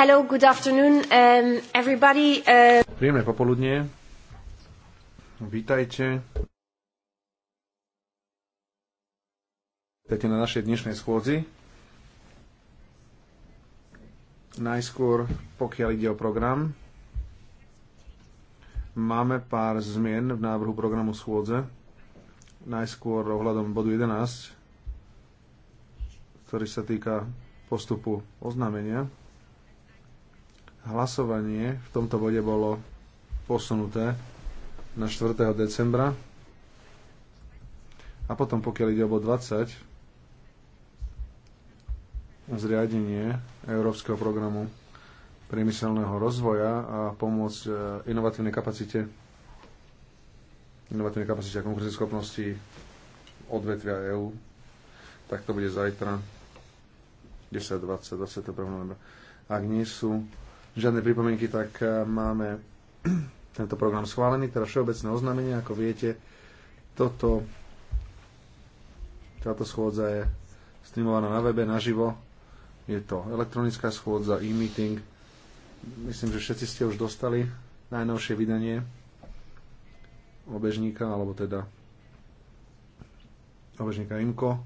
Hello, good afternoon, um, everybody. Uh... Príjemné popoludnie. Vítajte. Vítajte na našej dnešnej schôdzi. Najskôr, pokiaľ ide o program, máme pár zmien v návrhu programu schôdze. Najskôr ohľadom bodu 11, ktorý sa týka postupu oznámenia Hlasovanie v tomto bode bolo posunuté na 4. decembra. A potom, pokiaľ ide o bod 20, zriadenie Európskeho programu priemyselného rozvoja a pomoc e, inovatívnej kapacite inovatívnej kapacite a konkurenceschopnosti odvetvia EÚ. Tak to bude zajtra 10, 20, 21. novembra. Ak nie sú žiadne pripomienky, tak eh, máme tento program schválený, teda všeobecné oznámenie, ako viete, toto, táto schôdza je streamovaná na webe naživo, je to elektronická schôdza, e-meeting, myslím, že všetci ste už dostali najnovšie vydanie obežníka, alebo teda obežníka IMKO.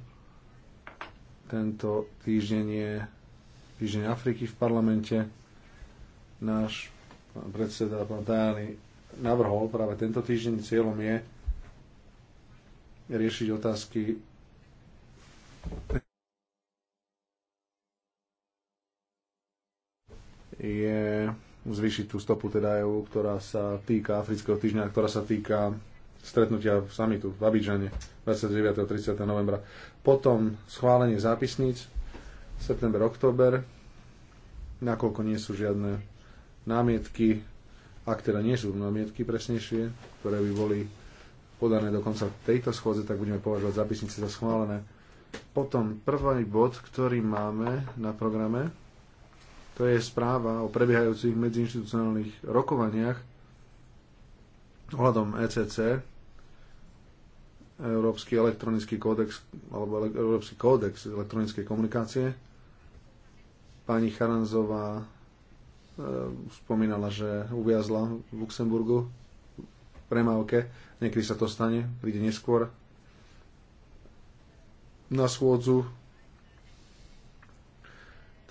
Tento týždeň je týždeň Afriky v parlamente Náš pán predseda, pán Tajani, navrhol práve tento týždeň. Cieľom je riešiť otázky je zvýšiť tú stopu teda EU, ktorá sa týka Afrického týždňa, ktorá sa týka stretnutia v samitu v Abidžane 29. a 30. novembra. Potom schválenie zápisníc september, október, nakoľko nie sú žiadne námietky, ak teda nie sú námietky presnejšie, ktoré by boli podané do konca tejto schôdze, tak budeme považovať zapisnice za schválené. Potom prvý bod, ktorý máme na programe, to je správa o prebiehajúcich medziinstitucionálnych rokovaniach ohľadom ECC, Európsky elektronický kódex alebo Európsky kódex elektronickej komunikácie. Pani Charanzová Eh, spomínala, že uviazla v Luxemburgu v premávke. Niekedy sa to stane, príde neskôr na schôdzu.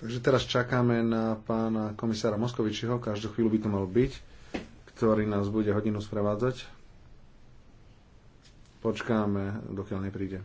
Takže teraz čakáme na pána komisára Moskovičiho, každú chvíľu by to mal byť, ktorý nás bude hodinu sprevádzať. Počkáme, dokiaľ nepríde.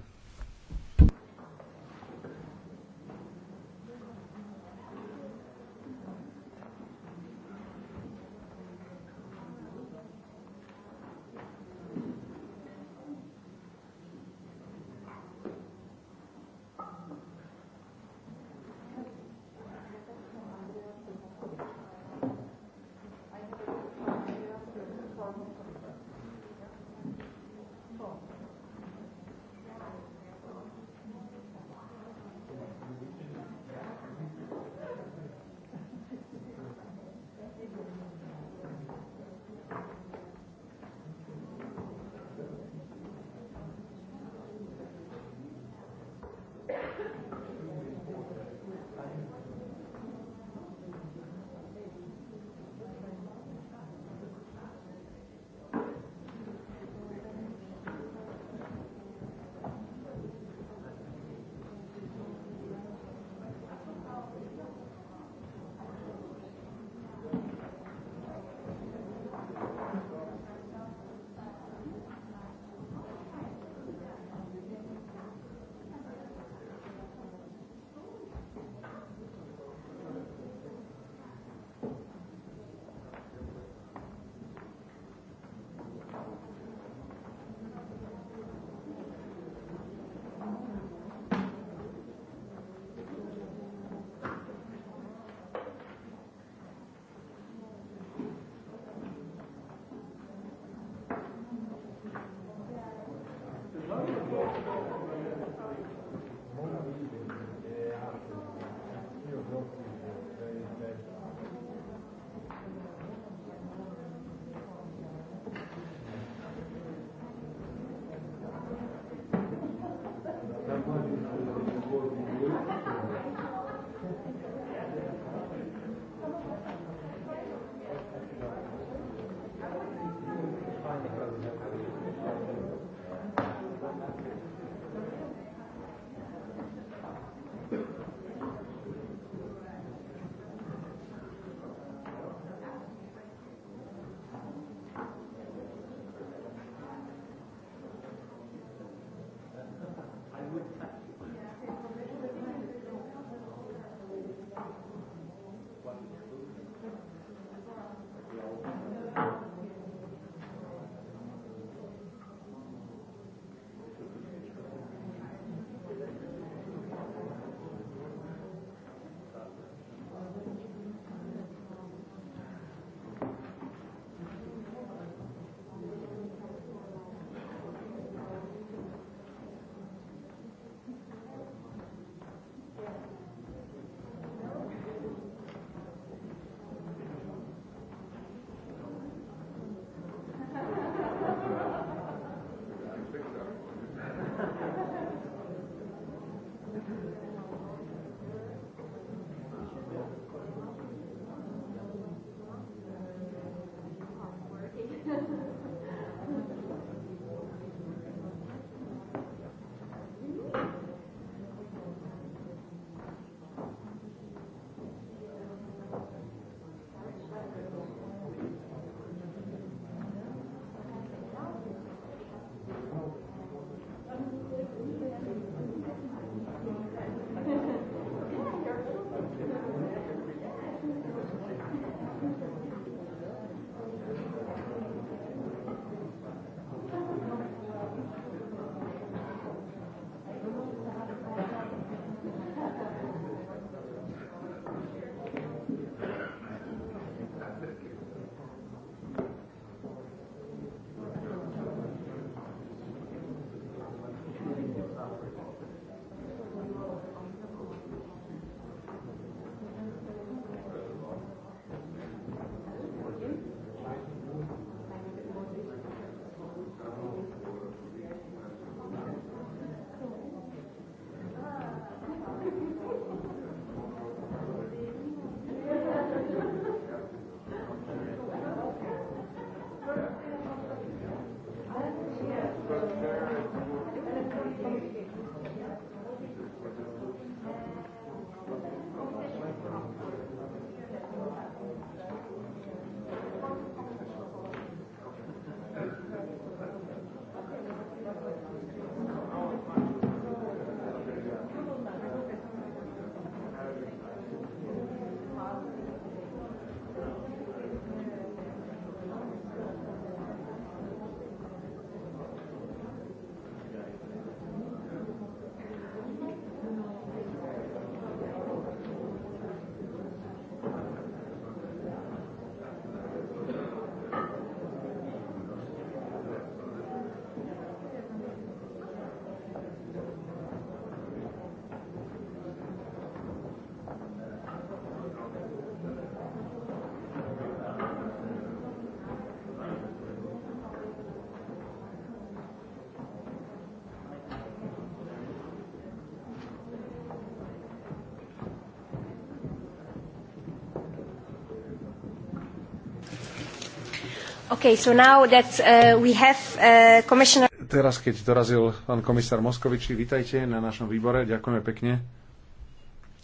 Okay, so that, uh, have, uh, commissioner... Teraz, keď dorazil pán komisár Moskoviči, vítajte na našom výbore. Ďakujeme pekne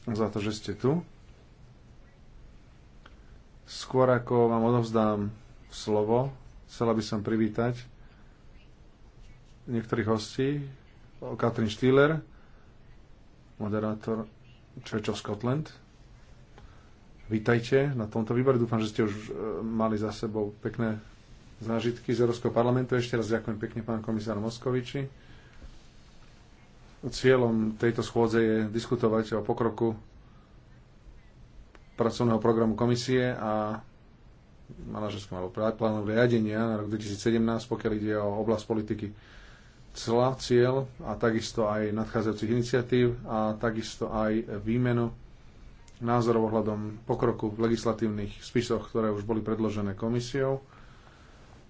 za to, že ste tu. Skôr ako vám odovzdám slovo, chcela by som privítať niektorých hostí. Katrin Stieler, moderátor Church of Scotland, Vítajte na tomto výbore. Dúfam, že ste už e, mali za sebou pekné zážitky z Európskeho parlamentu. Ešte raz ďakujem pekne pán komisár Moskoviči. Cieľom tejto schôdze je diskutovať o pokroku pracovného programu komisie a manažerského alebo plánu riadenia na rok 2017, pokiaľ ide o oblasť politiky cla, cieľ a takisto aj nadchádzajúcich iniciatív a takisto aj výmenu názorov ohľadom pokroku v legislatívnych spisoch, ktoré už boli predložené komisiou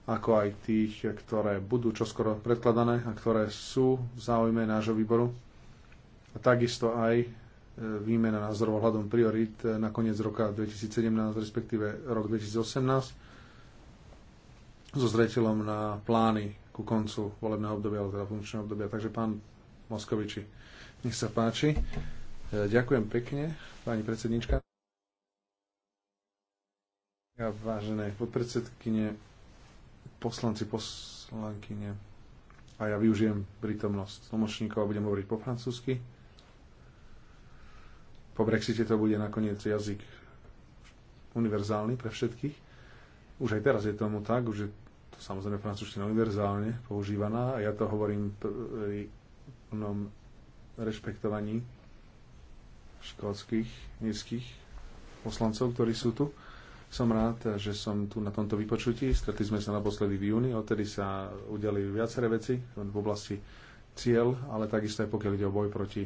ako aj tých, ktoré budú čoskoro predkladané a ktoré sú v záujme nášho výboru. A takisto aj e, výmena názorov hľadom priorit e, na koniec roka 2017, respektíve rok 2018, so zreteľom na plány ku koncu volebného obdobia, alebo teda funkčného obdobia. Takže pán Moskoviči, nech sa páči. E, ďakujem pekne, pani predsednička. Vážené podpredsedkyne, poslanci, poslankyne. A ja využijem prítomnosť tlmočníkov a budem hovoriť po francúzsky. Po Brexite to bude nakoniec jazyk univerzálny pre všetkých. Už aj teraz je tomu tak, že to samozrejme francúzština univerzálne používaná a ja to hovorím pri plnom rešpektovaní škótskych, nízkych poslancov, ktorí sú tu. Som rád, že som tu na tomto vypočutí. Stretli sme sa naposledy v júni, odtedy sa udiali viaceré veci v oblasti cieľ, ale takisto aj pokiaľ ide o boj proti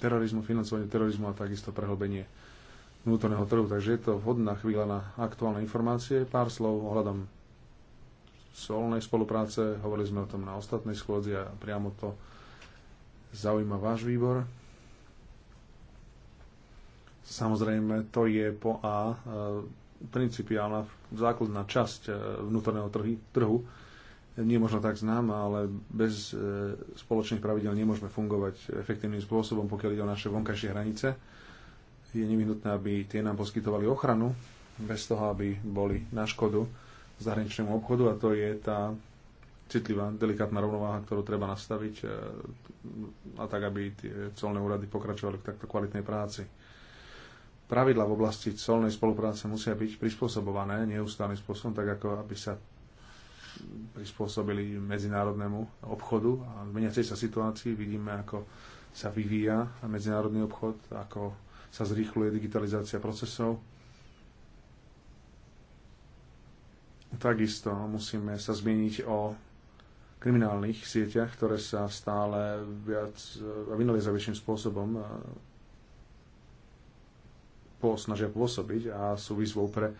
terorizmu, financovaniu terorizmu a takisto prehlbenie vnútorného trhu. Takže je to vhodná chvíľa na aktuálne informácie. Pár slov ohľadom solnej spolupráce. Hovorili sme o tom na ostatnej schôdzi a priamo to zaujíma váš výbor. Samozrejme, to je po A principiálna, základná časť e, vnútorného trhy, trhu, nie možno tak známa, ale bez e, spoločných pravidel nemôžeme fungovať efektívnym spôsobom, pokiaľ ide o naše vonkajšie hranice. Je nevyhnutné, aby tie nám poskytovali ochranu, bez toho, aby boli na škodu zahraničnému obchodu a to je tá citlivá, delikátna rovnováha, ktorú treba nastaviť e, a tak, aby tie colné úrady pokračovali v takto kvalitnej práci pravidla v oblasti colnej spolupráce musia byť prispôsobované neustálým spôsobom, tak ako aby sa prispôsobili medzinárodnému obchodu a v meniacej sa situácii vidíme, ako sa vyvíja medzinárodný obchod, ako sa zrýchluje digitalizácia procesov. Takisto musíme sa zmieniť o kriminálnych sieťach, ktoré sa stále viac a spôsobom snažia pôsobiť a sú výzvou pre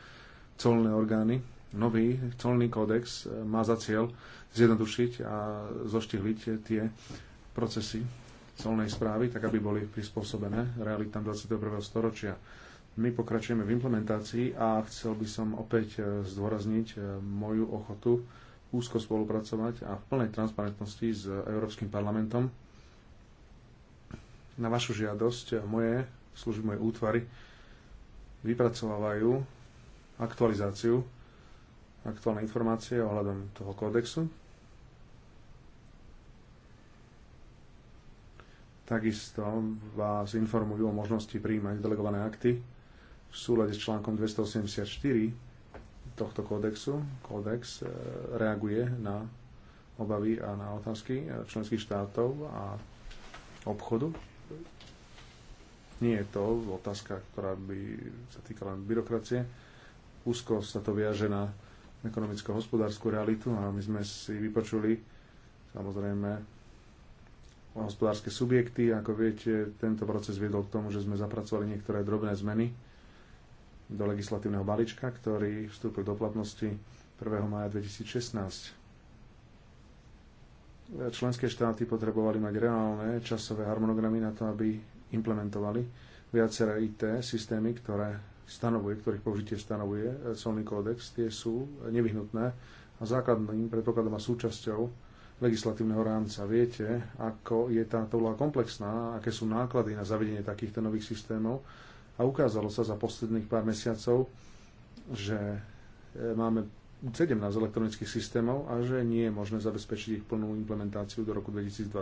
colné orgány. Nový colný kódex e, má za cieľ zjednodušiť a zoštihliť tie procesy colnej správy, tak aby boli prispôsobené realitám 21. storočia. My pokračujeme v implementácii a chcel by som opäť e, zdôrazniť e, moju ochotu úzko spolupracovať a v plnej transparentnosti s Európskym parlamentom. Na vašu žiadosť moje služby, moje útvary vypracovávajú aktualizáciu aktuálne informácie ohľadom toho kódexu. Takisto vás informujú o možnosti príjmať delegované akty v súlade s článkom 284 tohto kódexu. Kódex e, reaguje na obavy a na otázky členských štátov a obchodu nie je to otázka, ktorá by sa týkala len byrokracie. Úzko sa to viaže na ekonomicko-hospodárskú realitu a my sme si vypočuli samozrejme hospodárske subjekty. Ako viete, tento proces viedol k tomu, že sme zapracovali niektoré drobné zmeny do legislatívneho balíčka, ktorý vstúpil do platnosti 1. maja 2016. Členské štáty potrebovali mať reálne časové harmonogramy na to, aby implementovali viaceré IT systémy, ktoré stanovuje, ktorých použitie stanovuje celný kódex, tie sú nevyhnutné a základným predpokladom a súčasťou legislatívneho rámca. Viete, ako je táto úloha komplexná, aké sú náklady na zavedenie takýchto nových systémov a ukázalo sa za posledných pár mesiacov, že e, máme 17 elektronických systémov a že nie je možné zabezpečiť ich plnú implementáciu do roku 2020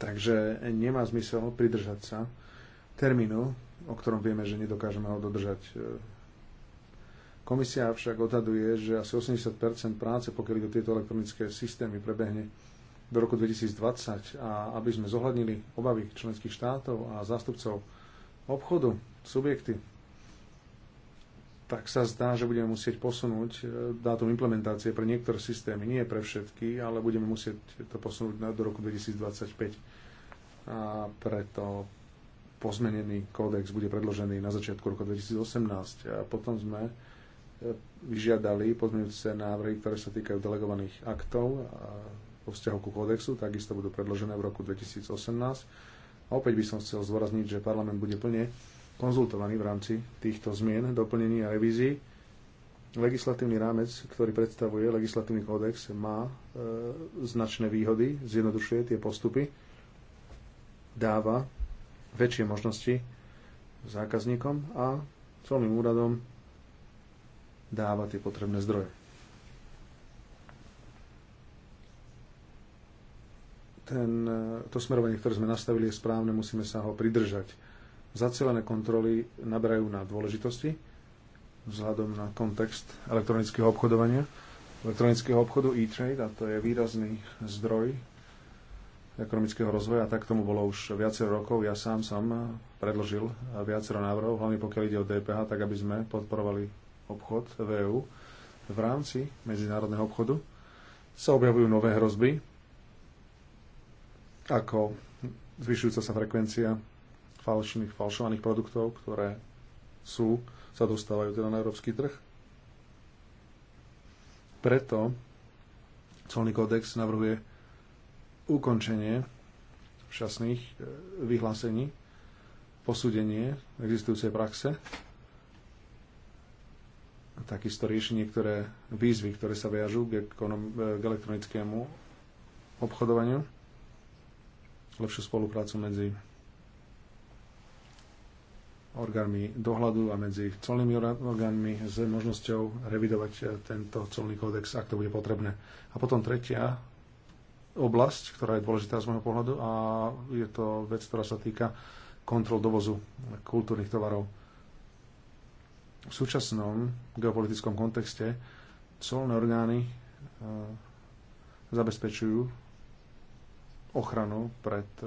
Takže nemá zmysel pridržať sa termínu, o ktorom vieme, že nedokážeme ho dodržať. Komisia však odhaduje, že asi 80 práce, pokiaľ do tieto elektronické systémy, prebehne do roku 2020 a aby sme zohľadnili obavy členských štátov a zástupcov obchodu, subjekty, tak sa zdá, že budeme musieť posunúť e, dátum implementácie pre niektoré systémy, nie pre všetky, ale budeme musieť to posunúť do roku 2025 a preto pozmenený kódex bude predložený na začiatku roku 2018. A potom sme e, vyžiadali pozmeňujúce návrhy, ktoré sa týkajú delegovaných aktov vo vzťahu ku kódexu, takisto budú predložené v roku 2018. A opäť by som chcel zdôrazniť, že parlament bude plne konzultovaný v rámci týchto zmien, doplnení a revízií. Legislatívny rámec, ktorý predstavuje legislatívny kódex, má e, značné výhody, zjednodušuje tie postupy dáva väčšie možnosti zákazníkom a celým úradom dáva tie potrebné zdroje. Ten, to smerovanie, ktoré sme nastavili, je správne, musíme sa ho pridržať. Zacelené kontroly naberajú na dôležitosti vzhľadom na kontext elektronického obchodovania, elektronického obchodu e-trade a to je výrazný zdroj ekonomického rozvoja. Tak tomu bolo už viacero rokov. Ja sám som predložil viacero návrhov, hlavne pokiaľ ide o DPH, tak aby sme podporovali obchod v EU v rámci medzinárodného obchodu. Sa objavujú nové hrozby, ako zvyšujúca sa frekvencia falšných, falšovaných produktov, ktoré sú, sa dostávajú teda na európsky trh. Preto colný kódex navrhuje ukončenie včasných e, vyhlásení, posúdenie existujúcej praxe, takisto rieši niektoré výzvy, ktoré sa viažú k, ekonom- e, k elektronickému obchodovaniu, lepšiu spoluprácu medzi orgánmi dohľadu a medzi colnými orgánmi s možnosťou revidovať e, tento colný kódex, ak to bude potrebné. A potom tretia oblasť, ktorá je dôležitá z môjho pohľadu a je to vec, ktorá sa týka kontrol dovozu kultúrnych tovarov. V súčasnom geopolitickom kontexte colné orgány e, zabezpečujú ochranu pred e,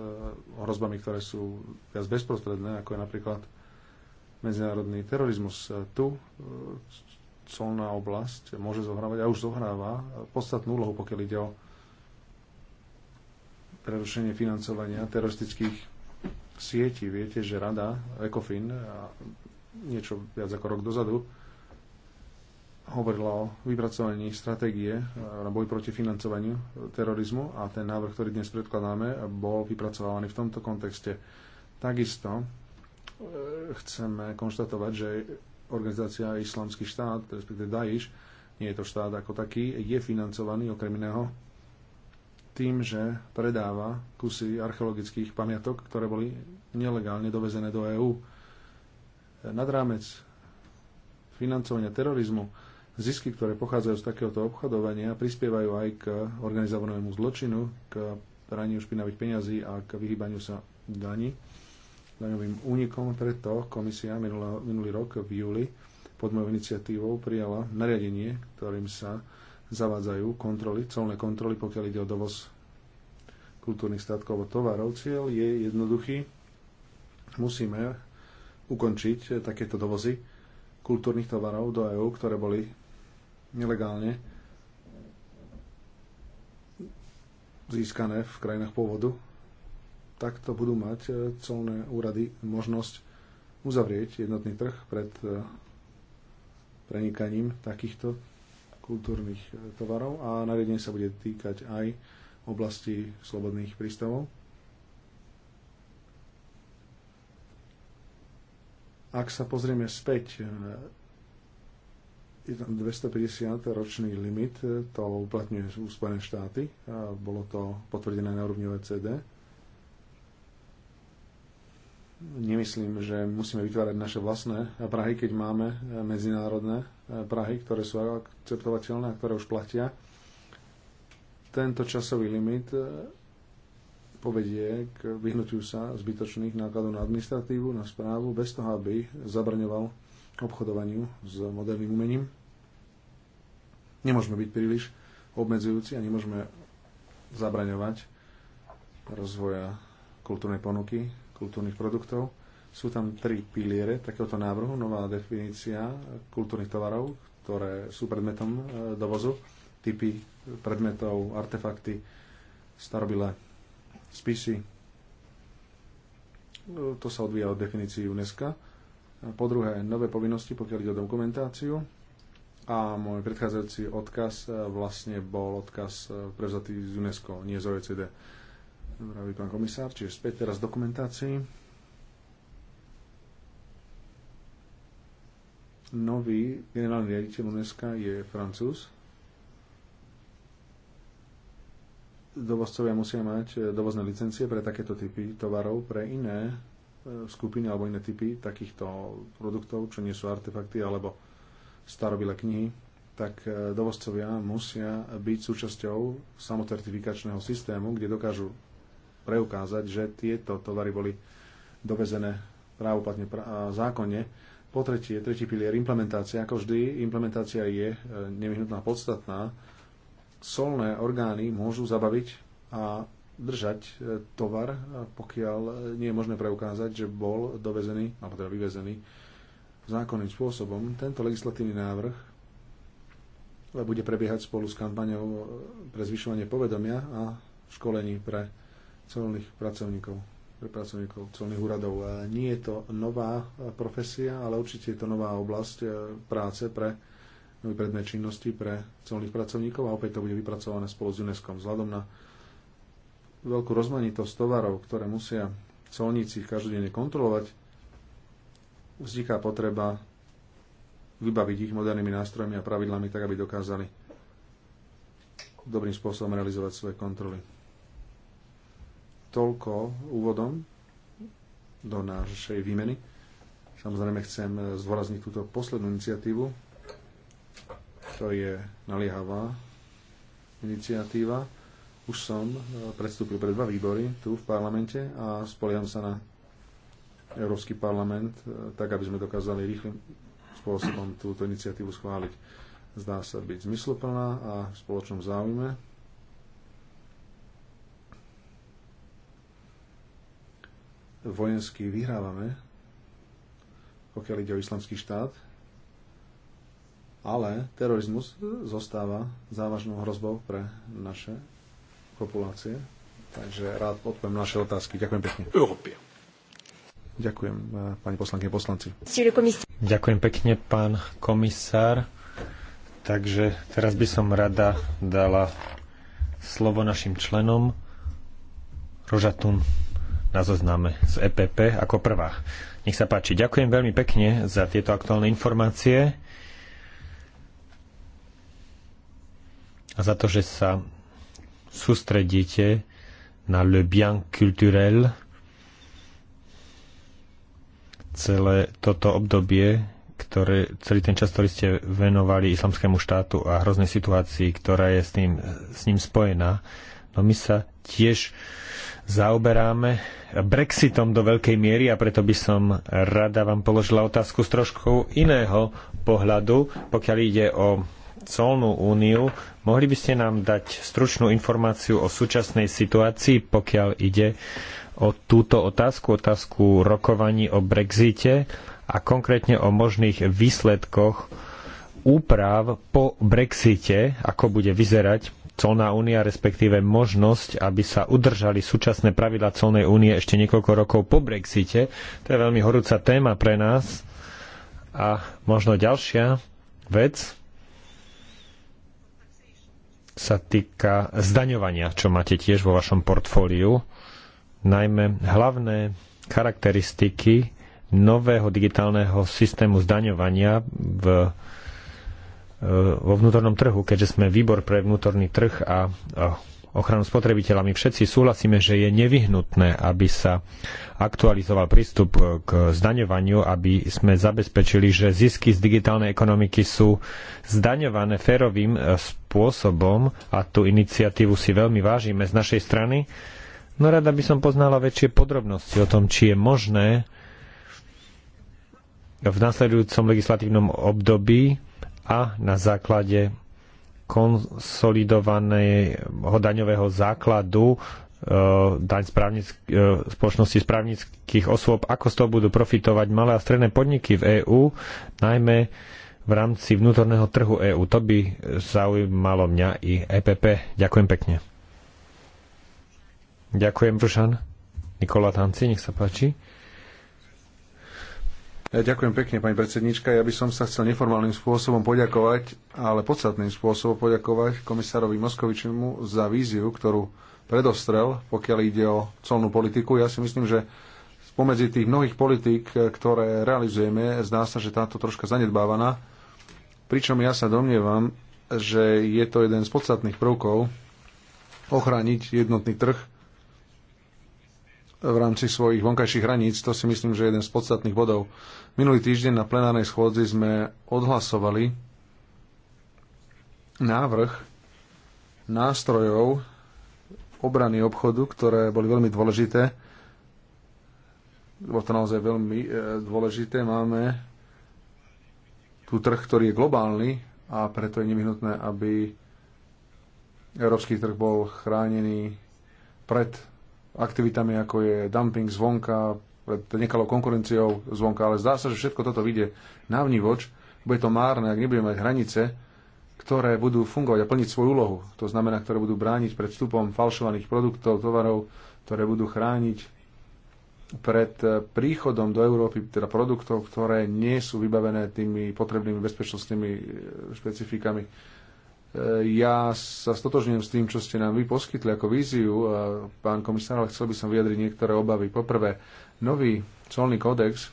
hrozbami, ktoré sú viac bezprostredné, ako je napríklad medzinárodný terorizmus. E, tu colná oblasť môže zohrávať a už zohráva podstatnú úlohu, pokiaľ ide o prerušenie financovania teroristických sietí. Viete, že rada ECOFIN niečo viac ako rok dozadu hovorila o vypracovaní stratégie na boj proti financovaniu terorizmu a ten návrh, ktorý dnes predkladáme, bol vypracovaný v tomto kontexte. Takisto e, chceme konštatovať, že organizácia Islamský štát, respektíve Daesh, nie je to štát ako taký, je financovaný okrem iného tým, že predáva kusy archeologických pamiatok, ktoré boli nelegálne dovezené do EÚ. Nad rámec financovania terorizmu, zisky, ktoré pochádzajú z takéhoto obchodovania, prispievajú aj k organizovanému zločinu, k praniu špinavých peňazí a k vyhýbaniu sa daní, daňovým únikom. Preto komisia minulý rok v júli pod mojou iniciatívou prijala nariadenie, ktorým sa zavádzajú kontroly, colné kontroly, pokiaľ ide o dovoz kultúrnych statkov a tovarov. Cieľ je jednoduchý. Musíme ukončiť takéto dovozy kultúrnych tovarov do EÚ, ktoré boli nelegálne získané v krajinách pôvodu. Takto budú mať e, colné úrady možnosť uzavrieť jednotný trh pred e, prenikaním takýchto kultúrnych eh, tovarov a nariadenie sa bude týkať aj oblasti slobodných prístavov. Ak sa pozrieme späť, eh, je tam 250 ročný limit, eh, to uplatňuje Spojené štáty, a bolo to potvrdené na úrovni OECD nemyslím, že musíme vytvárať naše vlastné Prahy, keď máme eh, medzinárodné eh, Prahy, ktoré sú akceptovateľné a ktoré už platia. Tento časový limit eh, povedie k vyhnutiu sa zbytočných nákladov na administratívu, na správu, bez toho, aby zabraňoval obchodovaniu s moderným umením. Nemôžeme byť príliš obmedzujúci a nemôžeme zabraňovať rozvoja kultúrnej ponuky kultúrnych produktov. Sú tam tri piliere takéhoto návrhu, nová definícia kultúrnych tovarov, ktoré sú predmetom e, dovozu, typy predmetov, artefakty, starobile spisy. E, to sa odvíja od definícií UNESCO. E, po druhé, nové povinnosti, pokiaľ ide o dokumentáciu. A môj predchádzajúci odkaz vlastne bol odkaz prevzatý z UNESCO, nie z OECD vraví pán komisár, čiže späť teraz dokumentácii. Nový generálny riaditeľ UNESCO je Francúz. Dovozcovia musia mať e, dovozné licencie pre takéto typy tovarov, pre iné e, skupiny alebo iné typy takýchto produktov, čo nie sú artefakty alebo starobilé knihy, tak e, dovozcovia musia byť súčasťou samocertifikačného systému, kde dokážu preukázať, že tieto tovary boli dovezené právoplatne a zákonne. Po tretie, tretí pilier, implementácia. Ako vždy, implementácia je e, nevyhnutná podstatná. Solné orgány môžu zabaviť a držať e, tovar, e, pokiaľ nie je možné preukázať, že bol dovezený, alebo teda vyvezený zákonným spôsobom. Tento legislatívny návrh bude prebiehať spolu s kampaňou pre zvyšovanie povedomia a školení pre celných pracovníkov, pre pracovníkov celných úradov. Nie je to nová e, profesia, ale určite je to nová oblasť e, práce pre nový predmet činnosti pre colných pracovníkov a opäť to bude vypracované spolu s UNESCO. Vzhľadom na veľkú rozmanitosť tovarov, ktoré musia colníci každodenne kontrolovať, vzniká potreba vybaviť ich modernými nástrojmi a pravidlami tak, aby dokázali dobrým spôsobom realizovať svoje kontroly. Toľko úvodom do našej výmeny. Samozrejme chcem zvorazniť túto poslednú iniciatívu. To je naliehavá iniciatíva. Už som e, predstúpil pre dva výbory tu v parlamente a spoliam sa na Európsky parlament, e, tak aby sme dokázali rýchlym spôsobom túto iniciatívu schváliť. Zdá sa byť zmysluplná a v spoločnom záujme vojensky vyhrávame, pokiaľ ide o islamský štát, ale terorizmus zostáva závažnou hrozbou pre naše populácie. Takže rád odpoviem naše otázky. Ďakujem pekne. Európia. Ďakujem, eh, pani poslanky poslanci. Ďakujem pekne, pán komisár. Takže teraz by som rada dala slovo našim členom. Rožatun na zozname z EPP ako prvá. Nech sa páči. Ďakujem veľmi pekne za tieto aktuálne informácie a za to, že sa sústredíte na le bien culturel. Celé toto obdobie, ktoré, celý ten čas, ktorý ste venovali islamskému štátu a hroznej situácii, ktorá je s, tým, s ním spojená, no my sa tiež zaoberáme Brexitom do veľkej miery a preto by som rada vám položila otázku z trošku iného pohľadu, pokiaľ ide o colnú úniu. Mohli by ste nám dať stručnú informáciu o súčasnej situácii, pokiaľ ide o túto otázku, otázku rokovaní o Brexite a konkrétne o možných výsledkoch úprav po Brexite, ako bude vyzerať colná únia, respektíve možnosť, aby sa udržali súčasné pravidla colnej únie ešte niekoľko rokov po Brexite. To je veľmi horúca téma pre nás. A možno ďalšia vec sa týka zdaňovania, čo máte tiež vo vašom portfóliu. Najmä hlavné charakteristiky nového digitálneho systému zdaňovania v vo vnútornom trhu, keďže sme výbor pre vnútorný trh a ochranu spotrebiteľa. My všetci súhlasíme, že je nevyhnutné, aby sa aktualizoval prístup k zdaňovaniu, aby sme zabezpečili, že zisky z digitálnej ekonomiky sú zdaňované férovým e, spôsobom a tú iniciatívu si veľmi vážime z našej strany. No rada by som poznala väčšie podrobnosti o tom, či je možné v nasledujúcom legislatívnom období a na základe konsolidovaného daňového základu e, daň e, spoločnosti správnických osôb, ako z toho budú profitovať malé a stredné podniky v EÚ, najmä v rámci vnútorného trhu EÚ. To by zaujímalo mňa i EPP. Ďakujem pekne. Ďakujem, Rušan. Nikola Tanci, nech sa páči. Ďakujem pekne, pani predsednička. Ja by som sa chcel neformálnym spôsobom poďakovať, ale podstatným spôsobom poďakovať komisárovi Moskovičemu za víziu, ktorú predostrel, pokiaľ ide o colnú politiku. Ja si myslím, že spomedzi tých mnohých politík, ktoré realizujeme, zdá sa, že táto troška zanedbávaná. Pričom ja sa domnievam, že je to jeden z podstatných prvkov ochrániť jednotný trh v rámci svojich vonkajších hraníc. To si myslím, že je jeden z podstatných bodov. Minulý týždeň na plenárnej schôdzi sme odhlasovali návrh nástrojov obrany obchodu, ktoré boli veľmi dôležité. Bolo to naozaj veľmi e, dôležité. Máme tu trh, ktorý je globálny a preto je nevyhnutné, aby európsky trh bol chránený pred aktivitami, ako je dumping zvonka, pred nekalou konkurenciou zvonka, ale zdá sa, že všetko toto vyjde na vnívoč, bude to márne, ak nebudeme mať hranice, ktoré budú fungovať a plniť svoju úlohu. To znamená, ktoré budú brániť pred vstupom falšovaných produktov, tovarov, ktoré budú chrániť pred eh, príchodom do Európy teda produktov, ktoré nie sú vybavené tými potrebnými bezpečnostnými eh, špecifikami. Eh, ja sa stotožňujem s tým, čo ste nám vy poskytli ako víziu, pán komisár, ale chcel by som vyjadriť niektoré obavy. Poprvé, Nový colný kódex e,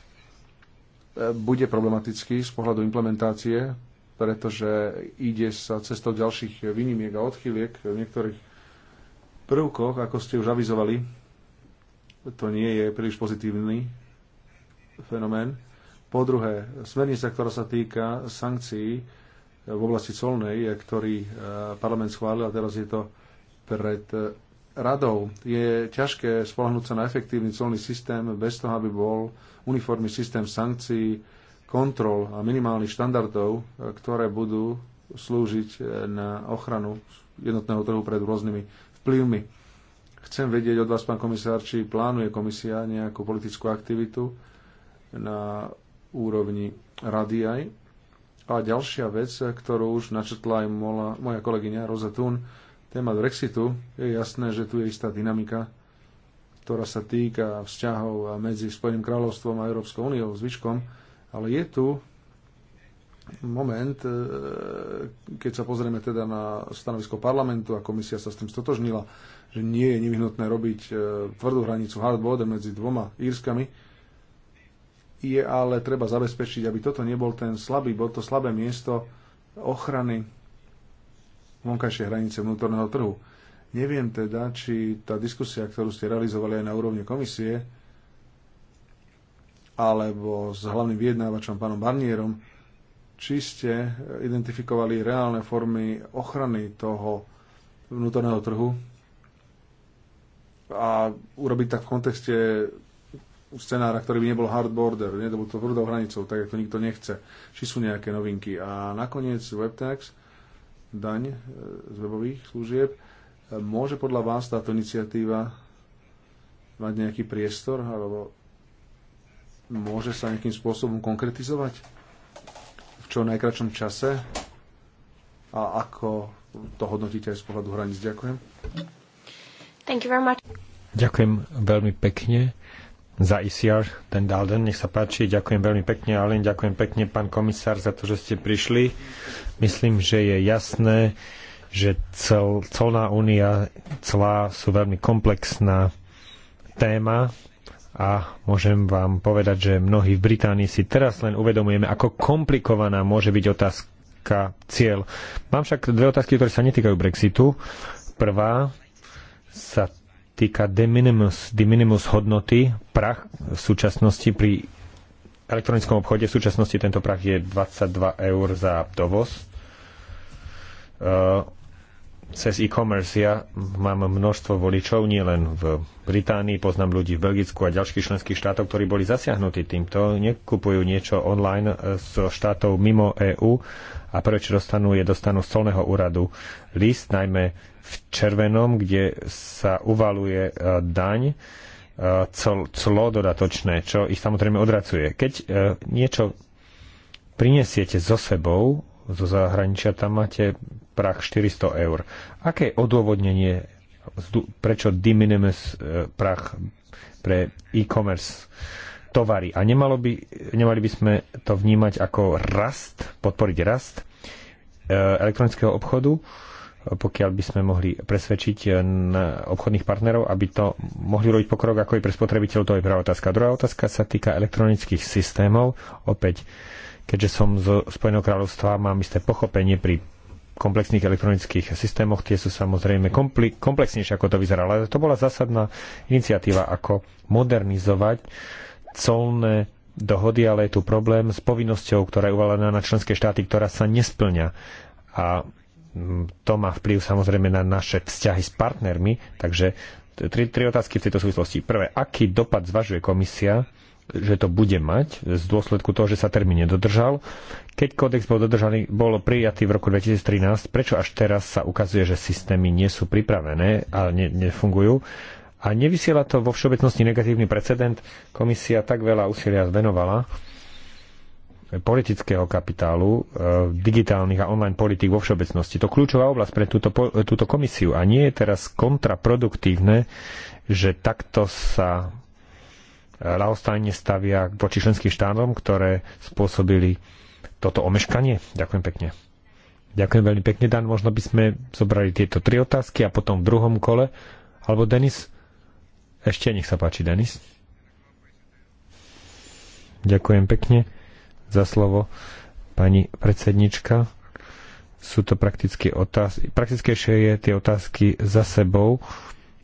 bude problematický z pohľadu implementácie, pretože ide sa cestou ďalších výnimiek a odchyliek v niektorých prvkoch, ako ste už avizovali. To nie je príliš pozitívny fenomén. Po druhé, smernica, ktorá sa týka sankcií e, v oblasti colnej, e, ktorý parlament schválil a teraz je to pred radou je ťažké spolahnúť sa na efektívny colný systém bez toho, aby bol uniformný systém sankcií, kontrol a minimálnych štandardov, e, ktoré budú slúžiť e, na ochranu jednotného trhu pred rôznymi vplyvmi. Chcem vedieť od vás, pán komisár, či plánuje komisia nejakú politickú aktivitu na úrovni rady aj. A ďalšia vec, ktorú už načetla aj moja kolegyňa Roza Thun, téma Brexitu, je jasné, že tu je istá dynamika, ktorá sa týka vzťahov medzi Spojeným kráľovstvom a Európskou úniou zvyškom, ale je tu moment, e, keď sa pozrieme teda na stanovisko parlamentu a komisia sa s tým stotožnila, že nie je nevyhnutné robiť e, tvrdú hranicu hard border medzi dvoma Írskami, je ale treba zabezpečiť, aby toto nebol ten slabý bod, to slabé miesto ochrany vonkajšie hranice vnútorného trhu. Neviem teda, či tá diskusia, ktorú ste realizovali aj na úrovni komisie, alebo s hlavným vyjednávačom pánom Barnierom, či ste identifikovali reálne formy ochrany toho vnútorného trhu a urobiť tak v kontexte scenára, ktorý by nebol hard border, nebol to tvrdou hranicou, tak ako nikto nechce, či sú nejaké novinky. A nakoniec WebTax, daň e, z webových služieb. E, môže podľa vás táto iniciatíva mať nejaký priestor alebo môže sa nejakým spôsobom konkretizovať v čo najkračom čase a ako to hodnotíte aj z pohľadu hraníc. Ďakujem. Thank you very much. Ďakujem veľmi pekne za ICR, ten Dalden. Nech sa páči, ďakujem veľmi pekne, ale ďakujem pekne, pán komisár, za to, že ste prišli. Myslím, že je jasné, že cel, celná únia, celá sú veľmi komplexná téma a môžem vám povedať, že mnohí v Británii si teraz len uvedomujeme, ako komplikovaná môže byť otázka cieľ. Mám však dve otázky, ktoré sa netýkajú Brexitu. Prvá sa týka de minimus de minimus hodnoty, prach v súčasnosti pri elektronickom obchode v súčasnosti tento prach je 22 eur za dovoz. Eh, cez e-commerce ja mám množstvo voličov, nielen v Británii, poznám ľudí v Belgicku a ďalších členských štátoch, ktorí boli zasiahnutí týmto. Nekupujú niečo online eh, zo so štátov mimo EÚ, a prvé, čo dostanú, je dostanú z colného úradu list, najmä v červenom, kde sa uvaluje e, daň, e, clo dodatočné, čo ich samozrejme odracuje. Keď e, niečo prinesiete so sebou, zo zahraničia, tam máte prach 400 eur. Aké je odôvodnenie, prečo de prach pre e-commerce? tovary. A nemalo by, nemali by sme to vnímať ako rast, podporiť rast e, elektronického obchodu, pokiaľ by sme mohli presvedčiť e, obchodných partnerov, aby to mohli robiť pokrok, ako je pre spotrebiteľov, to je prvá otázka. A druhá otázka sa týka elektronických systémov. Opäť, keďže som zo Spojeného kráľovstva, mám isté pochopenie pri komplexných elektronických systémoch. Tie sú samozrejme komplexnejšie, ako to vyzerá. Ale to bola zásadná iniciatíva, ako modernizovať colné dohody, ale je tu problém s povinnosťou, ktorá je uvalená na členské štáty, ktorá sa nesplňa. A mm, to má vplyv samozrejme na naše vzťahy s partnermi, takže tri, tri otázky v tejto súvislosti. Prvé, aký dopad zvažuje komisia, že to bude mať z dôsledku toho, že sa termín nedodržal? Keď kódex bol dodržaný, bol prijatý v roku 2013, prečo až teraz sa ukazuje, že systémy nie sú pripravené a ne, nefungujú? A nevysiela to vo všeobecnosti negatívny precedent. Komisia tak veľa úsilia zvenovala politického kapitálu, e, digitálnych a online politik vo všeobecnosti. To kľúčová oblasť pre túto, túto komisiu. A nie je teraz kontraproduktívne, že takto sa e, ľahostajne stavia voči členským štátom, ktoré spôsobili toto omeškanie? Ďakujem pekne. Ďakujem veľmi pekne, Dan. Možno by sme zobrali tieto tri otázky a potom v druhom kole. Alebo Denis, ešte nech sa páči, Denis. Ďakujem pekne za slovo, pani predsednička. Sú to prakticky otázky. Praktickejšie je tie otázky za sebou.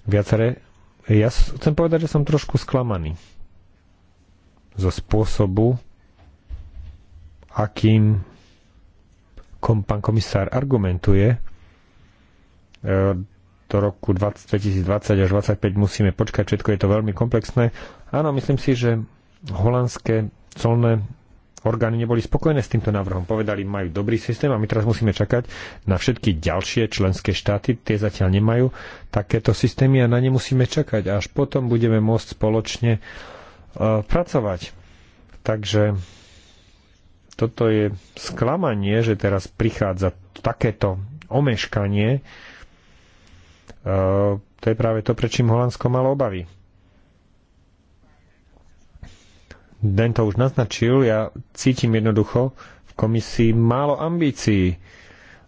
Viacere. Ja chcem povedať, že som trošku sklamaný zo spôsobu, akým kom, pán komisár argumentuje. E, do roku 2020 až 2025 musíme počkať, všetko je to veľmi komplexné. Áno, myslím si, že holandské colné orgány neboli spokojné s týmto návrhom. Povedali, majú dobrý systém a my teraz musíme čakať na všetky ďalšie členské štáty, tie zatiaľ nemajú takéto systémy a na ne musíme čakať. Až potom budeme môcť spoločne uh, pracovať. Takže toto je sklamanie, že teraz prichádza takéto omeškanie, uh, Eh, to je práve to, prečím Holandsko malo obavy. Den to už naznačil, ja cítim jednoducho v komisii málo ambícií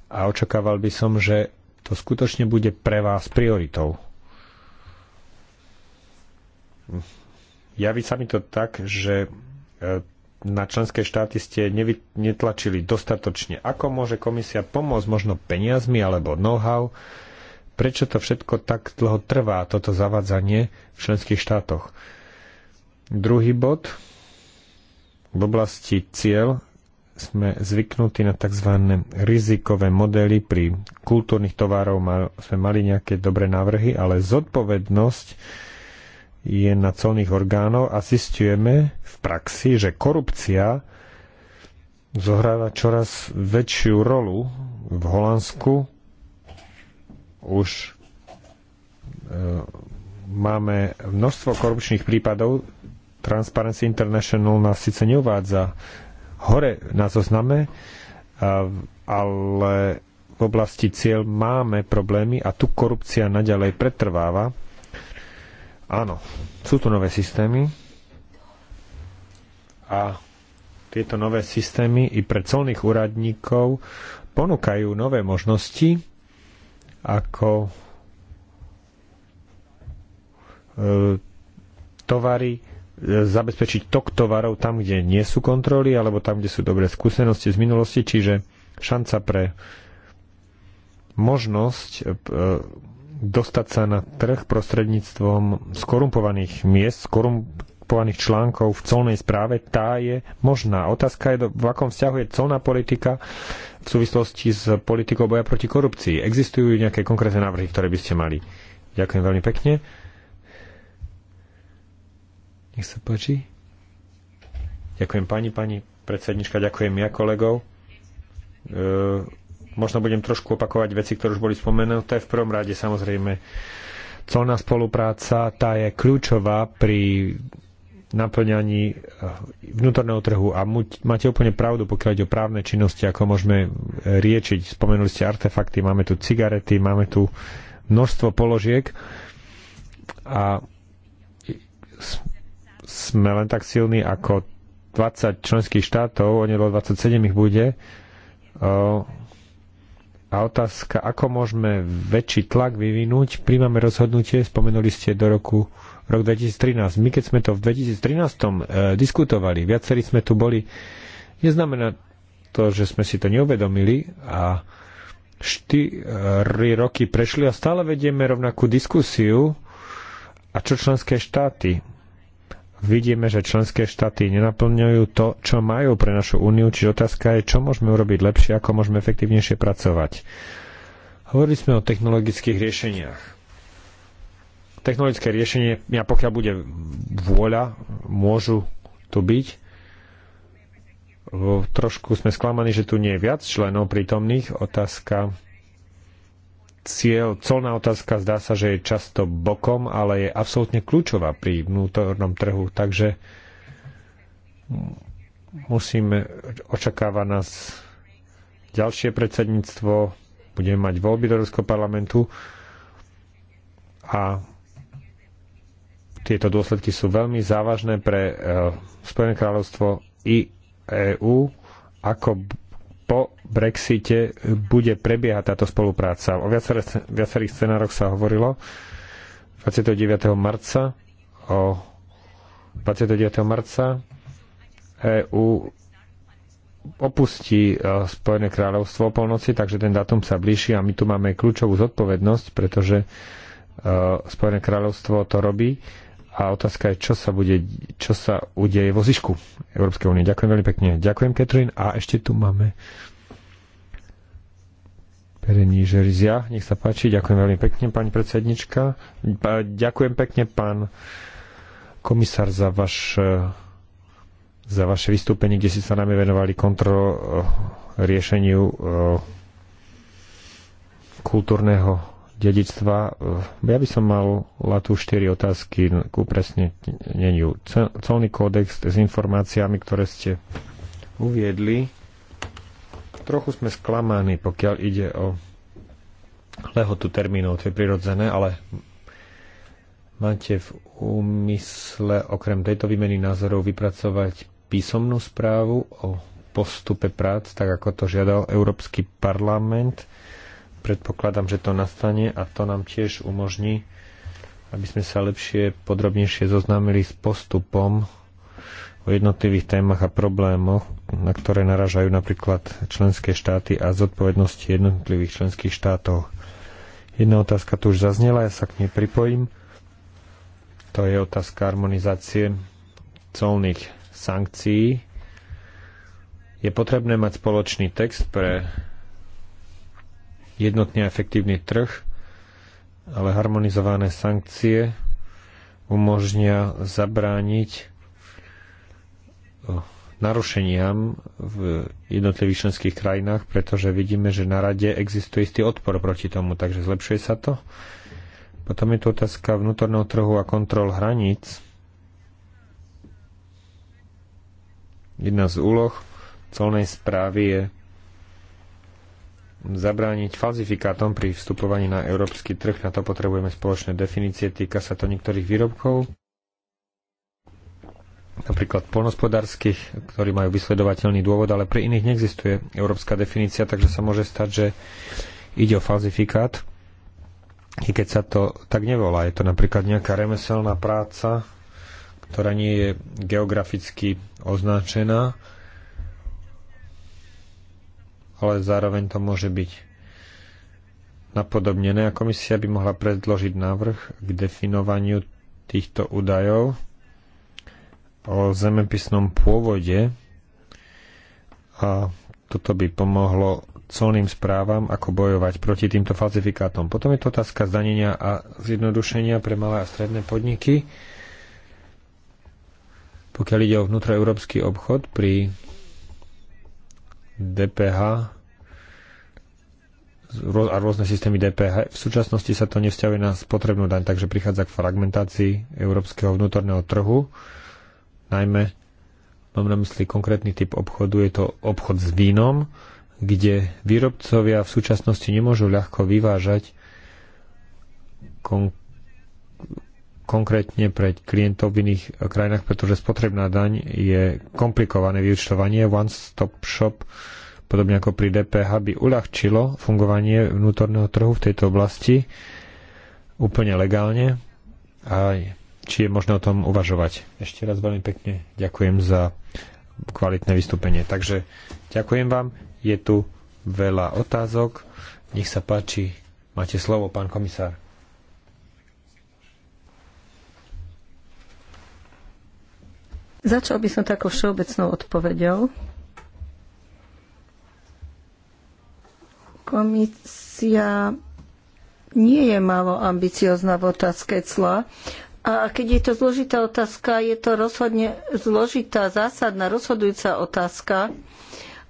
a očakával by som, že to skutočne bude pre vás prioritou. Javí sa mi to tak, že eh, na členské štáty ste netlačili dostatočne. Ako môže komisia pomôcť možno peniazmi alebo know-how, prečo to všetko tak dlho trvá, toto zavadzanie v členských štátoch. Druhý bod. V oblasti cieľ sme zvyknutí na tzv. rizikové modely. Pri kultúrnych tovarov sme mali nejaké dobré návrhy, ale zodpovednosť je na colných orgánov a zistujeme v praxi, že korupcia zohráva čoraz väčšiu rolu v Holandsku už e, máme množstvo korupčných prípadov. Transparency International nás síce neuvádza hore na zozname, ale v oblasti cieľ máme problémy a tu korupcia naďalej pretrváva. Áno, sú tu nové systémy a tieto nové systémy i pre colných úradníkov ponúkajú nové možnosti, ako e, tovary, e, zabezpečiť tok tovarov tam, kde nie sú kontroly, alebo tam, kde sú dobré skúsenosti z minulosti, čiže šanca pre možnosť e, dostať sa na trh prostredníctvom skorumpovaných miest, skorum, mapovaných článkov v colnej správe, tá je možná. Otázka je, v akom vzťahu je colná politika v súvislosti s politikou boja proti korupcii. Existujú nejaké konkrétne návrhy, ktoré by ste mali? Ďakujem veľmi pekne. Nech sa páči. Ďakujem pani, pani predsednička, ďakujem ja kolegov. E, možno budem trošku opakovať veci, ktoré už boli spomenuté. V prvom rade samozrejme colná spolupráca, tá je kľúčová pri naplňaní eh, vnútorného trhu. A máte úplne pravdu, pokiaľ ide o právne činnosti, ako môžeme eh, riečiť. Spomenuli ste artefakty, máme tu cigarety, máme tu množstvo položiek a sme len tak silní ako 20 členských štátov, onelo 27 ich bude. Eh, a otázka, ako môžeme väčší tlak vyvinúť? Príjmame rozhodnutie, spomenuli ste do roku rok 2013. My keď sme to v 2013 eh, diskutovali, viacerí sme tu boli, neznamená to, že sme si to neuvedomili a 4 roky prešli a stále vedieme rovnakú diskusiu a čo členské štáty. Vidíme, že členské štáty nenaplňujú to, čo majú pre našu úniu, čiže otázka je, čo môžeme urobiť lepšie, ako môžeme efektívnejšie pracovať. Hovorili sme o technologických riešeniach technologické riešenie, ja pokiaľ bude vôľa, môžu tu byť. Trošku sme sklamaní, že tu nie je viac členov prítomných. Otázka cieľ, colná otázka zdá sa, že je často bokom, ale je absolútne kľúčová pri vnútornom trhu, takže musíme, očakáva nás ďalšie predsedníctvo, budeme mať voľby do Ruského parlamentu a tieto dôsledky sú veľmi závažné pre e, Spojené kráľovstvo i EÚ, ako po Brexite bude prebiehať táto spolupráca. O viacerých, viacerých scenároch sa hovorilo 29. marca o 29. marca EÚ opustí e, Spojené kráľovstvo o polnoci, takže ten dátum sa blíži a my tu máme kľúčovú zodpovednosť, pretože e, Spojené kráľovstvo to robí a otázka je, čo sa, bude, čo sa udeje vo zišku Európskej únie. Ďakujem veľmi pekne. Ďakujem, Katrin. A ešte tu máme Perení Žerizia. Nech sa páči. Ďakujem veľmi pekne, pani predsednička. Ďakujem pekne, pán komisár, za vaše za vaše vystúpenie, kde si sa nami venovali kontrol eh, riešeniu eh, kultúrneho dedictva. Ja by som mal tu 4 otázky k upresneniu. celný kódex s informáciami, ktoré ste uviedli. Trochu sme sklamaní, pokiaľ ide o lehotu termínov, to je prirodzené, ale máte v úmysle okrem tejto výmeny názorov vypracovať písomnú správu o postupe prác, tak ako to žiadal Európsky parlament predpokladám, že to nastane a to nám tiež umožní, aby sme sa lepšie, podrobnejšie zoznámili s postupom o jednotlivých témach a problémoch, na ktoré naražajú napríklad členské štáty a zodpovednosti jednotlivých členských štátov. Jedna otázka tu už zaznela, ja sa k nej pripojím. To je otázka harmonizácie colných sankcií. Je potrebné mať spoločný text pre jednotný a efektívny trh, ale harmonizované sankcie umožnia zabrániť narušeniam v jednotlivých členských krajinách, pretože vidíme, že na rade existuje istý odpor proti tomu, takže zlepšuje sa to. Potom je tu otázka vnútorného trhu a kontrol hraníc. Jedna z úloh colnej správy je zabrániť falzifikátom pri vstupovaní na európsky trh. Na to potrebujeme spoločné definície. Týka sa to niektorých výrobkov, napríklad polnospodárskych, ktorí majú vysledovateľný dôvod, ale pri iných neexistuje európska definícia, takže sa môže stať, že ide o falzifikát, i keď sa to tak nevolá. Je to napríklad nejaká remeselná práca, ktorá nie je geograficky označená, ale zároveň to môže byť napodobnené a komisia by mohla predložiť návrh k definovaniu týchto údajov o zemepisnom pôvode a toto by pomohlo colným správam, ako bojovať proti týmto falzifikátom. Potom je to otázka zdanenia a zjednodušenia pre malé a stredné podniky. Pokiaľ ide o vnútroeurópsky obchod pri DPH a rôzne systémy DPH. V súčasnosti sa to nevzťahuje na spotrebnú daň, takže prichádza k fragmentácii európskeho vnútorného trhu. Najmä mám na mysli konkrétny typ obchodu, je to obchod s vínom, kde výrobcovia v súčasnosti nemôžu ľahko vyvážať kon- konkrétne pre klientov v iných krajinách, pretože spotrebná daň je komplikované vyučtovanie. One-stop shop, podobne ako pri DPH, by uľahčilo fungovanie vnútorného trhu v tejto oblasti úplne legálne. A či je možné o tom uvažovať. Ešte raz veľmi pekne ďakujem za kvalitné vystúpenie. Takže ďakujem vám. Je tu veľa otázok. Nech sa páči. Máte slovo, pán komisár. Začal by som takou všeobecnou odpovedou. Komisia nie je málo ambiciozná v otázke cla. A keď je to zložitá otázka, je to rozhodne zložitá, zásadná, rozhodujúca otázka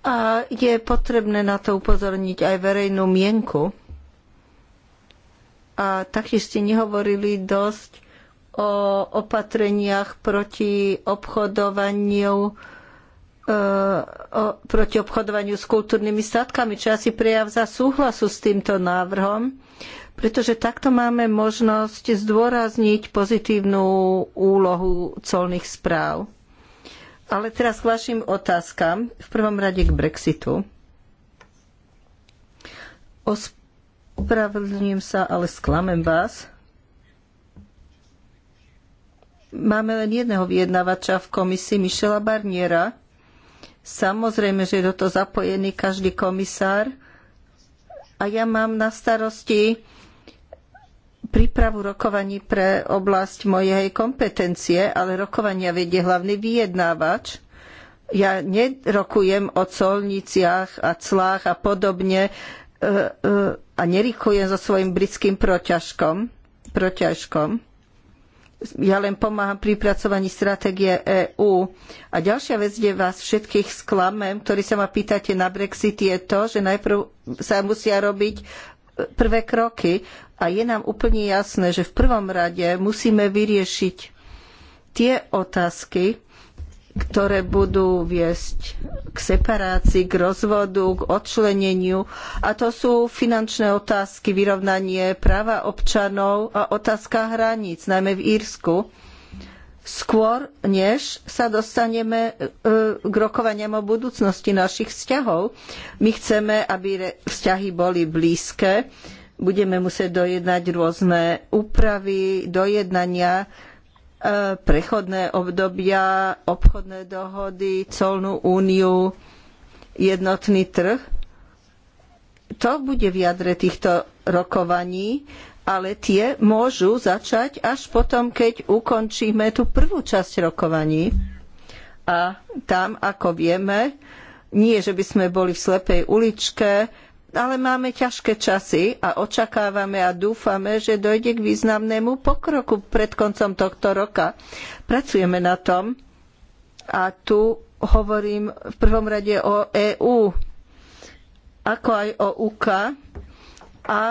a je potrebné na to upozorniť aj verejnú mienku. A taktiež ste nehovorili dosť o opatreniach proti obchodovaniu e, proti obchodovaniu s kultúrnymi statkami, čo asi prejav za súhlasu s týmto návrhom, pretože takto máme možnosť zdôrazniť pozitívnu úlohu colných správ. Ale teraz k vašim otázkam. V prvom rade k Brexitu. Ospravedlňujem sa, ale sklamem vás máme len jedného vyjednavača v komisii, Michela Barniera. Samozrejme, že je do toho zapojený každý komisár. A ja mám na starosti prípravu rokovaní pre oblasť mojej kompetencie, ale rokovania vedie hlavný vyjednávač. Ja nerokujem o colniciach a clách a podobne e, e, a nerikujem so svojím britským proťažkom, proťažkom ja len pomáham pri pracovaní stratégie EÚ. A ďalšia vec, kde vás všetkých sklamem, ktorí sa ma pýtate na Brexit, je to, že najprv sa musia robiť e, prvé kroky. A je nám úplne jasné, že v prvom rade musíme vyriešiť tie otázky, ktoré budú viesť k separácii, k rozvodu, k odčleneniu. A to sú finančné otázky, vyrovnanie práva občanov a otázka hraníc, najmä v Írsku. Skôr, než sa dostaneme e, k rokovaniam o budúcnosti našich vzťahov, my chceme, aby vzťahy boli blízke, budeme musieť dojednať rôzne úpravy, dojednania, E, prechodné obdobia, obchodné dohody, colnú úniu, jednotný trh. To bude v jadre týchto rokovaní, ale tie môžu začať až potom, keď ukončíme tú prvú časť rokovaní. A tam, ako vieme, nie, že by sme boli v slepej uličke, ale máme ťažké časy a očakávame a dúfame, že dojde k významnému pokroku pred koncom tohto roka. Pracujeme na tom a tu hovorím v prvom rade o EÚ, ako aj o UK a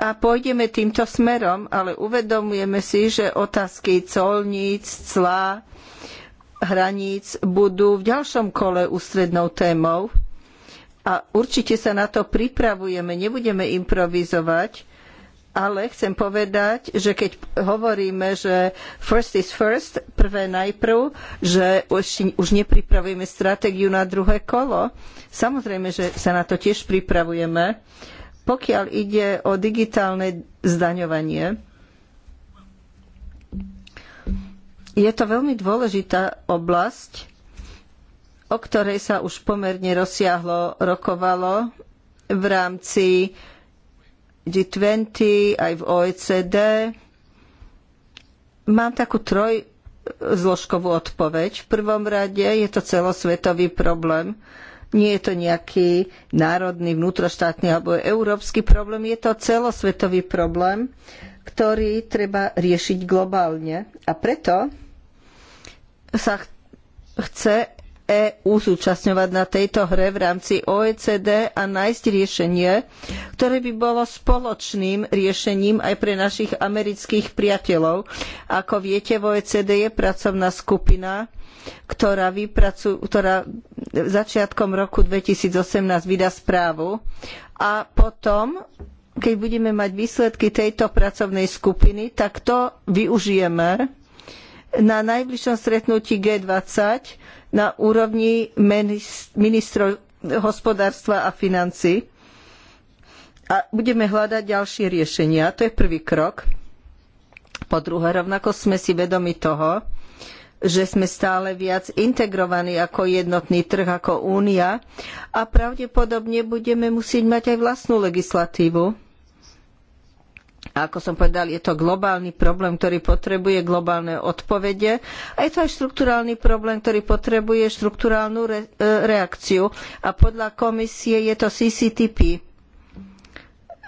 a pôjdeme týmto smerom, ale uvedomujeme si, že otázky colníc, clá, hraníc budú v ďalšom kole ústrednou témou a určite sa na to pripravujeme, nebudeme improvizovať, ale chcem povedať, že keď hovoríme, že first is first, prvé najprv, že už, nepripravujeme stratégiu na druhé kolo, samozrejme, že sa na to tiež pripravujeme. Pokiaľ ide o digitálne zdaňovanie, Je to veľmi dôležitá oblasť, o ktorej sa už pomerne rozsiahlo rokovalo v rámci G20 aj v OECD. Mám takú troj zložkovú odpoveď. V prvom rade je to celosvetový problém. Nie je to nejaký národný, vnútroštátny alebo európsky problém. Je to celosvetový problém, ktorý treba riešiť globálne. A preto sa chce EÚ zúčastňovať na tejto hre v rámci OECD a nájsť riešenie, ktoré by bolo spoločným riešením aj pre našich amerických priateľov. Ako viete, v OECD je pracovná skupina, ktorá, vypracu, ktorá začiatkom roku 2018 vydá správu a potom keď budeme mať výsledky tejto pracovnej skupiny, tak to využijeme na najbližšom stretnutí G20 na úrovni ministrov hospodárstva a financí a budeme hľadať ďalšie riešenia. To je prvý krok. Po druhé, rovnako sme si vedomi toho, že sme stále viac integrovaní ako jednotný trh, ako únia a pravdepodobne budeme musieť mať aj vlastnú legislatívu ako som povedal, je to globálny problém, ktorý potrebuje globálne odpovede a je to aj štrukturálny problém, ktorý potrebuje štrukturálnu re e, reakciu. A podľa komisie je to CCTP.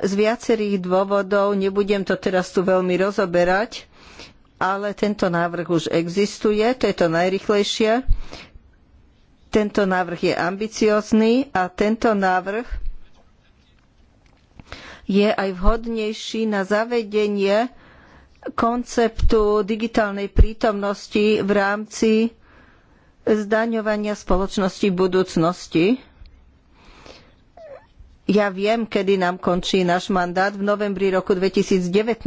Z viacerých dôvodov, nebudem to teraz tu veľmi rozoberať, ale tento návrh už existuje, to je to najrychlejšie. Tento návrh je ambiciózny a tento návrh je aj vhodnejší na zavedenie konceptu digitálnej prítomnosti v rámci zdaňovania spoločnosti v budúcnosti. Ja viem, kedy nám končí náš mandát v novembri roku 2019.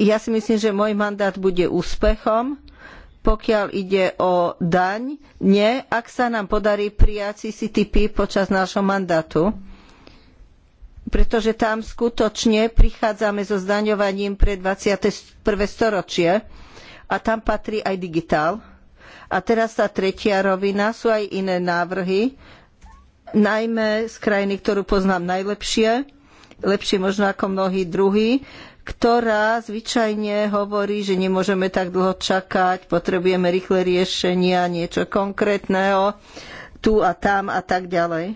Ja si myslím, že môj mandát bude úspechom, pokiaľ ide o daň, nie, ak sa nám podarí prijať CCTP počas nášho mandátu pretože tam skutočne prichádzame so zdaňovaním pre 21. storočie a tam patrí aj digitál. A teraz tá tretia rovina, sú aj iné návrhy, najmä z krajiny, ktorú poznám najlepšie, lepšie možno ako mnohí druhí, ktorá zvyčajne hovorí, že nemôžeme tak dlho čakať, potrebujeme rýchle riešenia, niečo konkrétneho, tu a tam a tak ďalej.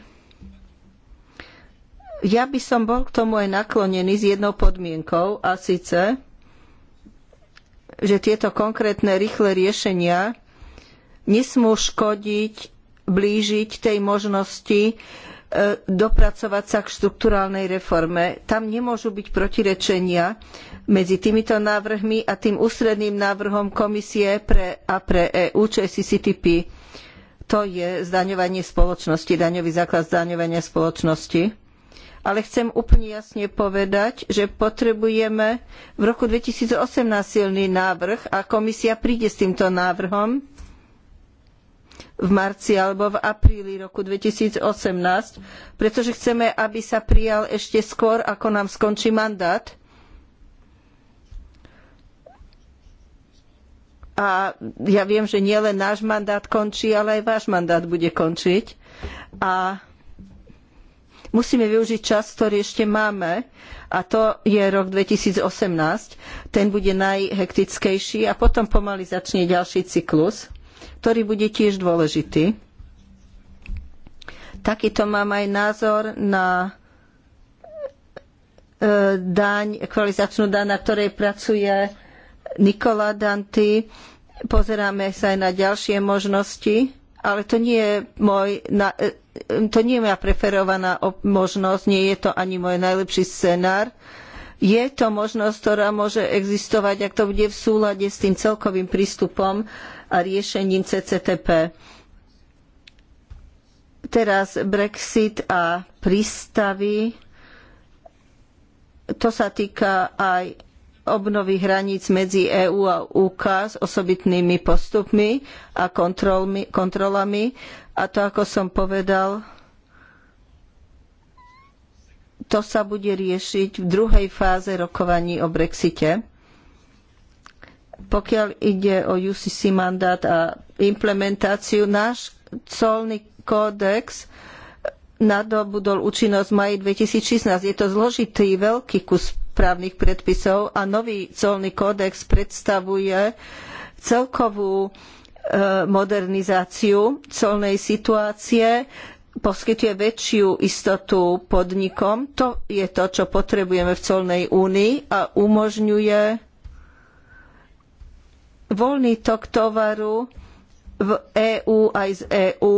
Ja by som bol k tomu aj naklonený s jednou podmienkou a síce, že tieto konkrétne rýchle riešenia nesmú škodiť, blížiť tej možnosti e, dopracovať sa k štrukturálnej reforme. Tam nemôžu byť protirečenia medzi týmito návrhmi a tým ústredným návrhom komisie pre, a pre EU, čo je CCTP. To je zdaňovanie spoločnosti, daňový základ zdaňovania spoločnosti ale chcem úplne jasne povedať, že potrebujeme v roku 2018 silný návrh a komisia príde s týmto návrhom v marci alebo v apríli roku 2018, pretože chceme, aby sa prijal ešte skôr, ako nám skončí mandát. A ja viem, že nielen náš mandát končí, ale aj váš mandát bude končiť. A Musíme využiť čas, ktorý ešte máme a to je rok 2018. Ten bude najhektickejší a potom pomaly začne ďalší cyklus, ktorý bude tiež dôležitý. Takýto mám aj názor na e, daň, kvalizačnú daň, na ktorej pracuje Nikola Danty. Pozeráme sa aj na ďalšie možnosti ale to nie je môj e, e, to nie je moja preferovaná možnosť, nie je to ani môj najlepší scenár. Je to možnosť, ktorá môže existovať, ak to bude v súlade s tým celkovým prístupom a riešením CCTP. Teraz Brexit a prístavy. To sa týka aj obnovy hraníc medzi EÚ a UK s osobitnými postupmi a kontrolmi, kontrolami. A to, ako som povedal, to sa bude riešiť v druhej fáze rokovaní o Brexite. Pokiaľ ide o UCC mandát a implementáciu, náš colný kódex nadobudol účinnosť v maji 2016. Je to zložitý veľký kus právnych predpisov a nový colný kódex predstavuje celkovú e, modernizáciu colnej situácie, poskytuje väčšiu istotu podnikom. To je to, čo potrebujeme v colnej únii a umožňuje voľný tok tovaru v EÚ aj z EÚ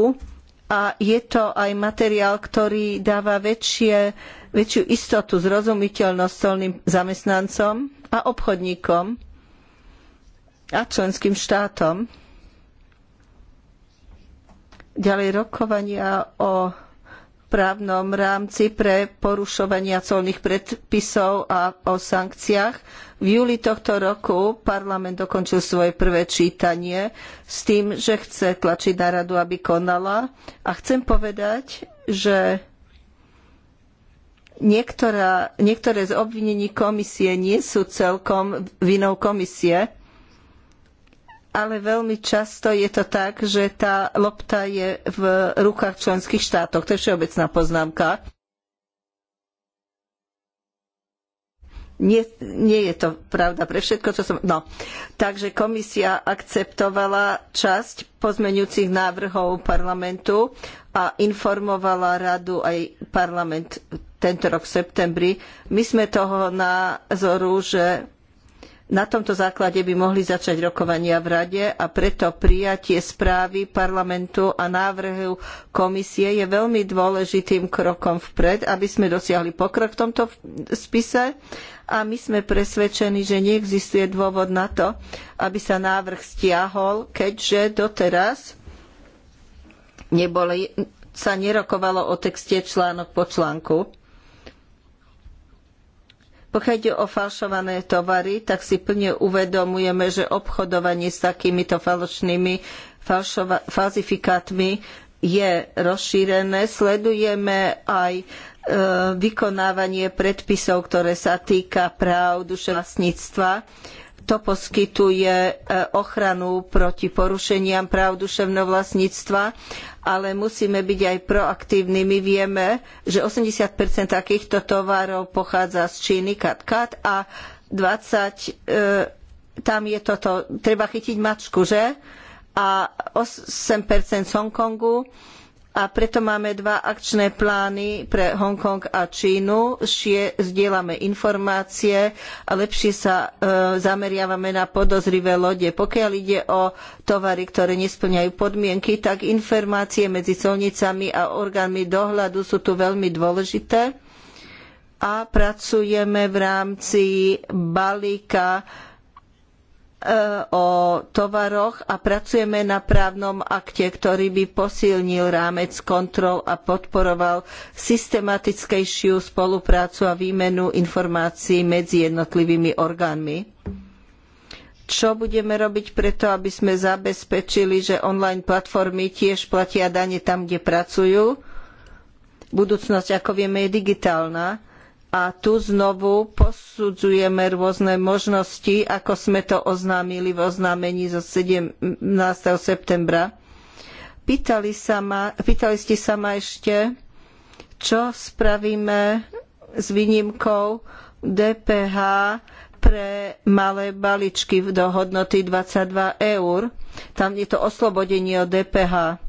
a je to aj materiál, ktorý dáva väčšie väčšiu istotu, zrozumiteľnosť colným zamestnancom a obchodníkom a členským štátom. Ďalej rokovania o právnom rámci pre porušovania colných predpisov a o sankciách. V júli tohto roku parlament dokončil svoje prvé čítanie s tým, že chce tlačiť na radu, aby konala. A chcem povedať, že Niektorá, niektoré z obvinení komisie nie sú celkom vinou komisie, ale veľmi často je to tak, že tá lopta je v rukách členských štátov. To je všeobecná poznámka. Nie, nie je to pravda pre všetko, čo som... No. Takže komisia akceptovala časť pozmeňujúcich návrhov parlamentu a informovala radu aj parlament tento rok v septembri. My sme toho názoru, že na tomto základe by mohli začať rokovania v Rade a preto prijatie správy parlamentu a návrhu komisie je veľmi dôležitým krokom vpred, aby sme dosiahli pokrok v tomto spise a my sme presvedčení, že neexistuje dôvod na to, aby sa návrh stiahol, keďže doteraz neboli, sa nerokovalo o texte článok po článku. Pokiaľ ide o falšované tovary, tak si plne uvedomujeme, že obchodovanie s takýmito falošnými falzifikátmi je rozšírené. Sledujeme aj e, vykonávanie predpisov, ktoré sa týka práv duševného vlastníctva to poskytuje e, ochranu proti porušeniam práv duševného vlastníctva, ale musíme byť aj proaktívni. My vieme, že 80 takýchto tovarov pochádza z Číny, Kat a 20 e, tam je toto, treba chytiť mačku, že? A 8% z Hongkongu a preto máme dva akčné plány pre Hongkong a Čínu. Šie zdieľame informácie a lepšie sa e, zameriavame na podozrivé lode. Pokiaľ ide o tovary, ktoré nesplňajú podmienky, tak informácie medzi colnicami a orgánmi dohľadu sú tu veľmi dôležité a pracujeme v rámci balíka E, o tovaroch a pracujeme na právnom akte, ktorý by posilnil rámec kontrol a podporoval systematickejšiu spoluprácu a výmenu informácií medzi jednotlivými orgánmi. Čo budeme robiť preto, aby sme zabezpečili, že online platformy tiež platia dane tam, kde pracujú? Budúcnosť, ako vieme, je digitálna a tu znovu posudzujeme rôzne možnosti, ako sme to oznámili v oznámení zo 17. septembra. Pýtali, sa ma, pýtali ste sa ma ešte, čo spravíme s výnimkou DPH pre malé balíčky do hodnoty 22 eur. Tam je to oslobodenie od DPH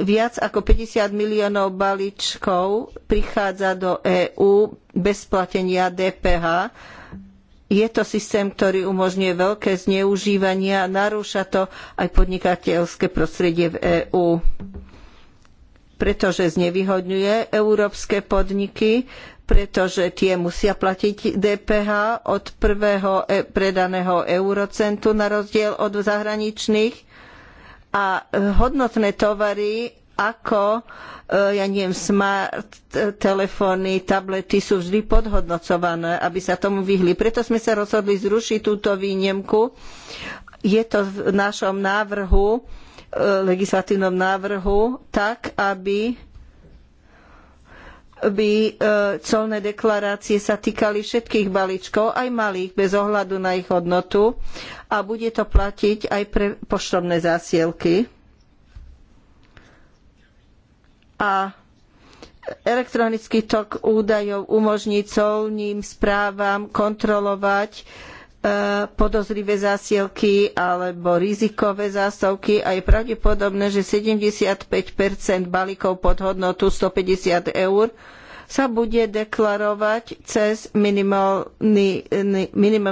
viac ako 50 miliónov balíčkov prichádza do EÚ bez platenia DPH. Je to systém, ktorý umožňuje veľké zneužívania a narúša to aj podnikateľské prostredie v EÚ pretože znevýhodňuje európske podniky, pretože tie musia platiť DPH od prvého e- predaného eurocentu na rozdiel od zahraničných a e, hodnotné tovary ako e, ja neviem, smart telefóny, tablety sú vždy podhodnocované, aby sa tomu vyhli. Preto sme sa rozhodli zrušiť túto výnimku. Je to v našom návrhu, e, legislatívnom návrhu, tak, aby by e, colné deklarácie sa týkali všetkých balíčkov, aj malých, bez ohľadu na ich hodnotu a bude to platiť aj pre poštovné zásielky. A elektronický tok údajov umožní colným správam kontrolovať E, podozrivé zásielky alebo rizikové zástavky a je pravdepodobné, že 75 balíkov pod hodnotu 150 eur sa bude deklarovať cez minimum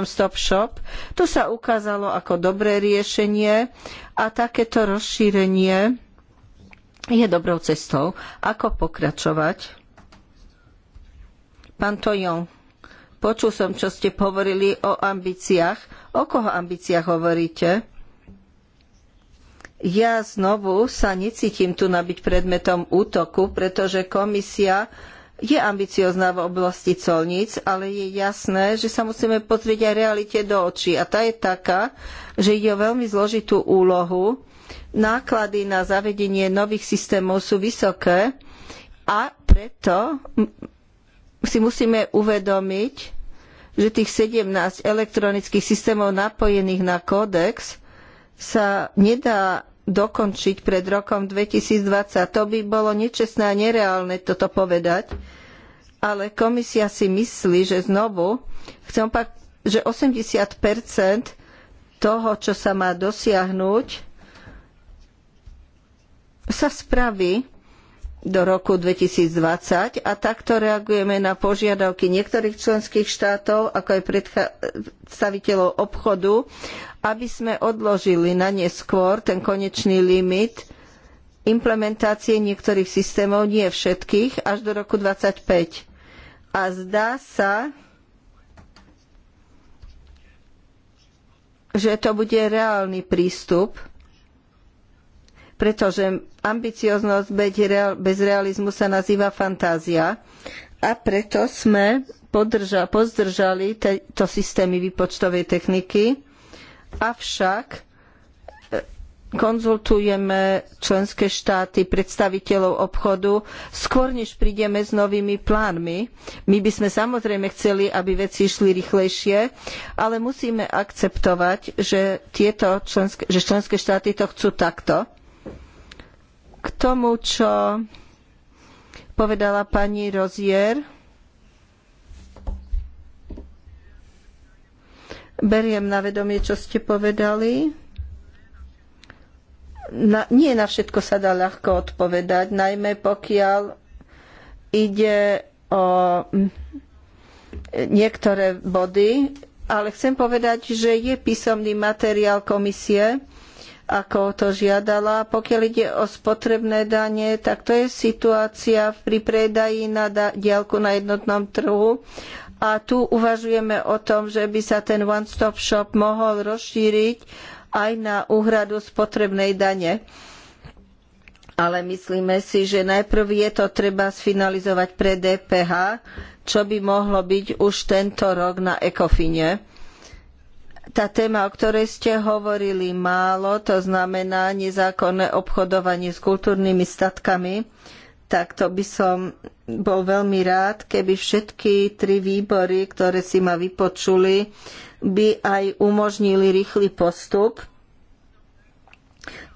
stop shop. To sa ukázalo ako dobré riešenie a takéto rozšírenie je dobrou cestou. Ako pokračovať? Pán Tojon. Počul som, čo ste hovorili o ambíciách. O koho ambíciách hovoríte? Ja znovu sa necítim tu nabiť predmetom útoku, pretože komisia je ambiciozná v oblasti colníc, ale je jasné, že sa musíme pozrieť aj realite do očí. A tá je taká, že ide o veľmi zložitú úlohu. Náklady na zavedenie nových systémov sú vysoké a preto si musíme uvedomiť, že tých 17 elektronických systémov napojených na kódex sa nedá dokončiť pred rokom 2020. To by bolo nečestné a nereálne toto povedať, ale komisia si myslí, že znovu, chcem pak, že 80 toho, čo sa má dosiahnuť, sa spraví do roku 2020 a takto reagujeme na požiadavky niektorých členských štátov, ako aj predstaviteľov obchodu, aby sme odložili na neskôr ten konečný limit implementácie niektorých systémov, nie všetkých, až do roku 2025. A zdá sa, že to bude reálny prístup pretože ambicioznosť bez realizmu sa nazýva fantázia a preto sme podrža, pozdržali tieto systémy výpočtovej techniky, avšak e, konzultujeme členské štáty, predstaviteľov obchodu, skôr než prídeme s novými plánmi. My by sme samozrejme chceli, aby veci išli rýchlejšie, ale musíme akceptovať, že, tieto členské, že členské štáty to chcú takto k tomu, čo povedala pani Rozier, beriem na vedomie, čo ste povedali. Na, nie na všetko sa dá ľahko odpovedať, najmä pokiaľ ide o niektoré body, ale chcem povedať, že je písomný materiál komisie, ako to žiadala. Pokiaľ ide o spotrebné dane, tak to je situácia pri predaji na diaľku na jednotnom trhu. A tu uvažujeme o tom, že by sa ten one-stop shop mohol rozšíriť aj na úhradu spotrebnej dane. Ale myslíme si, že najprv je to treba sfinalizovať pre DPH, čo by mohlo byť už tento rok na ECOFINE tá téma, o ktorej ste hovorili málo, to znamená nezákonné obchodovanie s kultúrnymi statkami, tak to by som bol veľmi rád, keby všetky tri výbory, ktoré si ma vypočuli, by aj umožnili rýchly postup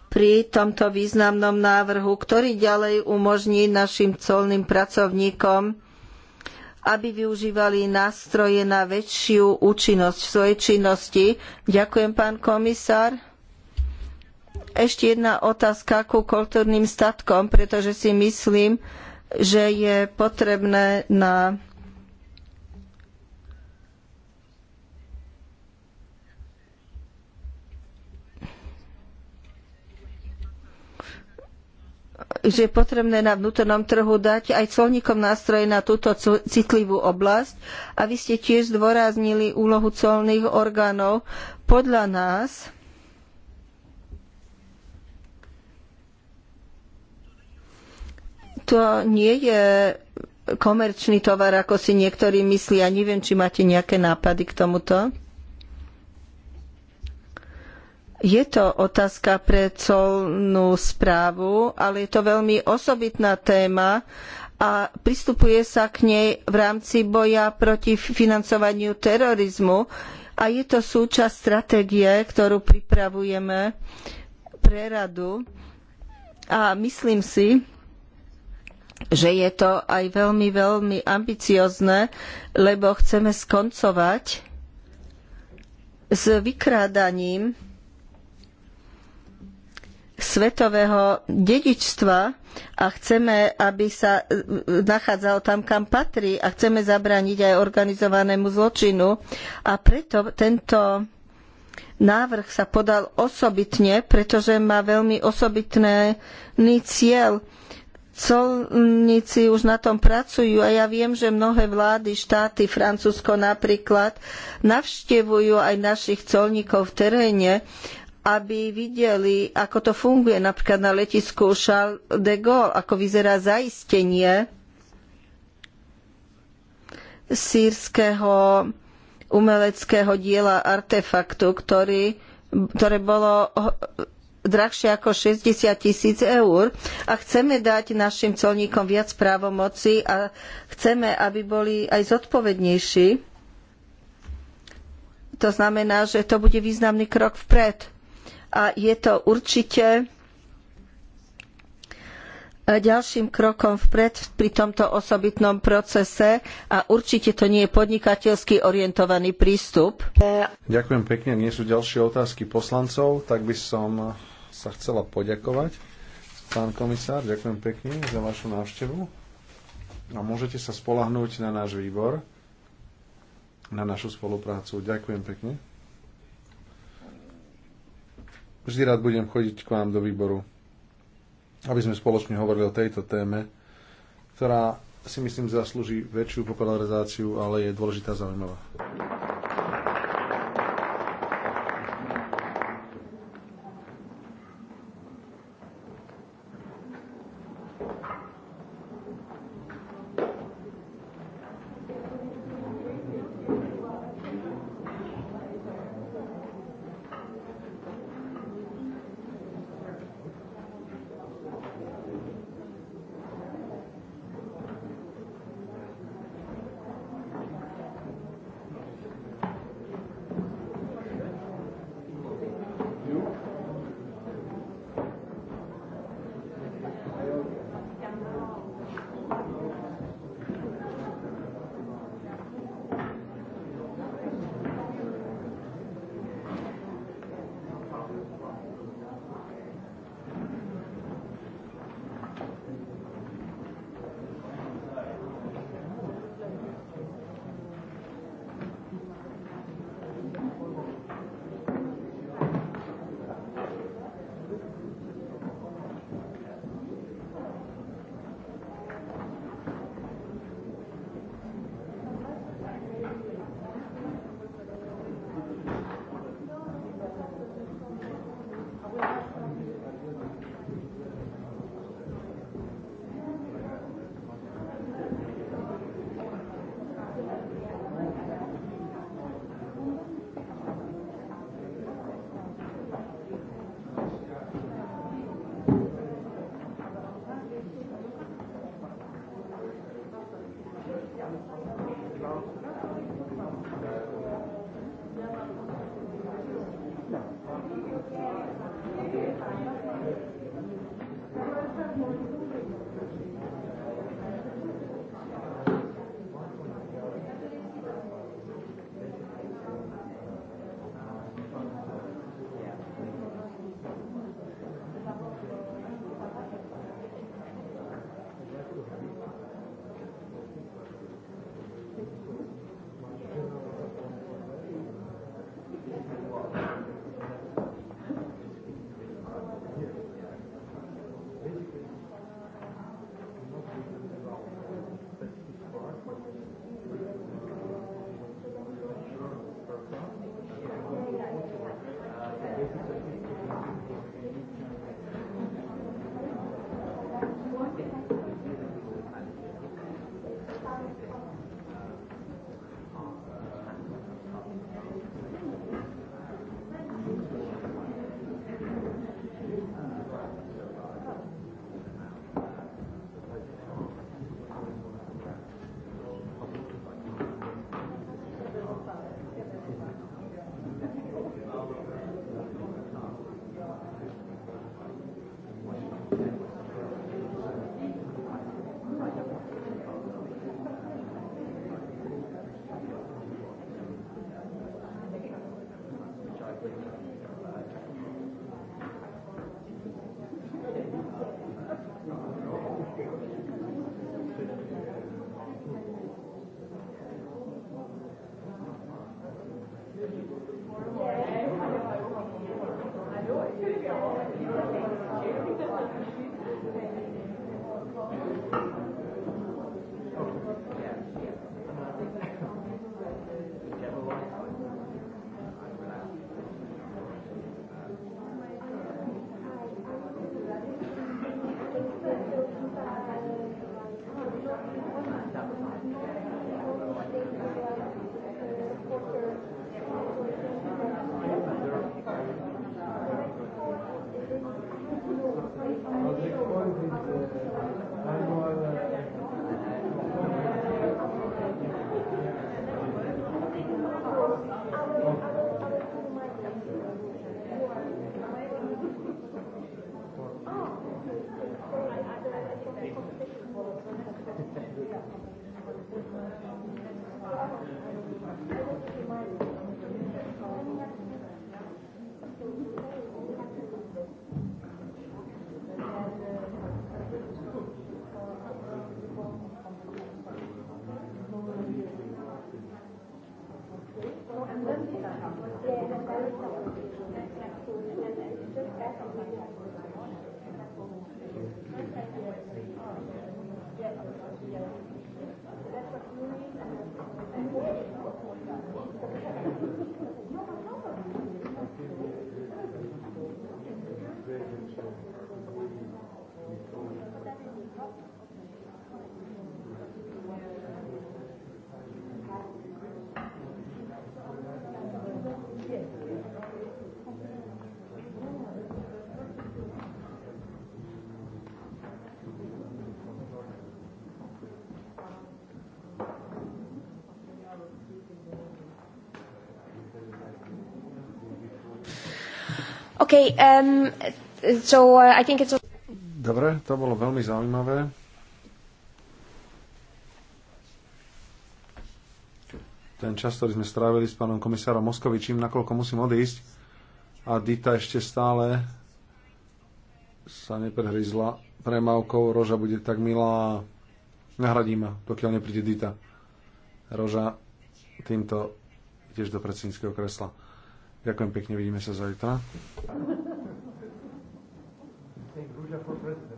pri tomto významnom návrhu, ktorý ďalej umožní našim colným pracovníkom aby využívali nástroje na väčšiu účinnosť v svojej činnosti. Ďakujem, pán komisár. Ešte jedna otázka ku kultúrnym statkom, pretože si myslím, že je potrebné na že je potrebné na vnútornom trhu dať aj colníkom nástroje na túto citlivú oblasť a vy ste tiež zdôraznili úlohu colných orgánov. Podľa nás to nie je komerčný tovar, ako si niektorí myslia. Neviem, či máte nejaké nápady k tomuto. Je to otázka pre colnú správu, ale je to veľmi osobitná téma a pristupuje sa k nej v rámci boja proti financovaniu terorizmu a je to súčasť stratégie, ktorú pripravujeme pre radu a myslím si, že je to aj veľmi, veľmi ambiciozne, lebo chceme skoncovať s vykrádaním svetového dedičstva a chceme, aby sa e, nachádzalo tam, kam patrí a chceme zabrániť aj organizovanému zločinu. A preto tento návrh sa podal osobitne, pretože má veľmi osobitný cieľ. Colníci už na tom pracujú a ja viem, že mnohé vlády, štáty, Francúzsko napríklad, navštevujú aj našich colníkov v teréne aby videli, ako to funguje napríklad na letisku Charles de Gaulle, ako vyzerá zaistenie sírskeho umeleckého diela artefaktu, ktorý, ktoré bolo drahšie ako 60 tisíc eur a chceme dať našim colníkom viac právomoci a chceme, aby boli aj zodpovednejší. To znamená, že to bude významný krok vpred a je to určite e, ďalším krokom vpred pri tomto osobitnom procese a určite to nie je podnikateľsky orientovaný prístup. Ďakujem pekne, nie sú ďalšie otázky poslancov, tak by som sa chcela poďakovať. Pán komisár, ďakujem pekne za vašu návštevu a môžete sa spolahnúť na náš výbor, na našu spoluprácu. Ďakujem pekne. Vždy rád budem chodiť k vám do výboru, aby sme spoločne hovorili o tejto téme, ktorá si myslím zaslúži väčšiu popularizáciu, ale je dôležitá a zaujímavá. um, so uh, I think it's... Dobre, to bolo veľmi zaujímavé. Ten čas, ktorý sme strávili s pánom komisárom Moskovičím, nakoľko musím odísť, a Dita ešte stále sa neprehryzla premávkou. Roža bude tak milá. Nahradí ma, pokiaľ nepríde Dita. Roža týmto tiež do predsedníckého kresla. Ďakujem pekne, vidíme sa zajtra. Thank you for president.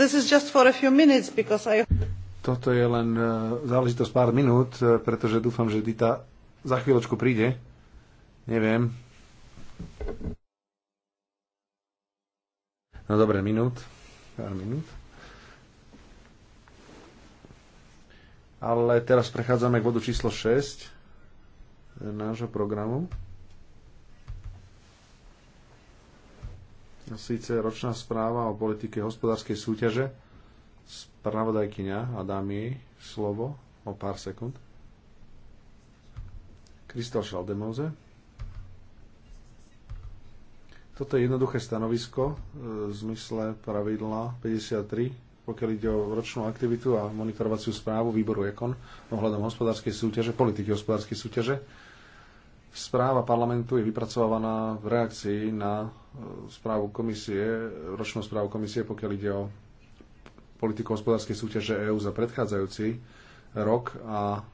This is just for a few minutes, because I... Toto je len e, záležitosť pár minút, e, pretože dúfam, že Dita za chvíľočku príde. Neviem. No dobre, minút. Pár minút. Ale teraz prechádzame k bodu číslo 6 e, nášho programu. síce ročná správa o politike hospodárskej súťaže. Spravodajkyňa a dám jej slovo o pár sekúnd. Kristal Šaldemóze. Toto je jednoduché stanovisko e, v zmysle pravidla 53, pokiaľ ide o ročnú aktivitu a monitorovaciu správu výboru EKON ohľadom hospodárskej súťaže, politiky hospodárskej súťaže Správa parlamentu je vypracovaná v reakcii na e, správu komisie, ročnú správu komisie, pokiaľ ide o politiku hospodárskej súťaže EÚ za predchádzajúci rok a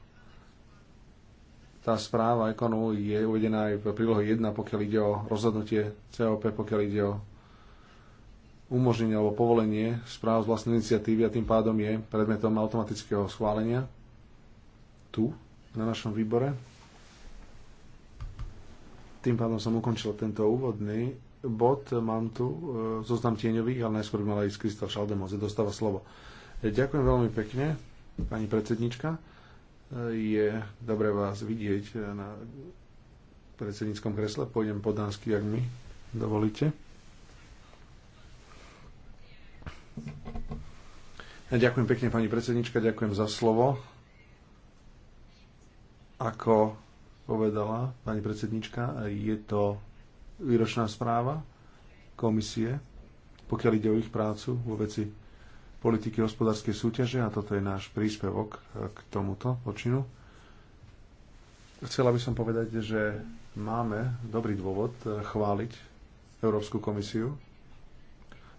tá správa Ekonu je uvedená aj v prílohe 1, pokiaľ ide o rozhodnutie COP, pokiaľ ide o umožnenie alebo povolenie správ z vlastnej iniciatívy a tým pádom je predmetom automatického schválenia tu, na našom výbore. Tým pádom som ukončil tento úvodný bod. Mám tu e, zoznam tieňových, ale najskôr by mala ísť Kristal Šaldemoze. Dostáva slovo. E, ďakujem veľmi pekne, pani predsednička. E, je dobré vás vidieť na predsedníckom kresle. Pôjdem po dánsky, ak mi dovolíte. Ďakujem pekne, pani predsednička, ďakujem za slovo. Ako povedala pani predsednička. Je to výročná správa komisie, pokiaľ ide o ich prácu vo veci politiky hospodárskej súťaže a toto je náš príspevok eh, k tomuto počinu. Chcela by som povedať, že máme dobrý dôvod eh, chváliť Európsku komisiu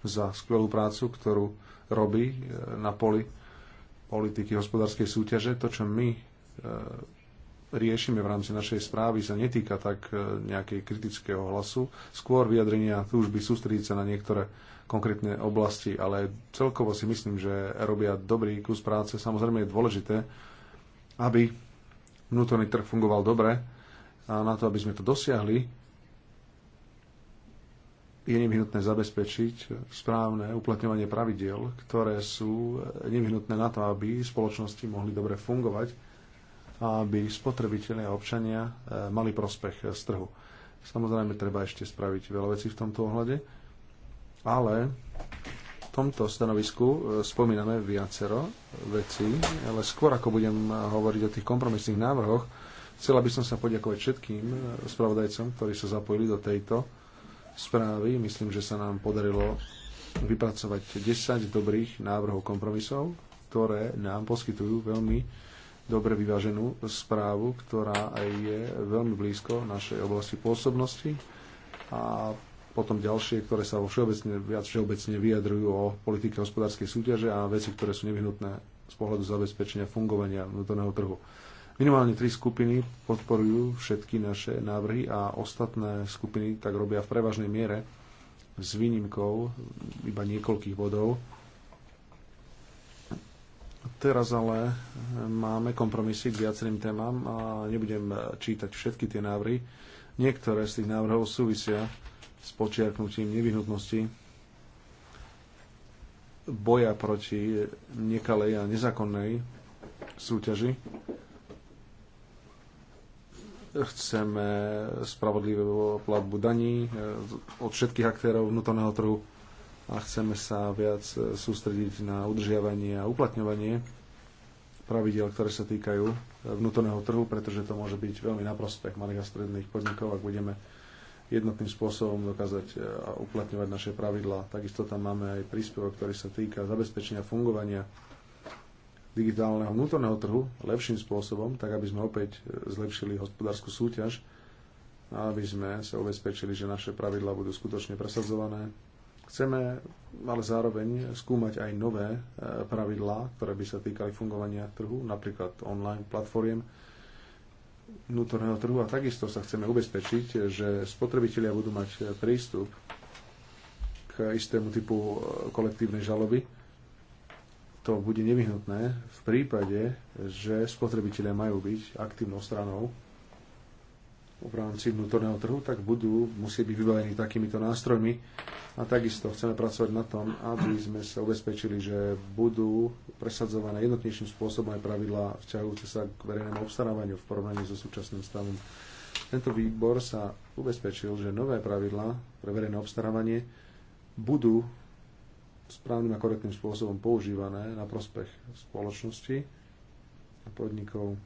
za skvelú prácu, ktorú robí eh, na poli politiky hospodárskej súťaže. To, čo my riešime v rámci našej správy, sa netýka tak e, nejakej kritického hlasu, skôr vyjadrenia túžby sústrediť sa na niektoré konkrétne oblasti, ale celkovo si myslím, že robia dobrý kus práce. Samozrejme je dôležité, aby vnútorný trh fungoval dobre a na to, aby sme to dosiahli, je nevyhnutné zabezpečiť správne uplatňovanie pravidiel, ktoré sú nevyhnutné na to, aby spoločnosti mohli dobre fungovať aby spotrebitelia a občania eh, mali prospech z trhu. Samozrejme, treba ešte spraviť veľa vecí v tomto ohľade, ale v tomto stanovisku eh, spomíname viacero vecí, ale skôr ako budem eh, hovoriť o tých kompromisných návrhoch, chcela by som sa poďakovať všetkým spravodajcom, ktorí sa zapojili do tejto správy. Myslím, že sa nám podarilo vypracovať 10 dobrých návrhov kompromisov, ktoré nám poskytujú veľmi dobre vyváženú správu, ktorá je veľmi blízko našej oblasti pôsobnosti a potom ďalšie, ktoré sa vo všeobecne, viac všeobecne vyjadrujú o politike hospodárskej súťaže a veci, ktoré sú nevyhnutné z pohľadu zabezpečenia fungovania vnútorného trhu. Minimálne tri skupiny podporujú všetky naše návrhy a ostatné skupiny tak robia v prevažnej miere s výnimkou iba niekoľkých bodov, Teraz ale máme kompromisy k viacerým témam a nebudem čítať všetky tie návrhy. Niektoré z tých návrhov súvisia s počiarknutím nevyhnutnosti boja proti nekalej a nezákonnej súťaži. Chceme spravodlivú platbu daní od všetkých aktérov vnútorného trhu a chceme sa viac e, sústrediť na udržiavanie a uplatňovanie pravidel, ktoré sa týkajú e, vnútorného trhu, pretože to môže byť veľmi na prospech malých a stredných podnikov, ak budeme jednotným spôsobom dokázať e, a uplatňovať naše pravidlá. Takisto tam máme aj príspevok, ktorý sa týka zabezpečenia fungovania digitálneho vnútorného trhu lepším spôsobom, tak aby sme opäť zlepšili hospodárskú súťaž a aby sme sa ubezpečili, že naše pravidlá budú skutočne presadzované Chceme ale zároveň skúmať aj nové e, pravidlá, ktoré by sa týkali fungovania trhu, napríklad online platformiem vnútorného trhu a takisto sa chceme ubezpečiť, že spotrebitelia budú mať e, prístup k istému typu e, kolektívnej žaloby. To bude nevyhnutné v prípade, že spotrebitelia majú byť aktívnou stranou v rámci vnútorného trhu, tak budú musieť byť vybavení takýmito nástrojmi. A takisto chceme pracovať na tom, aby sme sa ubezpečili, že budú presadzované jednotnejším spôsobom aj pravidlá vťahujúce sa k verejnému obstarávaniu v porovnaní so súčasným stavom. Tento výbor sa ubezpečil, že nové pravidlá pre verejné obstarávanie budú správnym a korektným spôsobom používané na prospech spoločnosti a podnikov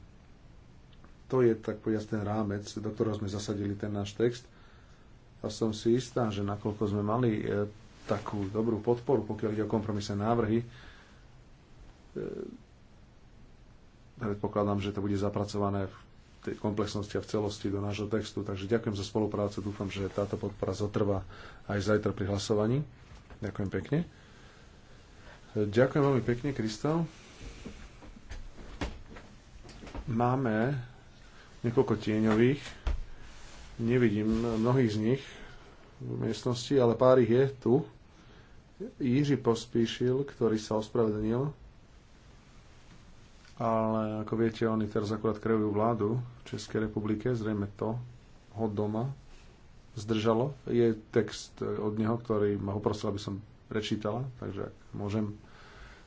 to je tak povedať ten rámec, do ktorého sme zasadili ten náš text. A som si istá, že nakoľko sme mali e, takú dobrú podporu, pokiaľ ide o kompromisné návrhy, e, predpokladám, že to bude zapracované v tej komplexnosti a v celosti do nášho textu. Takže ďakujem za spoluprácu, dúfam, že táto podpora zotrvá aj zajtra pri hlasovaní. Ďakujem pekne. Ďakujem veľmi pekne, Kristal. Máme niekoľko tieňových. Nevidím mnohých z nich v miestnosti, ale pár ich je tu. Jiří Pospíšil, ktorý sa ospravedlnil, ale ako viete, oni teraz akurát kreujú vládu v Českej republike, zrejme to ho doma zdržalo. Je text od neho, ktorý ma poprosil, aby som prečítala, takže ak môžem,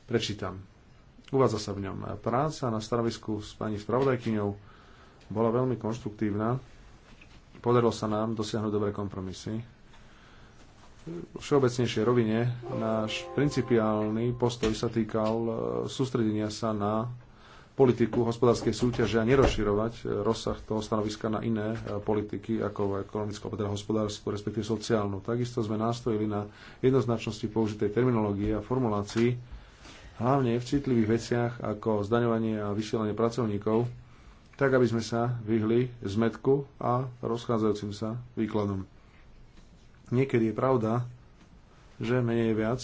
prečítam. Uvádza sa v ňom práca na stanovisku s pani spravodajkyňou bola veľmi konštruktívna. Podarilo sa nám dosiahnuť dobré kompromisy. V všeobecnejšej rovine náš principiálny postoj sa týkal e, sústredenia sa na politiku hospodárskej súťaže a nerozširovať e, rozsah toho stanoviska na iné e, politiky, ako ekonomickú, teda hospodárskú, respektíve sociálnu. Takisto sme nástojili na jednoznačnosti použitej terminológie a formulácií, hlavne v citlivých veciach ako zdaňovanie a vysielanie pracovníkov, tak aby sme sa vyhli zmetku a rozchádzajúcim sa výkladom. Niekedy je pravda, že menej je viac.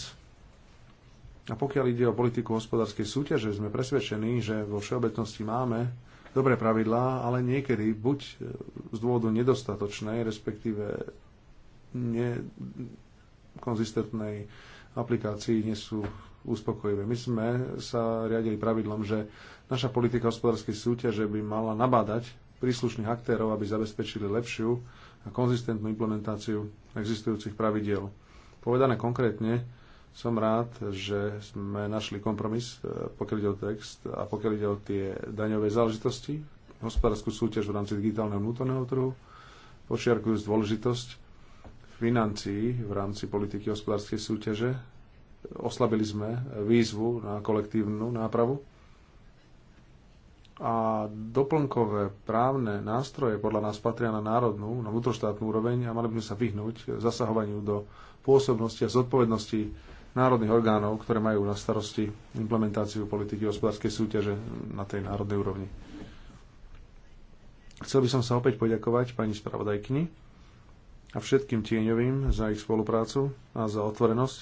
A pokiaľ ide o politiku hospodárskej súťaže, sme presvedčení, že vo všeobecnosti máme dobré pravidlá, ale niekedy buď z dôvodu nedostatočnej, respektíve nekonzistentnej aplikácií nie sú uspokojivé. My sme sa riadili pravidlom, že naša politika hospodárskej súťaže by mala nabádať príslušných aktérov, aby zabezpečili lepšiu a konzistentnú implementáciu existujúcich pravidiel. Povedané konkrétne, som rád, že sme našli kompromis, e, pokiaľ ide o text a pokiaľ ide o tie daňové záležitosti, hospodárskú súťaž v rámci digitálneho vnútorného trhu, počiarkujú dôležitosť financií v rámci politiky hospodárskej súťaže. Oslabili sme výzvu na kolektívnu nápravu. A doplnkové právne nástroje podľa nás patria na národnú, na vnútroštátnu úroveň a mali by sme sa vyhnúť zasahovaniu do pôsobnosti a zodpovednosti národných orgánov, ktoré majú na starosti implementáciu politiky hospodárskej súťaže na tej národnej úrovni. Chcel by som sa opäť poďakovať pani spravodajkyni a všetkým tieňovým za ich spoluprácu a za otvorenosť,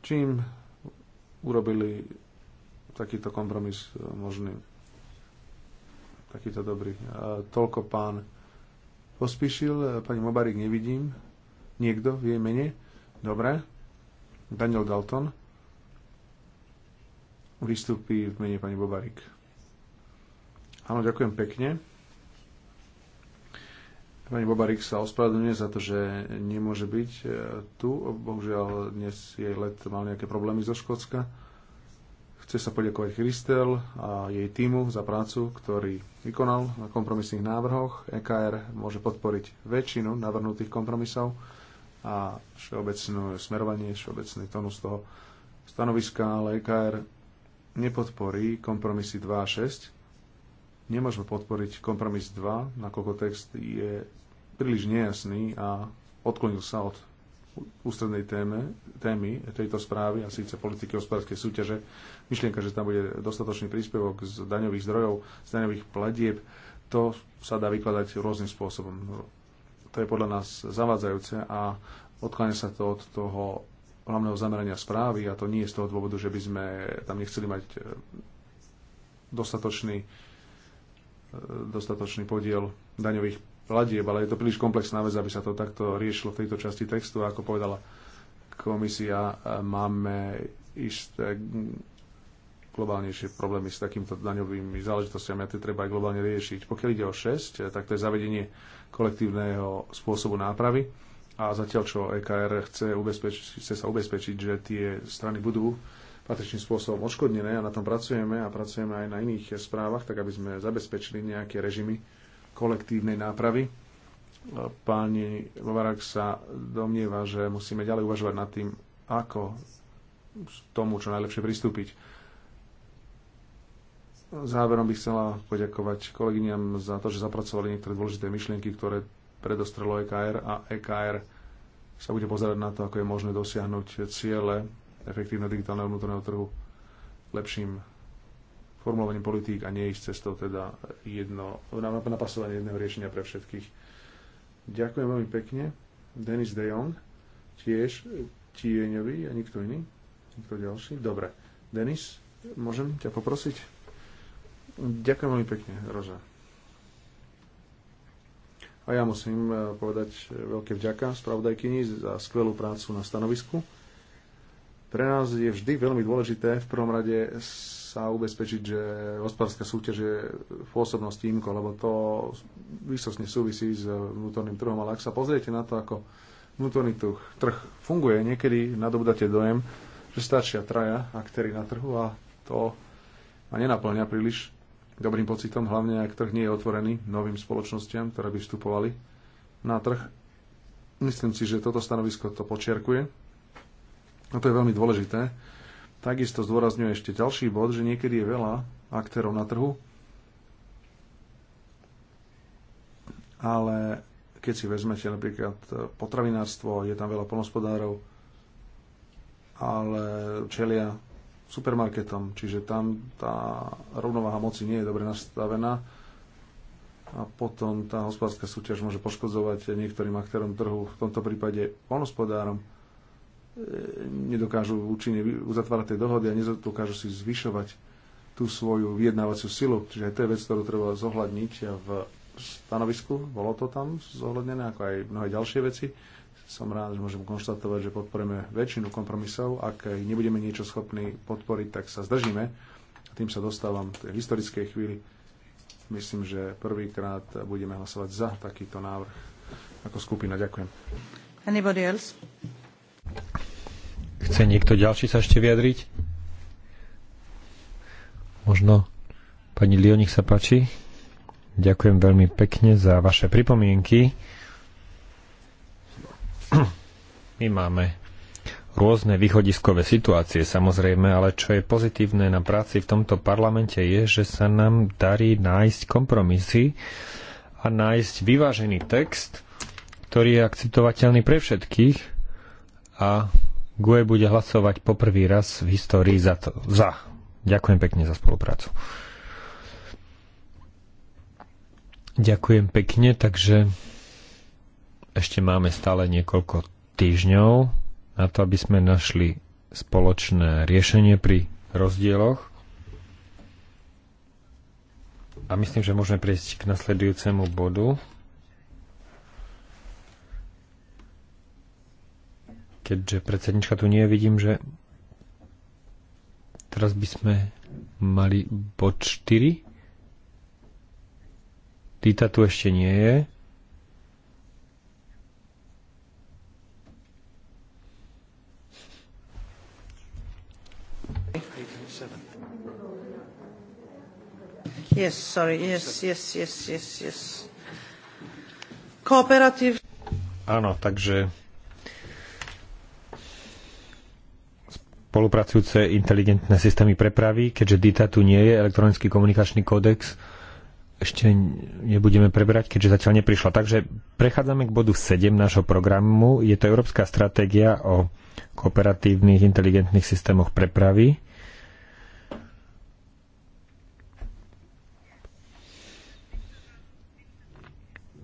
čím urobili takýto kompromis e, možný, takýto dobrý. A toľko pán pospíšil, e, pani Mobarik nevidím, niekto v jej mene, dobre, Daniel Dalton vystúpi v mene pani Bobarik. Áno, ďakujem pekne. Pani Bobarik sa ospravedlňuje za to, že nemôže byť e, tu. Bohužiaľ, dnes jej let mal nejaké problémy zo Škótska. Chce sa poďakovať Christel a jej týmu za prácu, ktorý vykonal na kompromisných návrhoch. EKR môže podporiť väčšinu navrhnutých kompromisov a všeobecné smerovanie, všeobecný tónus toho stanoviska, ale EKR nepodporí kompromisy 2 a 6, Nemôžeme podporiť kompromis 2, nakoľko text je príliš nejasný a odklonil sa od ústrednej téme, témy tejto správy, a síce politiky hospodárskej súťaže. Myšlienka, že tam bude dostatočný príspevok z daňových zdrojov, z daňových platieb, to sa dá vykladať rôznym spôsobom. To je podľa nás zavádzajúce a odkláňa sa to od toho hlavného zamerania správy a to nie je z toho dôvodu, že by sme tam nechceli mať e, dostatočný dostatočný podiel daňových platieb, ale je to príliš komplexná vec, aby sa to takto riešilo v tejto časti textu. Ako povedala komisia, máme isté globálnejšie problémy s takýmto daňovými záležitostiami a tie treba aj globálne riešiť. Pokiaľ ide o 6, tak to je zavedenie kolektívneho spôsobu nápravy a zatiaľ čo EKR chce, chce sa ubezpečiť, že tie strany budú patričným spôsobom odškodnené a na tom pracujeme a pracujeme aj na iných správach, tak aby sme zabezpečili nejaké režimy kolektívnej nápravy. Páni Bovarak sa domnieva, že musíme ďalej uvažovať nad tým, ako k tomu čo najlepšie pristúpiť. Záverom by chcela poďakovať kolegyňam za to, že zapracovali niektoré dôležité myšlienky, ktoré predostrelo EKR a EKR sa bude pozerať na to, ako je možné dosiahnuť ciele efektívne digitálneho vnútorného trhu lepším formulovaním politík a nie ísť cestou teda jedno, napasovanie jedného riešenia pre všetkých. Ďakujem veľmi pekne. Denis De Jong, tiež tieňový a nikto iný, nikto ďalší. Dobre. Denis, môžem ťa poprosiť? Ďakujem veľmi pekne, Roža. A ja musím eh, povedať eh, veľké vďaka spravodajkyni za skvelú prácu na stanovisku. Pre nás je vždy veľmi dôležité v prvom rade sa ubezpečiť, že hospodárska súťaž je v pôsobnosti IMKO, lebo to výsostne súvisí s vnútorným trhom. Ale ak sa pozriete na to, ako vnútorný trh, trh funguje, niekedy nadobudáte dojem, že stačia traja aktéry na trhu a to ma nenaplňa príliš dobrým pocitom, hlavne ak trh nie je otvorený novým spoločnostiam, ktoré by vstupovali na trh. Myslím si, že toto stanovisko to počiarkuje No to je veľmi dôležité. Takisto zdôrazňuje ešte ďalší bod, že niekedy je veľa aktérov na trhu, ale keď si vezmete napríklad potravinárstvo, je tam veľa polnospodárov, ale čelia supermarketom, čiže tam tá rovnováha moci nie je dobre nastavená a potom tá hospodárska súťaž môže poškodzovať niektorým aktérom trhu, v tomto prípade polnospodárom nedokážu účinne uzatvárať tie dohody a nedokážu si zvyšovať tú svoju vyjednávaciu silu. Čiže aj to je vec, ktorú treba zohľadniť v stanovisku. Bolo to tam zohľadnené, ako aj mnohé ďalšie veci. Som rád, že môžem konštatovať, že podporujeme väčšinu kompromisov. Ak nebudeme niečo schopní podporiť, tak sa zdržíme. A tým sa dostávam tej historickej chvíli. Myslím, že prvýkrát budeme hlasovať za takýto návrh ako skupina. Ďakujem. Anybody else? Chce niekto ďalší sa ešte vyjadriť? Možno pani Lio, nech sa páči. Ďakujem veľmi pekne za vaše pripomienky. My máme rôzne východiskové situácie samozrejme, ale čo je pozitívne na práci v tomto parlamente je, že sa nám darí nájsť kompromisy a nájsť vyvážený text, ktorý je akceptovateľný pre všetkých a GUE bude hlasovať poprvý raz v histórii za, to, za. Ďakujem pekne za spoluprácu. Ďakujem pekne, takže ešte máme stále niekoľko týždňov na to, aby sme našli spoločné riešenie pri rozdieloch. A myslím, že môžeme prejsť k nasledujúcemu bodu. keďže predsednička tu nie, je, vidím, že teraz by sme mali bod 4. Dita tu ešte nie je. Yes, sorry, yes, yes, yes, yes, yes. Kooperatív. Áno, takže spolupracujúce inteligentné systémy prepravy, keďže DITA tu nie je, elektronický komunikačný kódex, ešte nebudeme prebrať, keďže zatiaľ neprišla. Takže prechádzame k bodu 7 nášho programu. Je to Európska stratégia o kooperatívnych inteligentných systémoch prepravy.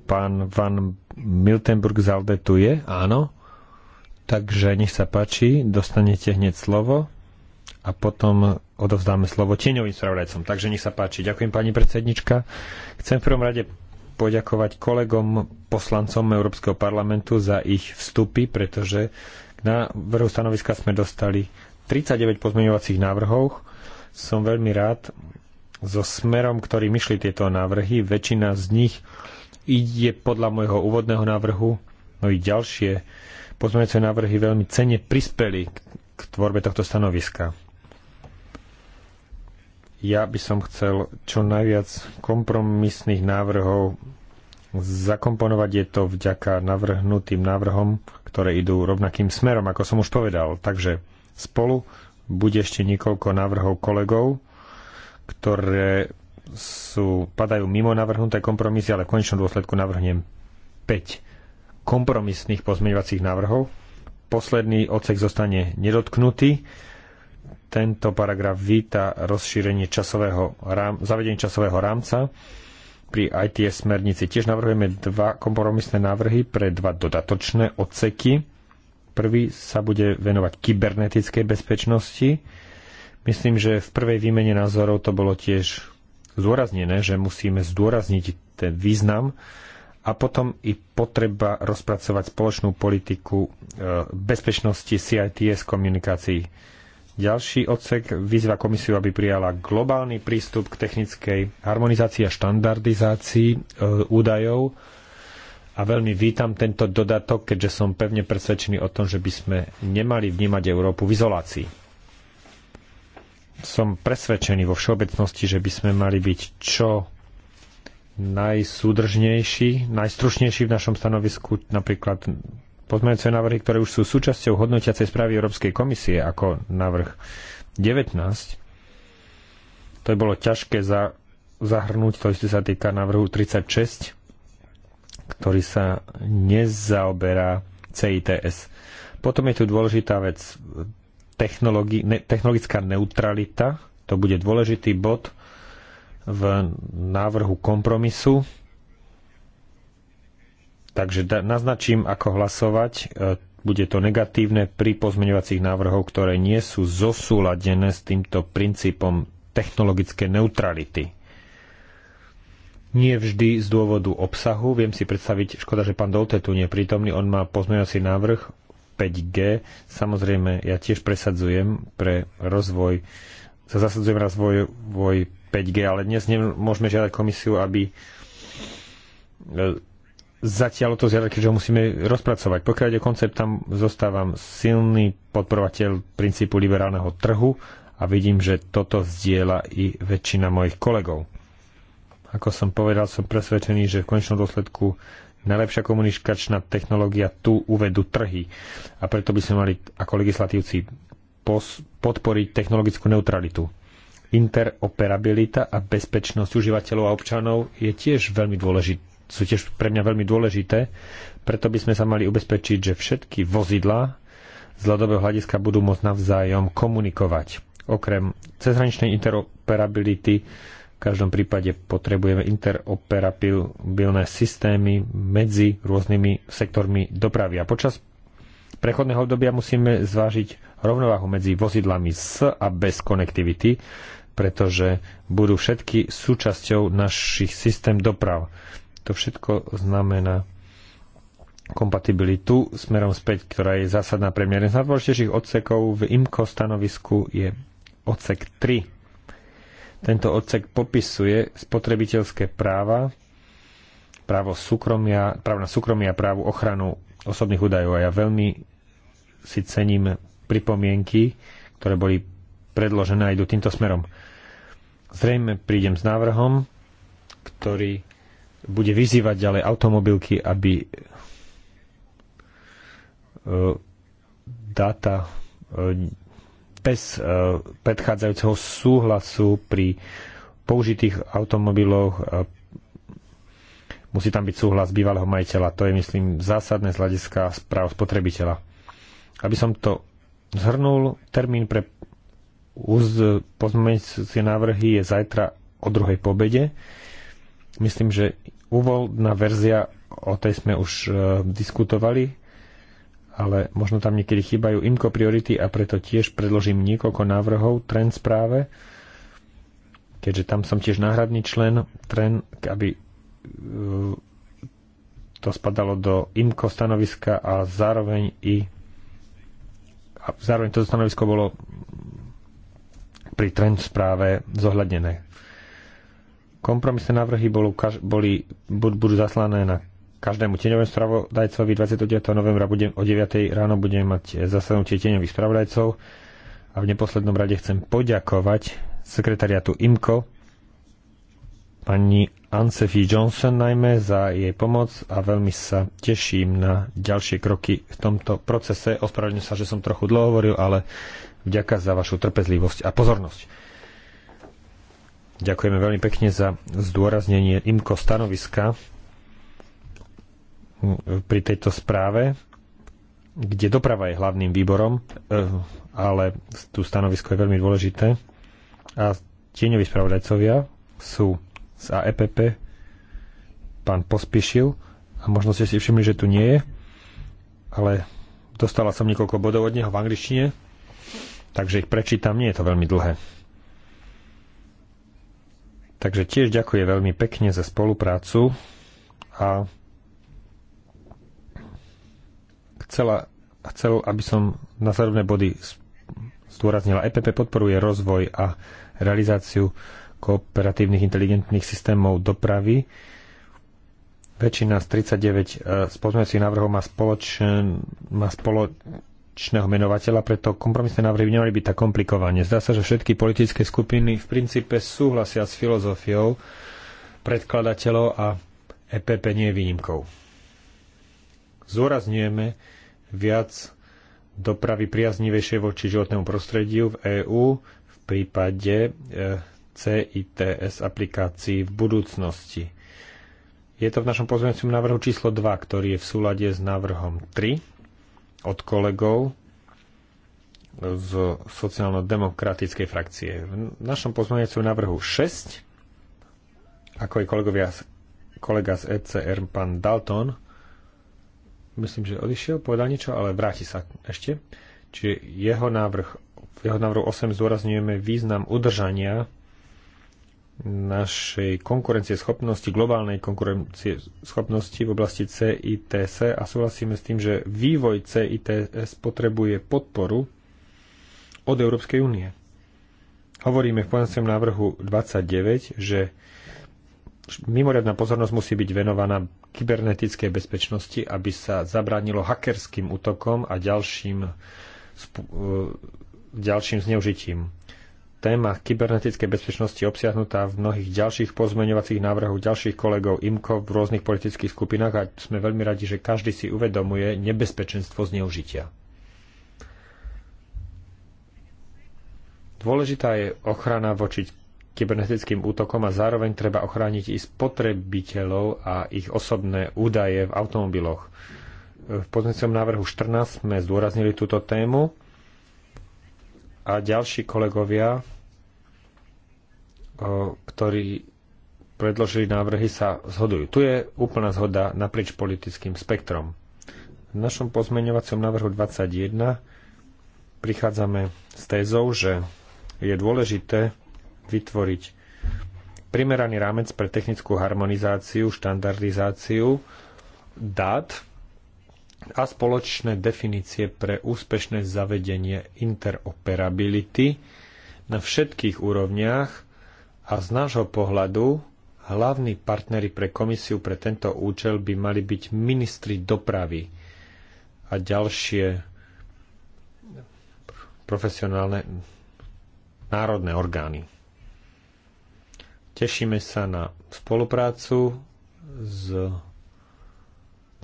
Pán Van Miltenburg Alde tu je, áno. Takže nech sa páči, dostanete hneď slovo a potom odovzdáme slovo tieňovým spravodajcom. Takže nech sa páči. Ďakujem pani predsednička. Chcem v prvom rade poďakovať kolegom poslancom Európskeho parlamentu za ich vstupy, pretože na vrhu stanoviska sme dostali 39 pozmeňovacích návrhov. Som veľmi rád so smerom, ktorým išli tieto návrhy. Väčšina z nich ide podľa môjho úvodného návrhu, no i ďalšie pozmeňujúce návrhy veľmi cene prispeli k tvorbe tohto stanoviska. Ja by som chcel čo najviac kompromisných návrhov zakomponovať je to vďaka navrhnutým návrhom, ktoré idú rovnakým smerom, ako som už povedal. Takže spolu bude ešte niekoľko návrhov kolegov, ktoré sú, padajú mimo navrhnuté kompromisy, ale v konečnom dôsledku navrhnem 5 kompromisných pozmeňovacích návrhov. Posledný odsek zostane nedotknutý. Tento paragraf víta rozšírenie časového rám, zavedenie časového rámca. Pri ITS smernici tiež navrhujeme dva kompromisné návrhy pre dva dodatočné odseky. Prvý sa bude venovať kybernetickej bezpečnosti. Myslím, že v prvej výmene názorov to bolo tiež zdôraznené, že musíme zdôrazniť ten význam a potom i potreba rozpracovať spoločnú politiku e, bezpečnosti CITS komunikácií. Ďalší odsek vyzva komisiu, aby prijala globálny prístup k technickej harmonizácii a štandardizácii e, údajov. A veľmi vítam tento dodatok, keďže som pevne presvedčený o tom, že by sme nemali vnímať Európu v izolácii. Som presvedčený vo všeobecnosti, že by sme mali byť čo najsúdržnejší, najstrušnejší v našom stanovisku, napríklad pozmeňujúce návrhy, ktoré už sú súčasťou hodnotiacej správy Európskej komisie ako návrh 19. To je bolo ťažké za, zahrnúť, to isté sa týka návrhu 36, ktorý sa nezaoberá CITS. Potom je tu dôležitá vec, technologi- ne, technologická neutralita, to bude dôležitý bod, v návrhu kompromisu. Takže naznačím, ako hlasovať. E, bude to negatívne pri pozmeňovacích návrhov, ktoré nie sú zosúladené s týmto princípom technologické neutrality. Nie vždy z dôvodu obsahu. Viem si predstaviť, škoda, že pán Dolte tu nie je prítomný, on má pozmeňovací návrh 5G. Samozrejme, ja tiež presadzujem pre rozvoj sa zasadzujem razvoj voj 5G, ale dnes nemôžeme žiadať komisiu, aby e, zatiaľ to zjadať, keďže ho musíme rozpracovať. Pokiaľ ide koncept, tam zostávam silný podporovateľ princípu liberálneho trhu a vidím, že toto zdieľa i väčšina mojich kolegov. Ako som povedal, som presvedčený, že v konečnom dôsledku najlepšia komunikačná technológia tu uvedú trhy. A preto by sme mali ako legislatívci podporiť technologickú neutralitu. Interoperabilita a bezpečnosť užívateľov a občanov je tiež veľmi dôležit- sú tiež pre mňa veľmi dôležité, preto by sme sa mali ubezpečiť, že všetky vozidlá z hľadového hľadiska budú môcť navzájom komunikovať. Okrem cezhraničnej interoperability v každom prípade potrebujeme interoperabilné systémy medzi rôznymi sektormi dopravy. A počas prechodného obdobia musíme zvážiť rovnováhu medzi vozidlami s a bez konektivity, pretože budú všetky súčasťou našich systém doprav. To všetko znamená kompatibilitu smerom späť, ktorá je zásadná pre mňa. Jeden z najdôležitejších odsekov v IMCO stanovisku je odsek 3. Tento odsek popisuje spotrebiteľské práva, právo, súkromia, právo na súkromie a právu ochranu osobných údajov. A ja veľmi si cením pripomienky, ktoré boli predložené aj do týmto smerom. Zrejme prídem s návrhom, ktorý bude vyzývať ďalej automobilky, aby e, dáta e, bez e, predchádzajúceho súhlasu pri použitých automobiloch musí tam byť súhlas bývalého majiteľa. To je, myslím, zásadné z hľadiska správ spotrebiteľa. Aby som to zhrnul, termín pre pozmeňujúce návrhy je zajtra o druhej pobede. Myslím, že úvodná verzia, o tej sme už e, diskutovali, ale možno tam niekedy chýbajú imko priority a preto tiež predložím niekoľko návrhov trend správe, keďže tam som tiež náhradný člen tren, aby e, to spadalo do imko stanoviska a zároveň i a zároveň toto stanovisko bolo pri trend správe zohľadnené. Kompromisné návrhy boli, boli, budú zaslané na každému tieňovému spravodajcovi 29. novembra budem, o 9. ráno budeme mať zasadnutie tieňových spravodajcov a v neposlednom rade chcem poďakovať sekretariatu IMKO pani Ansefi Johnson najmä za jej pomoc a veľmi sa teším na ďalšie kroky v tomto procese. Ospravedlňujem sa, že som trochu dlho hovoril, ale vďaka za vašu trpezlivosť a pozornosť. Ďakujeme veľmi pekne za zdôraznenie IMKO stanoviska pri tejto správe, kde doprava je hlavným výborom, eh, ale tu stanovisko je veľmi dôležité. A tieňoví spravodajcovia sú z EPP pán Pospišil a možno ste si všimli, že tu nie je, ale dostala som niekoľko bodov od neho v angličtine, takže ich prečítam, nie je to veľmi dlhé. Takže tiež ďakuje veľmi pekne za spoluprácu a chcela, chcel, aby som na zároveň body zdôraznila. EPP podporuje rozvoj a realizáciu kooperatívnych inteligentných systémov dopravy. Väčšina z 39 e, spozmeňujúcich návrhov má, spoločen, má spoločného menovateľa, preto kompromisné návrhy by nemali byť tak komplikované. Zdá sa, že všetky politické skupiny v princípe súhlasia s filozofiou predkladateľov a EPP nie je výnimkou. Zúrazňujeme viac dopravy priaznivejšie voči životnému prostrediu v EÚ v prípade e, CITS aplikácií v budúcnosti. Je to v našom pozmeňujúcom návrhu číslo 2, ktorý je v súlade s návrhom 3 od kolegov z sociálno-demokratickej frakcie. V našom pozmeňujúcom návrhu 6, ako je kolegovia, kolega z ECR, pán Dalton, myslím, že odišiel, povedal niečo, ale vráti sa ešte. Čiže jeho návrh, v jeho návrhu 8 zdôrazňujeme význam udržania našej schopnosti, globálnej schopnosti v oblasti CITS a súhlasíme s tým, že vývoj CITS potrebuje podporu od Európskej únie. Hovoríme v poňacom návrhu 29, že mimoriadná pozornosť musí byť venovaná kybernetickej bezpečnosti, aby sa zabránilo hackerským útokom a ďalším, e, ďalším zneužitím téma kybernetickej bezpečnosti obsiahnutá v mnohých ďalších pozmeňovacích návrhoch ďalších kolegov IMKO v rôznych politických skupinách a sme veľmi radi, že každý si uvedomuje nebezpečenstvo zneužitia. Dôležitá je ochrana voči kybernetickým útokom a zároveň treba ochrániť i spotrebiteľov a ich osobné údaje v automobiloch. V pozmeňovacom návrhu 14 sme zdôraznili túto tému a ďalší kolegovia, ktorí predložili návrhy, sa zhodujú. Tu je úplná zhoda naprieč politickým spektrom. V našom pozmeňovacom návrhu 21 prichádzame s tézou, že je dôležité vytvoriť primeraný rámec pre technickú harmonizáciu, štandardizáciu dát a spoločné definície pre úspešné zavedenie interoperability na všetkých úrovniach a z nášho pohľadu hlavní partnery pre komisiu pre tento účel by mali byť ministri dopravy a ďalšie profesionálne národné orgány. Tešíme sa na spoluprácu s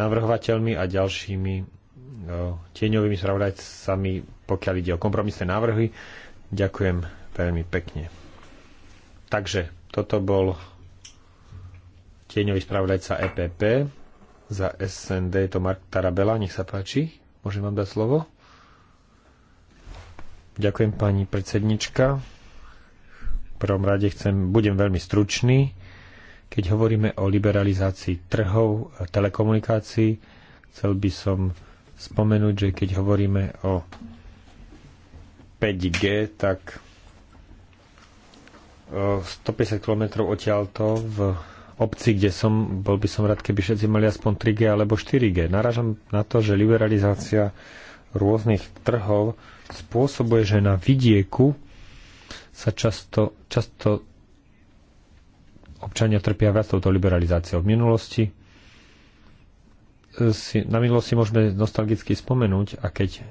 navrhovateľmi a ďalšími e, tieňovými spravodajcami, pokiaľ ide o kompromisné návrhy. Ďakujem veľmi pekne. Takže toto bol tieňový spravodajca EPP. Za SND je to Mark Tarabela. Nech sa páči. Môžem vám dať slovo? Ďakujem pani predsednička. V prvom rade chcem, budem veľmi stručný. Keď hovoríme o liberalizácii trhov a telekomunikácií, chcel by som spomenúť, že keď hovoríme o 5G, tak 150 e, km odtiaľto v obci, kde som, bol by som rád, keby všetci mali aspoň 3G alebo 4G. Naražam na to, že liberalizácia rôznych trhov spôsobuje, že na vidieku sa často, často občania trpia viac touto liberalizáciou. V minulosti e, si, na minulosti môžeme nostalgicky spomenúť a keď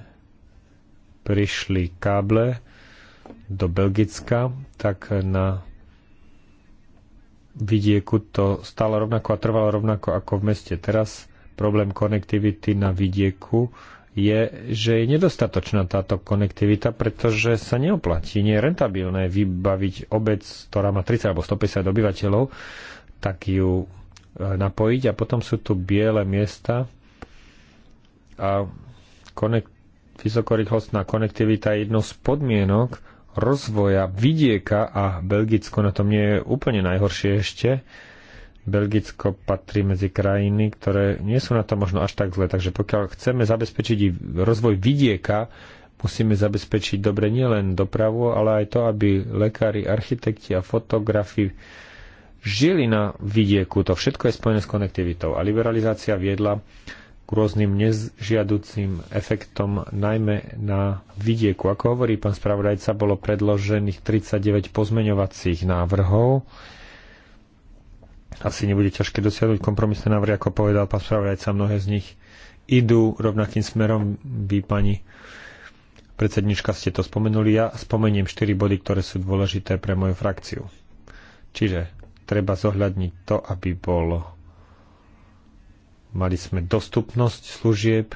prišli káble do Belgicka, tak na vidieku to stalo rovnako a trvalo rovnako ako v meste. Teraz problém konektivity na vidieku je, že je nedostatočná táto konektivita, pretože sa neoplatí, nie je rentabilné vybaviť obec, ktorá má 30 alebo 150 obyvateľov, tak ju e, napojiť a potom sú tu biele miesta a konekt, vysokorýchlostná konektivita je jednou z podmienok rozvoja vidieka a Belgicko na tom nie je úplne najhoršie ešte, Belgicko patrí medzi krajiny, ktoré nie sú na to možno až tak zle. Takže pokiaľ chceme zabezpečiť rozvoj vidieka, musíme zabezpečiť dobre nielen dopravu, ale aj to, aby lekári, architekti a fotografi žili na vidieku. To všetko je spojené s konektivitou. A liberalizácia viedla k rôznym nežiaducím efektom, najmä na vidieku. Ako hovorí pán spravodajca, bolo predložených 39 pozmeňovacích návrhov asi nebude ťažké dosiahnuť kompromisné návrhy, ako povedal pán spravodajca, mnohé z nich idú rovnakým smerom. Vy, pani predsednička, ste to spomenuli. Ja spomeniem 4 body, ktoré sú dôležité pre moju frakciu. Čiže treba zohľadniť to, aby bolo mali sme dostupnosť služieb,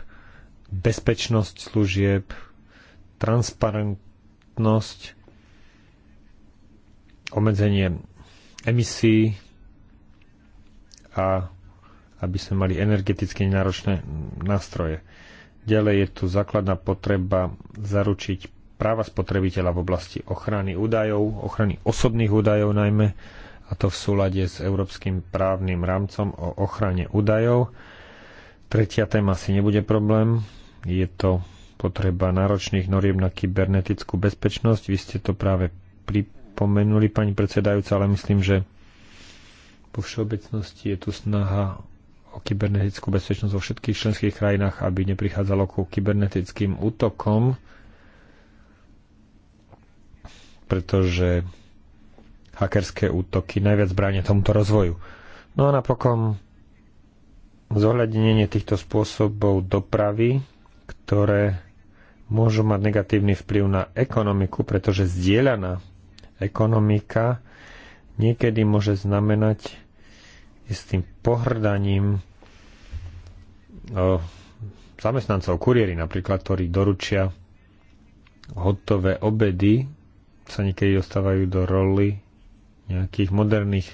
bezpečnosť služieb, transparentnosť, obmedzenie emisí, a aby sme mali energeticky náročné nástroje. Ďalej je tu základná potreba zaručiť práva spotrebiteľa v oblasti ochrany údajov, ochrany osobných údajov najmä, a to v súlade s Európskym právnym rámcom o ochrane údajov. Tretia téma si nebude problém, je to potreba náročných noriem na kybernetickú bezpečnosť. Vy ste to práve pripomenuli, pani predsedajúca, ale myslím, že po všeobecnosti je tu snaha o kybernetickú bezpečnosť vo všetkých členských krajinách, aby neprichádzalo ku kybernetickým útokom, pretože hackerské útoky najviac bránia tomuto rozvoju. No a napokon zohľadnenie týchto spôsobov dopravy, ktoré môžu mať negatívny vplyv na ekonomiku, pretože zdieľaná ekonomika niekedy môže znamenať istým pohrdaním zamestnancov, kuriéry napríklad, ktorí doručia hotové obedy, sa niekedy dostávajú do roli nejakých moderných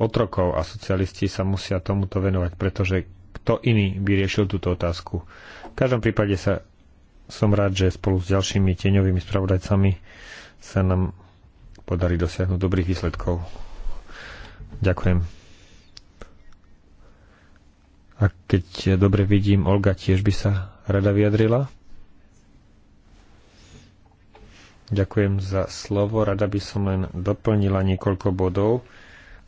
otrokov a socialisti sa musia tomuto venovať, pretože kto iný by riešil túto otázku. V každom prípade sa som rád, že spolu s ďalšími tieňovými spravodajcami sa nám podarí dosiahnuť dobrých výsledkov. Ďakujem. A keď dobre vidím, Olga tiež by sa rada vyjadrila. Ďakujem za slovo. Rada by som len doplnila niekoľko bodov.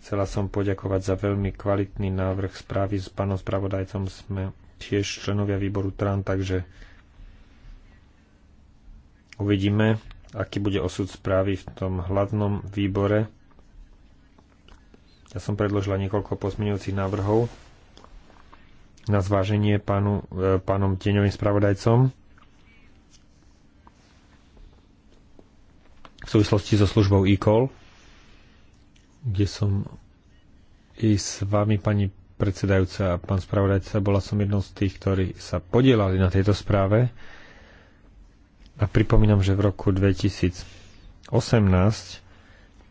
Chcela som poďakovať za veľmi kvalitný návrh správy. S pánom spravodajcom sme tiež členovia výboru TRAN, takže uvidíme, aký bude osud správy v tom hlavnom výbore. Ja som predložila niekoľko pozmeňujúcich návrhov na zváženie pánu, e, pánom tieňovým spravodajcom v súvislosti so službou e-call, kde som i s vami, pani predsedajúca a pán spravodajca, bola som jednou z tých, ktorí sa podielali na tejto správe. A pripomínam, že v roku 2018,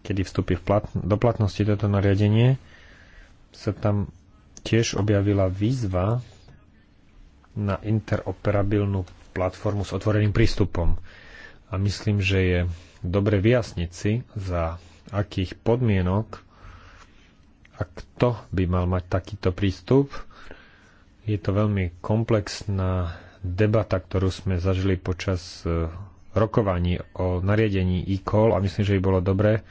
kedy vstúpi v plat- do platnosti toto nariadenie, sa tam tiež objavila výzva na interoperabilnú platformu s otvoreným prístupom. A myslím, že je dobre vyjasniť si, za akých podmienok a kto by mal mať takýto prístup. Je to veľmi komplexná debata, ktorú sme zažili počas eh, rokovaní o nariadení e-call a myslím, že by bolo dobré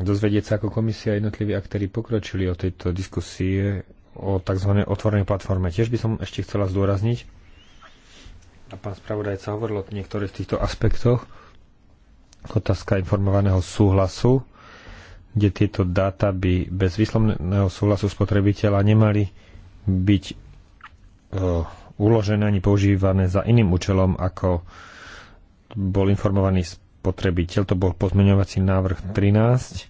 dozvedieť sa, ako komisia a jednotliví aktéry pokročili o tejto diskusie o tzv. otvorenej platforme. Tiež by som ešte chcela zdôrazniť, a pán spravodajca hovoril o niektorých týchto aspektoch, otázka informovaného súhlasu, kde tieto dáta by bez výslovného súhlasu spotrebiteľa nemali byť o, e, uložené ani používané za iným účelom, ako bol informovaný spotrebiteľ. To bol pozmeňovací návrh 13.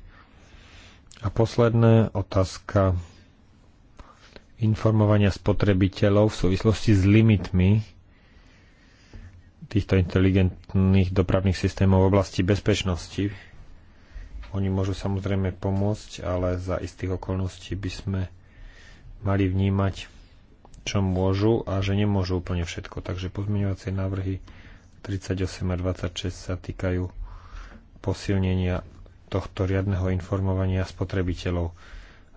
A posledná otázka informovania spotrebiteľov v súvislosti s limitmi týchto inteligentných dopravných systémov v oblasti bezpečnosti. Oni môžu samozrejme pomôcť, ale za istých okolností by sme mali vnímať, čo môžu a že nemôžu úplne všetko. Takže pozmeňovacie návrhy 38 a 26 sa týkajú posilnenia tohto riadneho informovania spotrebiteľov.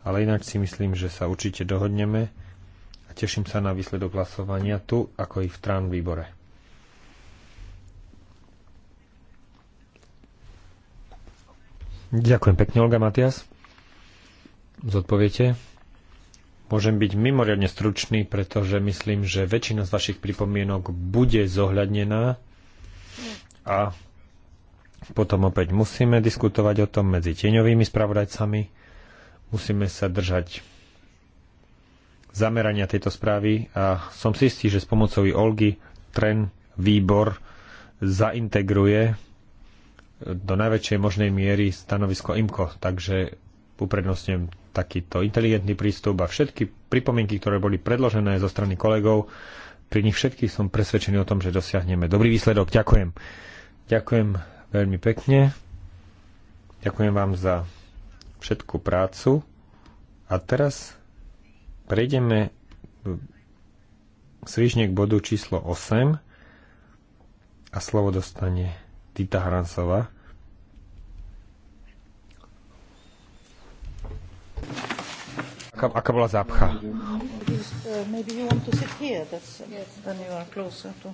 Ale ináč si myslím, že sa určite dohodneme a teším sa na výsledok hlasovania tu, ako i v trán výbore. Ďakujem pekne, Olga Matias. Zodpoviete? Môžem byť mimoriadne stručný, pretože myslím, že väčšina z vašich pripomienok bude zohľadnená a potom opäť musíme diskutovať o tom medzi tieňovými spravodajcami. Musíme sa držať zamerania tejto správy a som si istý, že s pomocou Olgy tren výbor zaintegruje do najväčšej možnej miery stanovisko IMCO. takže uprednostňujem takýto inteligentný prístup a všetky pripomienky, ktoré boli predložené zo strany kolegov, pri nich všetkých som presvedčený o tom, že dosiahneme dobrý výsledok. Ďakujem. Ďakujem veľmi pekne. Ďakujem vám za všetku prácu. A teraz prejdeme svižne k bodu číslo 8 a slovo dostane Tita Hrancová. Aká, aká bola zápcha? Maybe you want to sit here, that's, yes. then you are closer to...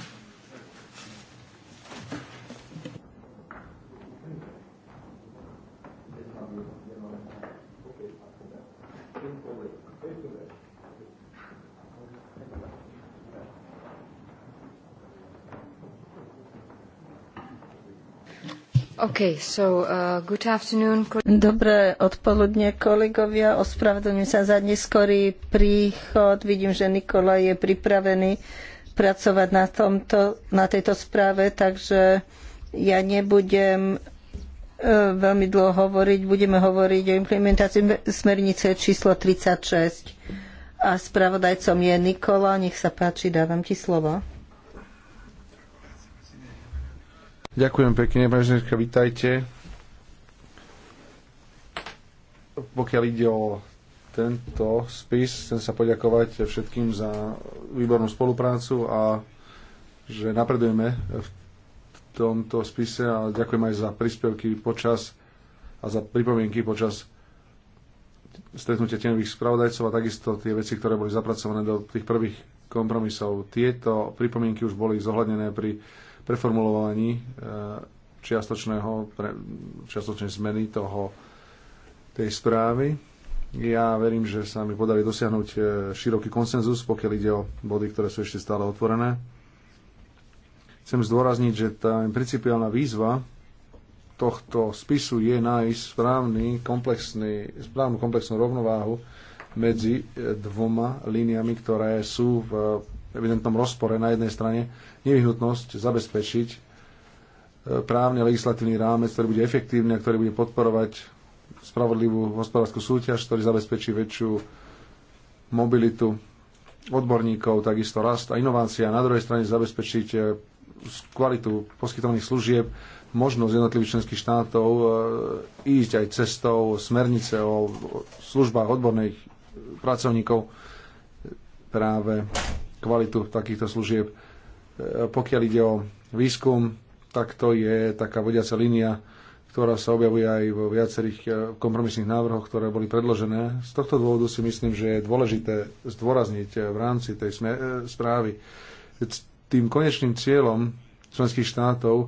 Okay, so, uh, Dobré odpoludne, kolegovia. Ospravedlňujem sa za neskorý príchod. Vidím, že Nikola je pripravený pracovať na, tomto, na tejto správe, takže ja nebudem e, veľmi dlho hovoriť. Budeme hovoriť o implementácii smernice číslo 36. A spravodajcom je Nikola. Nech sa páči, dávam ti slovo. Ďakujem pekne, Bažnerka, vítajte. Pokiaľ ide o tento spis, chcem sa poďakovať všetkým za výbornú spoluprácu a že napredujeme v tomto spise a ďakujem aj za príspevky počas a za pripomienky počas stretnutia tenových spravodajcov a takisto tie veci, ktoré boli zapracované do tých prvých kompromisov. Tieto pripomienky už boli zohľadnené pri preformulovaní e, čiastočného, čiastočnej zmeny toho, tej správy. Ja verím, že sa mi podarí dosiahnuť e, široký konsenzus, pokiaľ ide o body, ktoré sú ešte stále otvorené. Chcem zdôrazniť, že tá principiálna výzva tohto spisu je nájsť správny, komplexný, správnu komplexnú rovnováhu medzi e, dvoma líniami, ktoré sú v evidentnom rozpore na jednej strane nevyhnutnosť zabezpečiť e, právne legislatívny rámec, ktorý bude efektívny a ktorý bude podporovať spravodlivú hospodárskú súťaž, ktorý zabezpečí väčšiu mobilitu odborníkov, takisto rast a inovácia. Na druhej strane zabezpečiť e, kvalitu poskytovaných služieb, možnosť jednotlivých členských štátov e, ísť aj cestou smernice o službách odborných pracovníkov práve kvalitu takýchto služieb. E, pokiaľ ide o výskum, tak to je taká vodiaca línia, ktorá sa objavuje aj vo viacerých e, kompromisných návrhoch, ktoré boli predložené. Z tohto dôvodu si myslím, že je dôležité zdôrazniť e, v rámci tej správy tým konečným cieľom členských štátov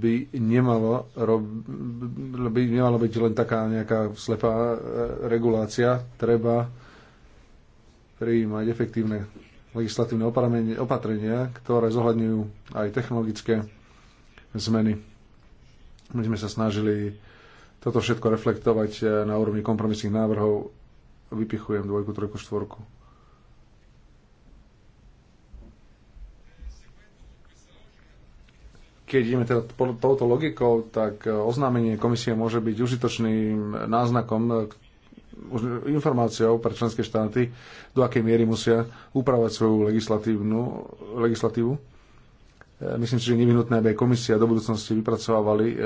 by nemalo, by nemalo byť len taká nejaká slepá regulácia. Treba prijímať efektívne legislatívne opatrenia, ktoré zohľadňujú aj technologické zmeny. My sme sa snažili toto všetko reflektovať e, na úrovni kompromisných návrhov. Vypichujem dvojku, trojku, štvorku. Keď ideme teda touto logikou, tak e, oznámenie komisie môže byť užitočným e, náznakom informáciou pre členské štáty, do akej miery musia upravovať svoju legislatívnu, legislatívu. E, myslím si, že je nevyhnutné, aby aj komisia do budúcnosti vypracovávali e,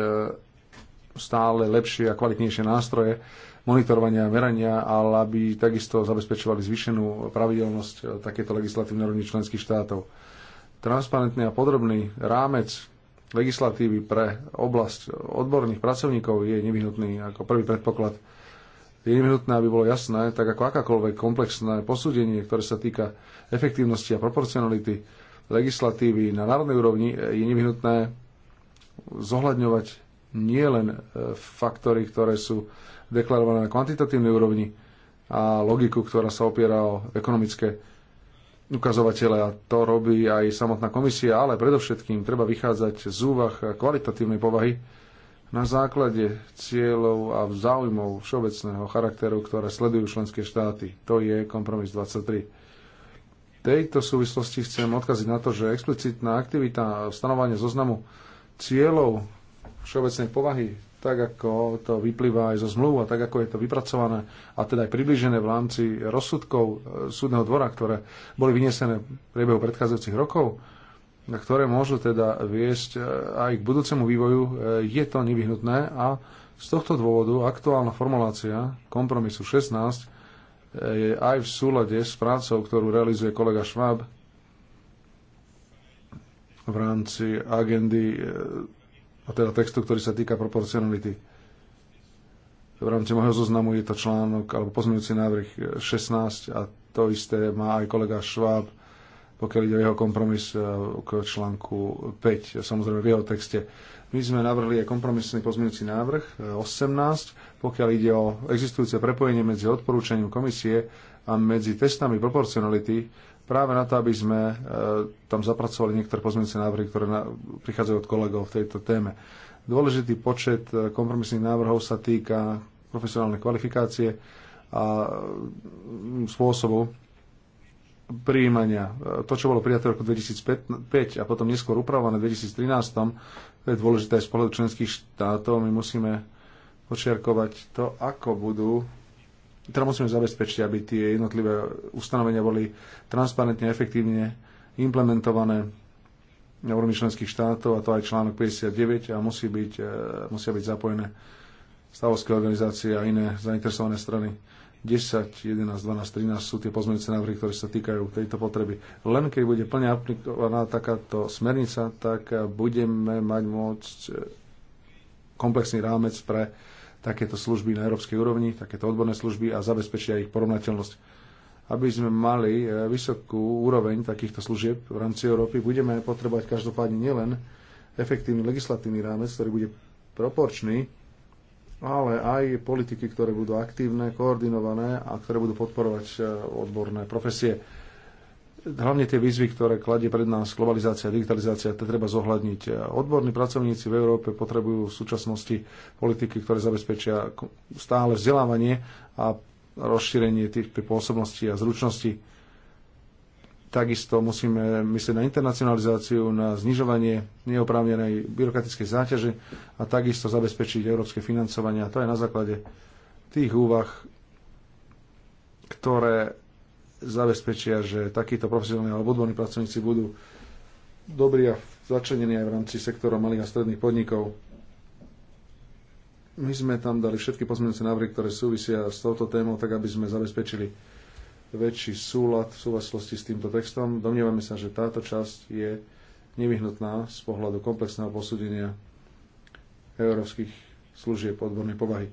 stále lepšie a kvalitnejšie nástroje monitorovania a merania, ale aby takisto zabezpečovali zvýšenú pravidelnosť e, takéto legislatívnej rovni členských štátov. Transparentný a podrobný rámec legislatívy pre oblasť odborných pracovníkov je nevyhnutný ako prvý predpoklad je nevyhnutné, aby bolo jasné, tak ako akákoľvek komplexné posúdenie, ktoré sa týka efektívnosti a proporcionality legislatívy na národnej úrovni, je nevyhnutné zohľadňovať nielen e, faktory, ktoré sú deklarované na kvantitatívnej úrovni a logiku, ktorá sa opiera o ekonomické ukazovatele a to robí aj samotná komisia, ale predovšetkým treba vychádzať z úvah kvalitatívnej povahy, na základe cieľov a záujmov všeobecného charakteru, ktoré sledujú členské štáty. To je kompromis 23. V tejto súvislosti chcem odkaziť na to, že explicitná aktivita stanovania zoznamu cieľov všeobecnej povahy, tak ako to vyplýva aj zo zmluv a tak ako je to vypracované a teda aj približené v rámci rozsudkov e, súdneho dvora, ktoré boli vyniesené v priebehu predchádzajúcich rokov, ktoré môžu teda viesť e, aj k budúcemu vývoju, e, je to nevyhnutné a z tohto dôvodu aktuálna formulácia kompromisu 16 e, je aj v súlade s prácou, ktorú realizuje kolega Schwab v rámci agendy, a teda textu, ktorý sa týka proporcionality. V rámci môjho zoznamu je to článok alebo pozmeňujúci návrh 16 a to isté má aj kolega Schwab pokiaľ ide o jeho kompromis e, k článku 5, samozrejme v jeho texte. My sme navrhli aj kompromisný pozmeňujúci návrh 18, e, pokiaľ ide o existujúce prepojenie medzi odporúčaním komisie a medzi testami proporcionality, práve na to, aby sme e, tam zapracovali niektoré pozmeňujúce návrhy, ktoré prichádzajú od kolegov v tejto téme. Dôležitý počet kompromisných návrhov sa týka profesionálnej kvalifikácie a spôsobu prijímania. E, to, čo bolo prijaté v roku 2005 a potom neskôr upravované v 2013, to je dôležité aj z pohľadu členských štátov. My musíme počiarkovať to, ako budú teda musíme zabezpečiť, aby tie jednotlivé ustanovenia boli transparentne, efektívne implementované na úrovni členských štátov, a to aj článok 59, a musí byť, e, musia byť zapojené stavovské organizácie a iné zainteresované strany 10, 11, 12, 13 sú tie pozmeňujúce návrhy, ktoré sa týkajú tejto potreby. Len keď bude plne aplikovaná takáto smernica, tak budeme mať môcť e, komplexný rámec pre takéto služby na európskej úrovni, takéto odborné služby a zabezpečia ich porovnateľnosť. Aby sme mali e, vysokú úroveň takýchto služieb v rámci Európy, budeme potrebovať každopádne nielen efektívny legislatívny rámec, ktorý bude proporčný ale aj politiky, ktoré budú aktívne, koordinované a ktoré budú podporovať e, odborné profesie. Hlavne tie výzvy, ktoré kladie pred nás globalizácia, digitalizácia, to treba zohľadniť. E, odborní pracovníci v Európe potrebujú v súčasnosti politiky, ktoré zabezpečia stále vzdelávanie a rozšírenie tých pôsobností a zručností Takisto musíme myslieť na internacionalizáciu, na znižovanie neoprávnenej byrokratickej záťaže a takisto zabezpečiť európske financovanie. A to je na základe tých úvah, ktoré zabezpečia, že takíto profesionálni alebo odborní pracovníci budú dobrí a začlenení aj v rámci sektora malých a stredných podnikov. My sme tam dali všetky pozmeňujúce návrhy, ktoré súvisia s touto témou, tak aby sme zabezpečili väčší súlad v súvislosti s týmto textom. Domnievame sa, že táto časť je nevyhnutná z pohľadu komplexného posúdenia európskych služieb odbornej povahy.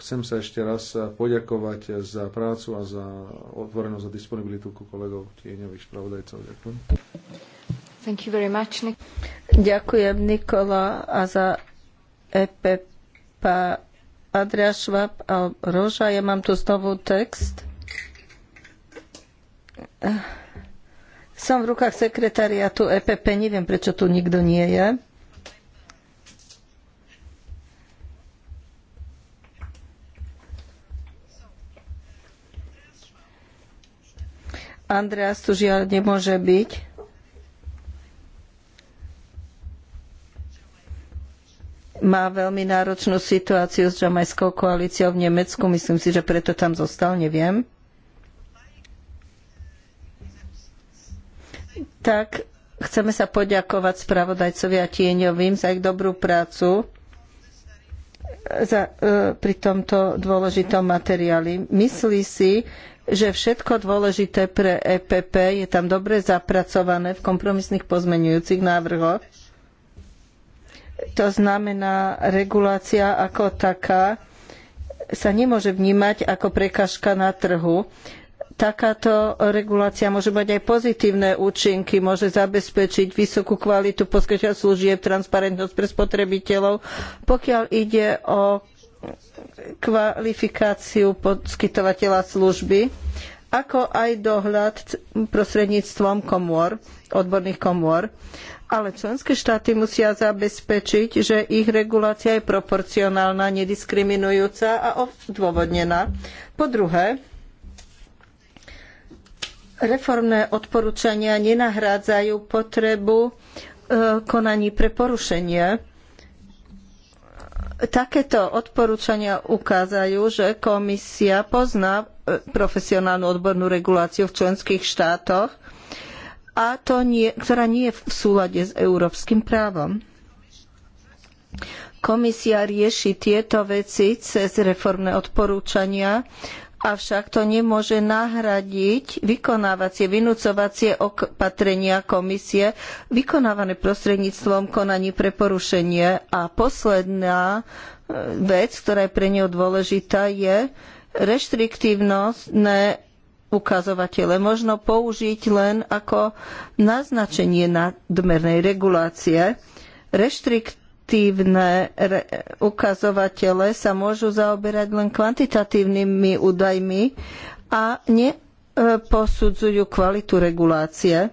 Chcem sa ešte raz poďakovať za prácu a za otvorenosť a disponibilitu ku kolegov tieňových spravodajcov. Ďakujem. Thank you very much, Nik- Ďakujem Nikola a za EPP Andrea Schwab a Roža. Ja mám tu znovu text. Som v rukách sekretariatu EPP, neviem, prečo tu nikto nie je. Andreas tu žiaľ nemôže byť. má veľmi náročnú situáciu s Jamajskou koalíciou v Nemecku. Myslím si, že preto tam zostal, neviem. Tak chceme sa poďakovať spravodajcovi a tieňovým za ich dobrú prácu za, e, pri tomto dôležitom materiáli. Myslí si, že všetko dôležité pre EPP je tam dobre zapracované v kompromisných pozmenujúcich návrhoch to znamená regulácia ako taká, sa nemôže vnímať ako prekažka na trhu. Takáto regulácia môže mať aj pozitívne účinky, môže zabezpečiť vysokú kvalitu poskytovania služieb, transparentnosť pre spotrebiteľov, pokiaľ ide o kvalifikáciu poskytovateľa služby, ako aj dohľad prostredníctvom komôr, odborných komôr. Ale členské štáty musia zabezpečiť, že ich regulácia je proporcionálna, nediskriminujúca a odôvodnená. Po druhé, reformné odporúčania nenahrádzajú potrebu e, konaní pre porušenie. Takéto odporúčania ukázajú, že komisia pozná e, profesionálnu odbornú reguláciu v členských štátoch a to nie, ktorá nie je v súlade s európskym právom. Komisia rieši tieto veci cez reformné odporúčania, avšak to nemôže nahradiť vykonávacie, vynucovacie opatrenia komisie, vykonávané prostredníctvom konaní pre porušenie. A posledná e, vec, ktorá je pre neho dôležitá, je reštriktívne ukazovatele možno použiť len ako naznačenie nadmernej regulácie. Reštriktívne re- ukazovatele sa môžu zaoberať len kvantitatívnymi údajmi a neposudzujú e, kvalitu regulácie.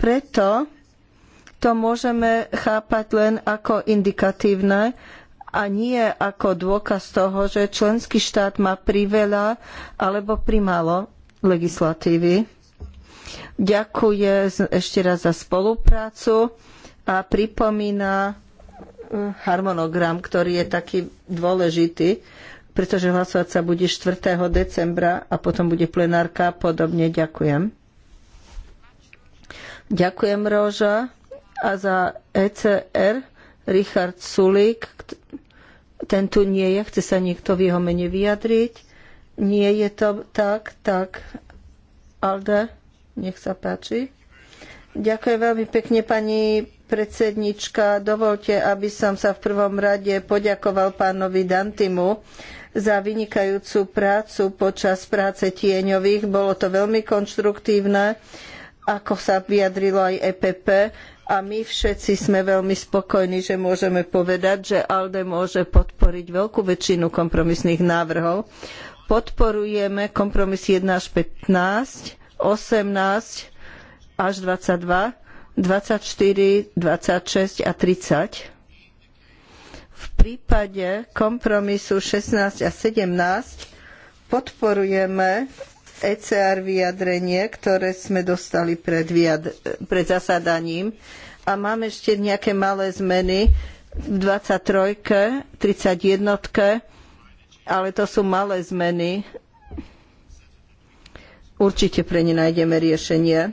Preto to môžeme chápať len ako indikatívne, a nie ako dôkaz toho, že členský štát má priveľa alebo primálo legislatívy. Ďakuje ešte raz za spoluprácu a pripomína eh, harmonogram, ktorý je taký dôležitý, pretože hlasovať sa bude 4. decembra a potom bude plenárka. Podobne ďakujem. Ďakujem Roža a za ECR Richard Sulík. Ten tu nie je, chce sa niekto v jeho mene vyjadriť. Nie je to tak, tak. Alde, nech sa páči. Ďakujem veľmi pekne, pani predsednička. Dovolte, aby som sa v prvom rade poďakoval pánovi Dantimu za vynikajúcu prácu počas práce tieňových. Bolo to veľmi konštruktívne, ako sa vyjadrilo aj EPP a my všetci sme veľmi spokojní, že môžeme povedať, že ALDE môže podporiť veľkú väčšinu kompromisných návrhov podporujeme kompromis 1 až 15, 18 až 22, 24, 26 a 30. V prípade kompromisu 16 a 17 podporujeme ECR vyjadrenie, ktoré sme dostali pred, vyjad- pred zasadaním a máme ešte nejaké malé zmeny v 23, 31, ale to sú malé zmeny. Určite pre ne nájdeme riešenie.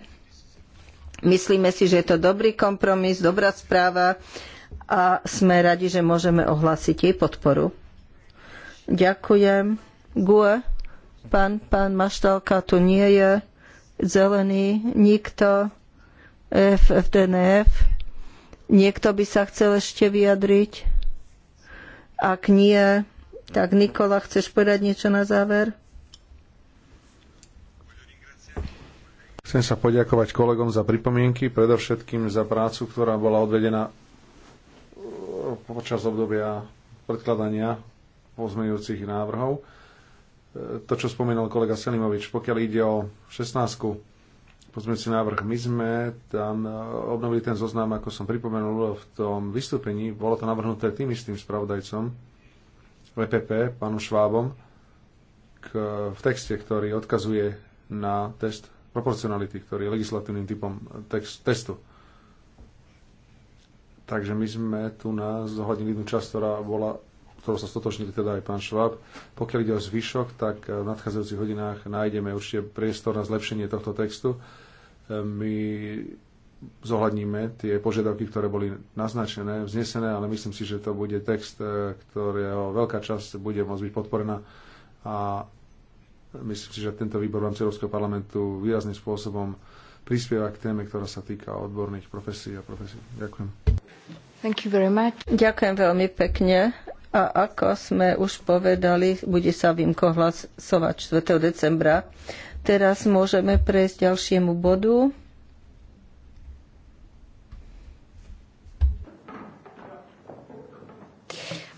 Myslíme si, že je to dobrý kompromis, dobrá správa a sme radi, že môžeme ohlásiť jej podporu. Ďakujem. Gue, pán, pán Maštalka tu nie je. Zelený, nikto. FDNF. Niekto by sa chcel ešte vyjadriť? Ak nie, tak Nikola, chceš povedať niečo na záver? Chcem sa poďakovať kolegom za pripomienky, predovšetkým za prácu, ktorá bola odvedená uh, počas obdobia predkladania pozmeňujúcich návrhov. Uh, to, čo spomínal kolega Selimovič, pokiaľ ide o 16 pozmeňujúci návrh, my sme tam uh, obnovili ten zoznam, ako som pripomenul v tom vystúpení, bolo to navrhnuté tým istým spravodajcom, VPP e pánom Švábom, k, v texte, ktorý odkazuje na test proporcionality, ktorý je legislatívnym typom text, testu. Takže my sme tu na zohľadnili jednu časť, ktorá bola ktorou sa stotočnili teda aj pán Šváb. Pokiaľ ide o zvyšok, tak v nadchádzajúcich hodinách nájdeme určite priestor na zlepšenie tohto textu. E, my zohľadníme tie požiadavky, ktoré boli naznačené, vznesené, ale myslím si, že to bude text, e, ktorého veľká časť bude môcť byť podporená a myslím si, že tento výbor v rámci Európskeho parlamentu výrazným spôsobom prispieva k téme, ktorá sa týka odborných profesí a profesí. Ďakujem. Thank you very much. Ďakujem veľmi pekne. A ako sme už povedali, bude sa výmko hlasovať 4. decembra. Teraz môžeme prejsť ďalšiemu bodu.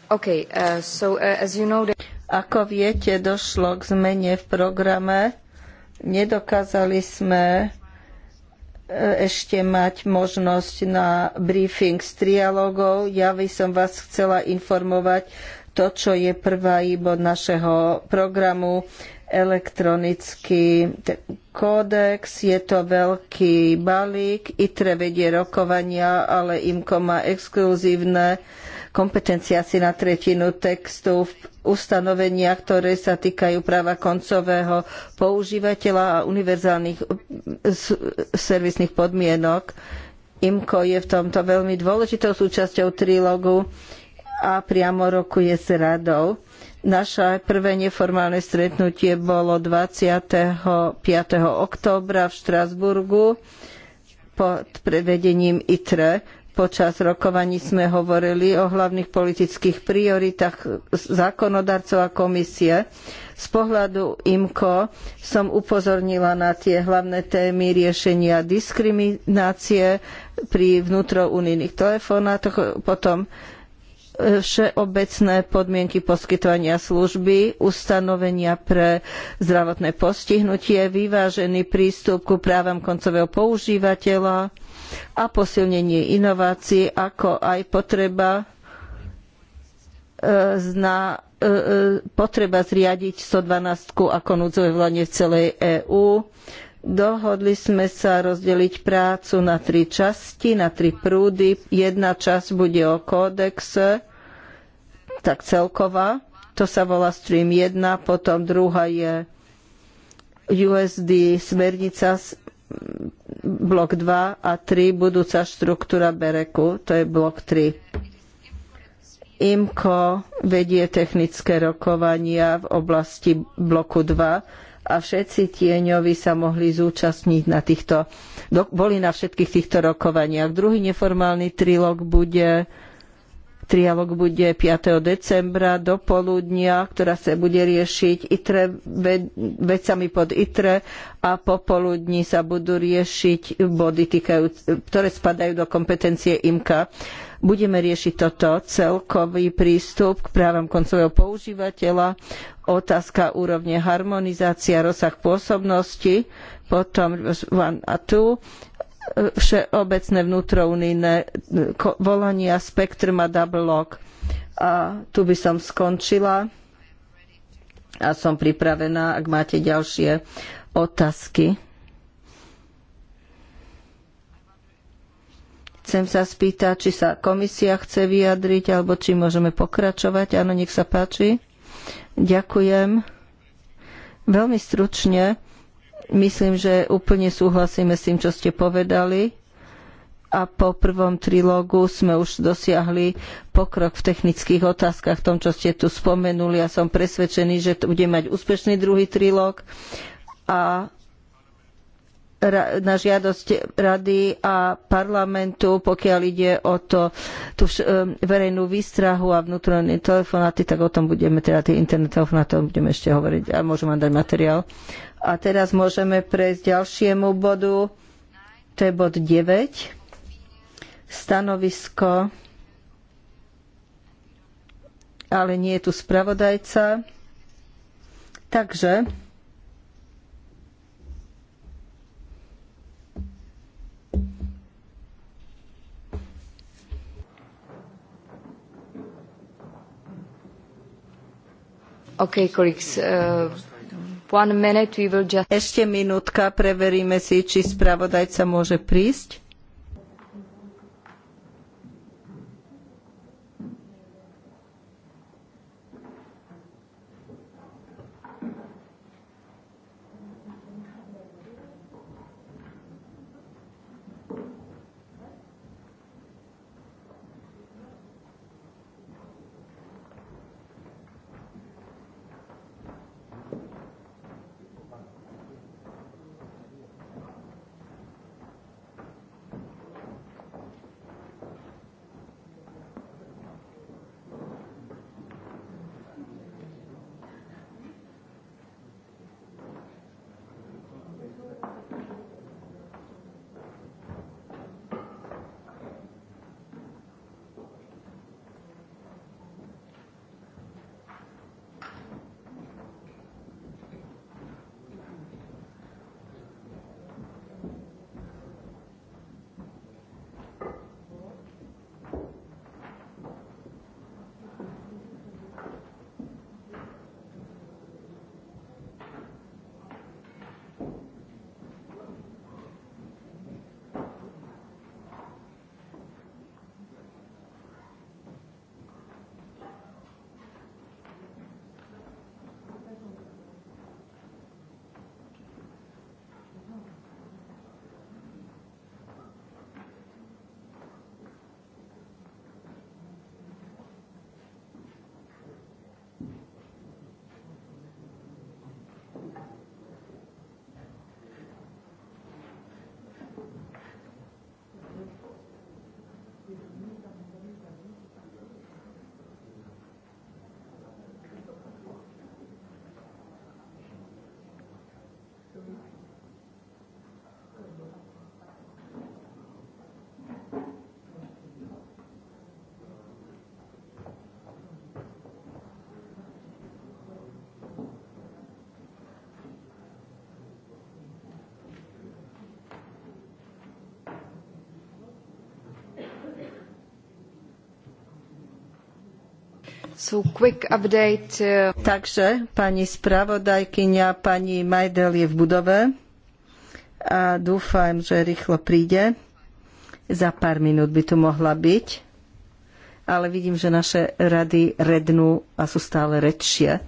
Okay, uh, so, uh, you know Ako viete, došlo k zmene v programe. Nedokázali sme uh, ešte mať možnosť na briefing s trialogov. Ja by som vás chcela informovať to, čo je prvý bod našeho programu, elektronický kódex, je to veľký balík, ITRE vedie rokovania, ale IMKO má exkluzívne uh, kompetencia asi na tretinu textu v ustanovenia, ktoré sa týkajú práva koncového používateľa a univerzálnych servisných podmienok. IMCO je v tomto veľmi dôležitou súčasťou trilógu a priamo rokuje s radou. Naše prvé neformálne stretnutie bolo 25. októbra v Štrasburgu pod prevedením ITRE Počas rokovaní sme hovorili o hlavných politických prioritách zákonodarcov a komisie. Z pohľadu IMCO som upozornila na tie hlavné témy riešenia diskriminácie pri vnútrounijných telefonátoch, potom e, všeobecné podmienky poskytovania služby, ustanovenia pre zdravotné postihnutie, vyvážený prístup ku právam koncového používateľa, a posilnenie inovácií, ako aj potreba e, zna, e, e, potreba zriadiť 112 ako núdzové volanie v celej EÚ. Dohodli sme sa rozdeliť prácu na tri časti, na tri prúdy. Jedna časť bude o kódexe, tak celková, to sa volá Stream 1, potom druhá je USD smernica blok 2 a 3, budúca štruktúra Bereku, to je blok 3. IMKO vedie technické rokovania v oblasti bloku 2 a všetci tieňovi sa mohli zúčastniť na týchto, boli na všetkých týchto rokovaniach. Druhý neformálny trilog bude Trialog bude 5. decembra do poludnia, ktorá sa bude riešiť ITRE, vecami pod ITRE a popoludní sa budú riešiť body, ktoré spadajú do kompetencie IMKA. Budeme riešiť toto celkový prístup k právam koncového používateľa, otázka úrovne harmonizácia, rozsah pôsobnosti, potom one a two, všeobecné vnútrounijné e, volania Spektrum a Double Lock. A tu by som skončila a som pripravená, ak máte ďalšie otázky. Chcem sa spýtať, či sa komisia chce vyjadriť, alebo či môžeme pokračovať. Áno, nech sa páči. Ďakujem. Veľmi stručne Myslím, že úplne súhlasíme s tým, čo ste povedali a po prvom trilógu sme už dosiahli pokrok v technických otázkach, v tom, čo ste tu spomenuli a som presvedčený, že bude mať úspešný druhý trilóg a na žiadosť rady a parlamentu, pokiaľ ide o to, tú e, verejnú výstrahu a vnútorné telefonáty, tak o tom budeme, teda tie internet telefonáty, o tom budeme ešte hovoriť a môžem vám dať materiál. A teraz môžeme prejsť ďalšiemu bodu. To je bod 9. Stanovisko. Ale nie je tu spravodajca. Takže Okay, colleagues, uh... Ešte minútka, preveríme si, či spravodajca môže prísť. So update, uh, Takže pani spravodajkyňa, pani Majdel je v budove a dúfam, že rýchlo príde. Za pár minút by tu mohla byť, ale vidím, že naše rady rednú a sú stále redšie.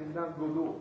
Ferdinand Godot.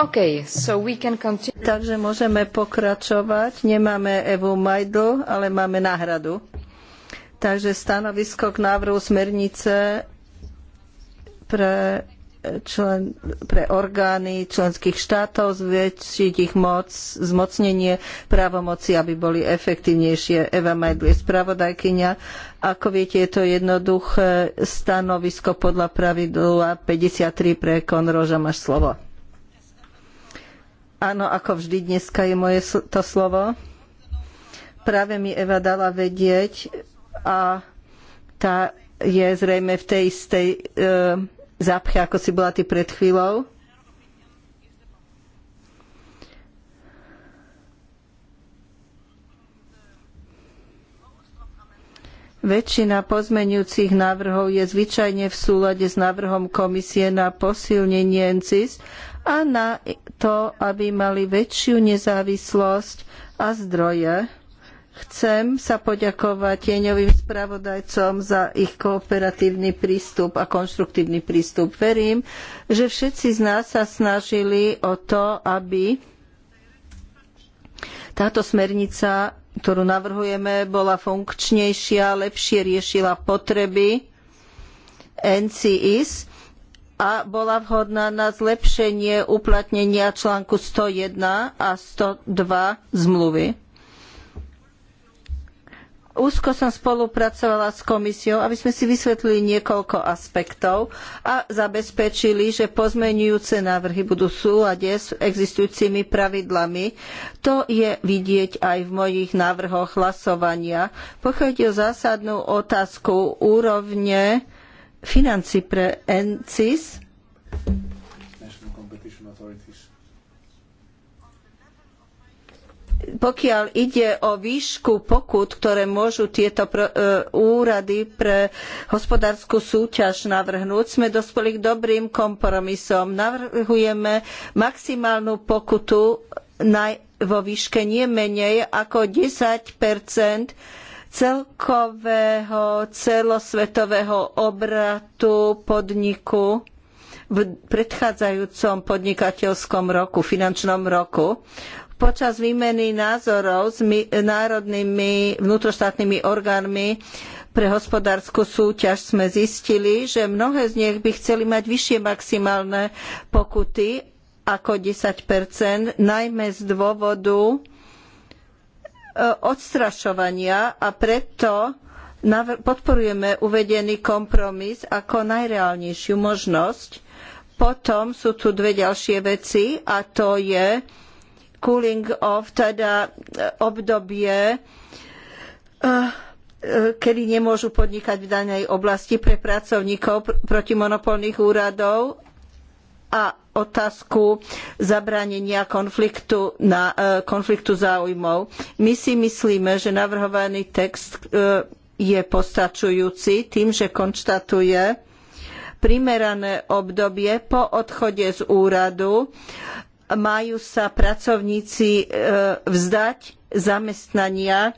Okay, so Takže môžeme pokračovať. Nemáme Evu Majdl, ale máme náhradu. Takže stanovisko k návrhu smernice pre, člen, pre orgány členských štátov, zväčšiť ich moc, zmocnenie právomoci, aby boli efektívnejšie. Eva Majdl je spravodajkyňa. Ako viete, je to jednoduché stanovisko podľa pravidla 53 pre Konroža. Máš slovo. Áno, ako vždy dneska je moje to slovo. Práve mi Eva dala vedieť a tá je zrejme v tej istej e, zápche, ako si bola ty pred chvíľou. Väčšina pozmeňujúcich návrhov je zvyčajne v súlade s návrhom komisie na posilnenie NCIS a na to, aby mali väčšiu nezávislosť a zdroje. Chcem sa poďakovať tieňovým spravodajcom za ich kooperatívny prístup a konštruktívny prístup. Verím, že všetci z nás sa snažili o to, aby táto smernica, ktorú navrhujeme, bola funkčnejšia, lepšie riešila potreby NCIS a bola vhodná na zlepšenie uplatnenia článku 101 a 102 zmluvy. Úzko som spolupracovala s komisiou, aby sme si vysvetlili niekoľko aspektov a zabezpečili, že pozmenujúce návrhy budú v súlade s existujúcimi pravidlami. To je vidieť aj v mojich návrhoch hlasovania. Pokiaľ ide o zásadnú otázku úrovne financí pre NCIS. Pokiaľ ide o výšku pokut, ktoré môžu tieto e, úrady pre hospodárskú súťaž navrhnúť, sme dospeli k dobrým kompromisom. Navrhujeme maximálnu pokutu vo výške nie menej ako 10 celkového celosvetového obratu podniku v predchádzajúcom podnikateľskom roku, finančnom roku. Počas výmeny názorov s národnými vnútroštátnymi orgánmi pre hospodársku súťaž sme zistili, že mnohé z nich by chceli mať vyššie maximálne pokuty ako 10 najmä z dôvodu E, odstrašovania a preto podporujeme uvedený kompromis ako najreálnejšiu možnosť. Potom sú tu dve ďalšie veci a to je cooling off, teda e, obdobie, e, kedy nemôžu podnikať v danej oblasti pre pracovníkov protimonopolných úradov a otázku zabránenia konfliktu, na, e, konfliktu záujmov. My si myslíme, že navrhovaný text e, je postačujúci tým, že konštatuje primerané obdobie po odchode z úradu majú sa pracovníci e, vzdať zamestnania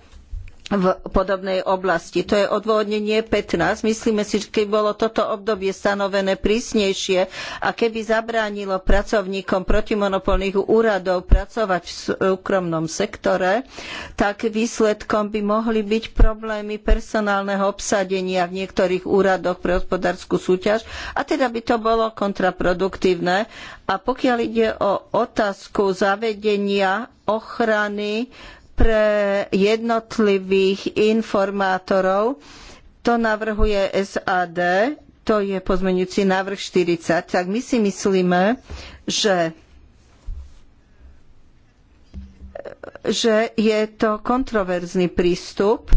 v podobnej oblasti. To je odvodnenie 15. Myslíme si, že keby bolo toto obdobie stanovené prísnejšie a keby zabránilo pracovníkom protimonopolných úradov pracovať v súkromnom sektore, tak výsledkom by mohli byť problémy personálneho obsadenia v niektorých úradoch pre hospodárskú súťaž a teda by to bolo kontraproduktívne. A pokiaľ ide o otázku zavedenia ochrany pre jednotlivých informátorov. To navrhuje SAD, to je pozmeňujúci návrh 40. Tak my si myslíme, že že je to kontroverzný prístup,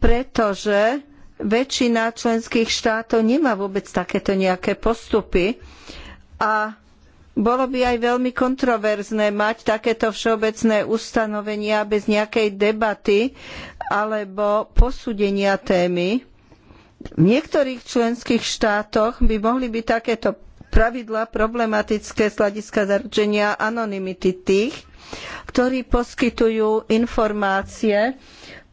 pretože väčšina členských štátov nemá vôbec takéto nejaké postupy a bolo by aj veľmi kontroverzné mať takéto všeobecné ustanovenia bez nejakej debaty alebo posúdenia témy. V niektorých členských štátoch by mohli byť takéto pravidlá problematické z hľadiska zaručenia anonymity tých, ktorí poskytujú informácie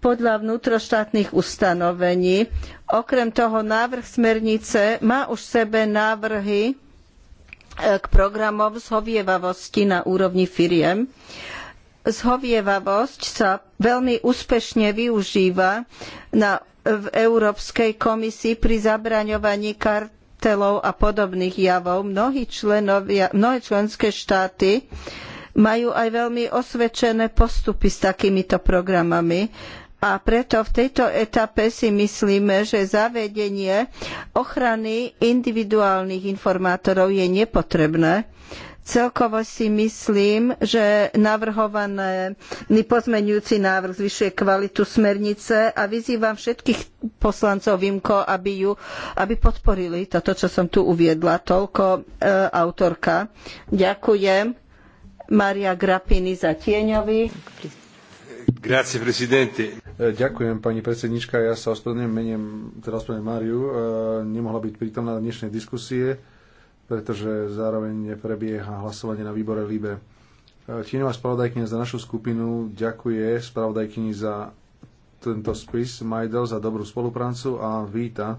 podľa vnútroštátnych ustanovení. Okrem toho návrh smernice má už v sebe návrhy E, k programom zhovievavosti na úrovni firiem. Zhovievavosť sa veľmi úspešne využíva na, v Európskej komisii pri zabraňovaní kartelov a podobných javov. Členovia, mnohé členské štáty majú aj veľmi osvedčené postupy s takýmito programami. A preto v tejto etape si myslíme, že zavedenie ochrany individuálnych informátorov je nepotrebné. Celkovo si myslím, že navrhovaný pozmeňujúci návrh zvyšuje kvalitu smernice a vyzývam všetkých poslancov VIMKO, aby, ju, aby podporili toto, čo som tu uviedla. Toľko e, autorka. Ďakujem. Maria Grapini za tieňovi. E, ďakujem, pani predsednička. Ja sa ospravedlňujem meniem, teda ospravedlňujem Máriu. E, nemohla byť prítomná dnešnej diskusie, pretože zároveň neprebieha hlasovanie na výbore LIBE. E, tieňová spravodajkynia za našu skupinu ďakuje spravodajkyni za tento spis Majdel za dobrú spoluprácu a víta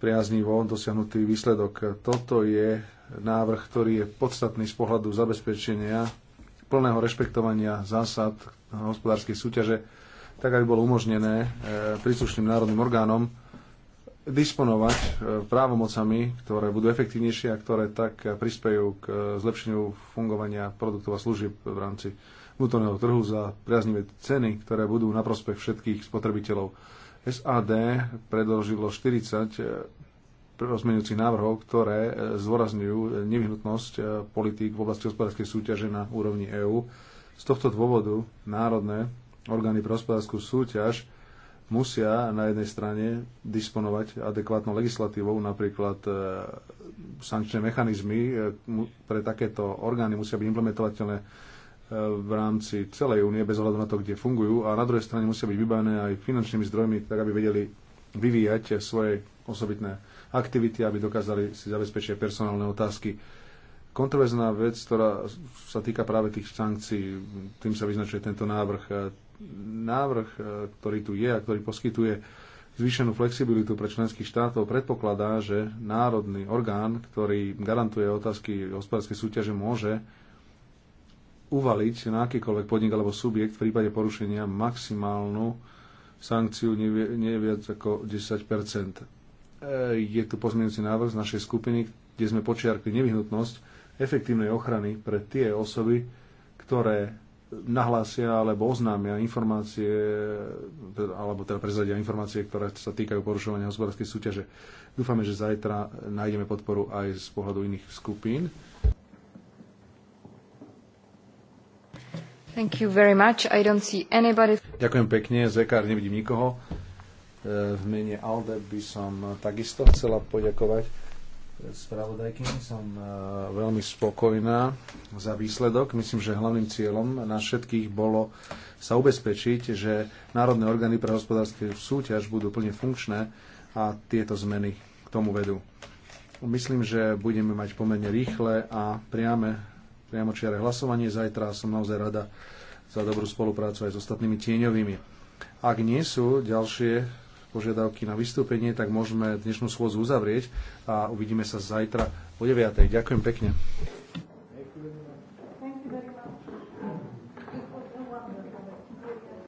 priaznivo dosiahnutý výsledok. Toto je návrh, ktorý je podstatný z pohľadu zabezpečenia plného rešpektovania zásad, hospodárskej súťaže, tak aby bolo umožnené e, príslušným národným orgánom disponovať e, právomocami, ktoré budú efektívnejšie a ktoré tak prispejú k e, zlepšeniu fungovania produktov a služieb v rámci vnútorného trhu za priaznivé ceny, ktoré budú na prospech všetkých spotrebiteľov. SAD predložilo 40 rozmenujúcich návrhov, ktoré zdôrazňujú nevyhnutnosť politík v oblasti hospodárskej súťaže na úrovni EÚ z tohto dôvodu národné orgány pre hospodárskú súťaž musia na jednej strane disponovať adekvátnou legislatívou, napríklad e, sankčné mechanizmy e, pre takéto orgány musia byť implementovateľné e, v rámci celej únie, bez ohľadu na to, kde fungujú, a na druhej strane musia byť vybavené aj finančnými zdrojmi, tak aby vedeli vyvíjať svoje osobitné aktivity, aby dokázali si zabezpečiť personálne otázky Kontroverzná vec, ktorá sa týka práve tých sankcií, tým sa vyznačuje tento návrh. Návrh, e, ktorý tu je a ktorý poskytuje zvýšenú flexibilitu pre členských štátov, predpokladá, že národný orgán, ktorý garantuje otázky hospodárskej súťaže, môže uvaliť na akýkoľvek podnik alebo subjekt v prípade porušenia maximálnu sankciu nie viac ako 10 e, Je tu pozmienujúci návrh z našej skupiny, kde sme počiarkli nevyhnutnosť efektívnej ochrany pre tie osoby, ktoré nahlásia alebo oznámia informácie, teda, alebo teda prezadia informácie, ktoré sa týkajú porušovania hospodárskej súťaže. Dúfame, že zajtra nájdeme podporu aj z pohľadu iných skupín. Thank you very much. I don't see anybody. Ďakujem pekne, zekár nevidím nikoho. E, v mene Alde by som takisto chcela poďakovať spravodajkyni. Som e, veľmi spokojná za výsledok. Myslím, že hlavným cieľom na všetkých bolo sa ubezpečiť, že národné orgány pre hospodárske súťaž budú plne funkčné a tieto zmeny k tomu vedú. Myslím, že budeme mať pomerne rýchle a priame, čiare hlasovanie. Zajtra som naozaj rada za dobrú spoluprácu aj s ostatnými tieňovými. Ak nie sú ďalšie požiadavky na vystúpenie, tak môžeme dnešnú schôdzu uzavrieť a uvidíme sa zajtra o 9. Ďakujem pekne.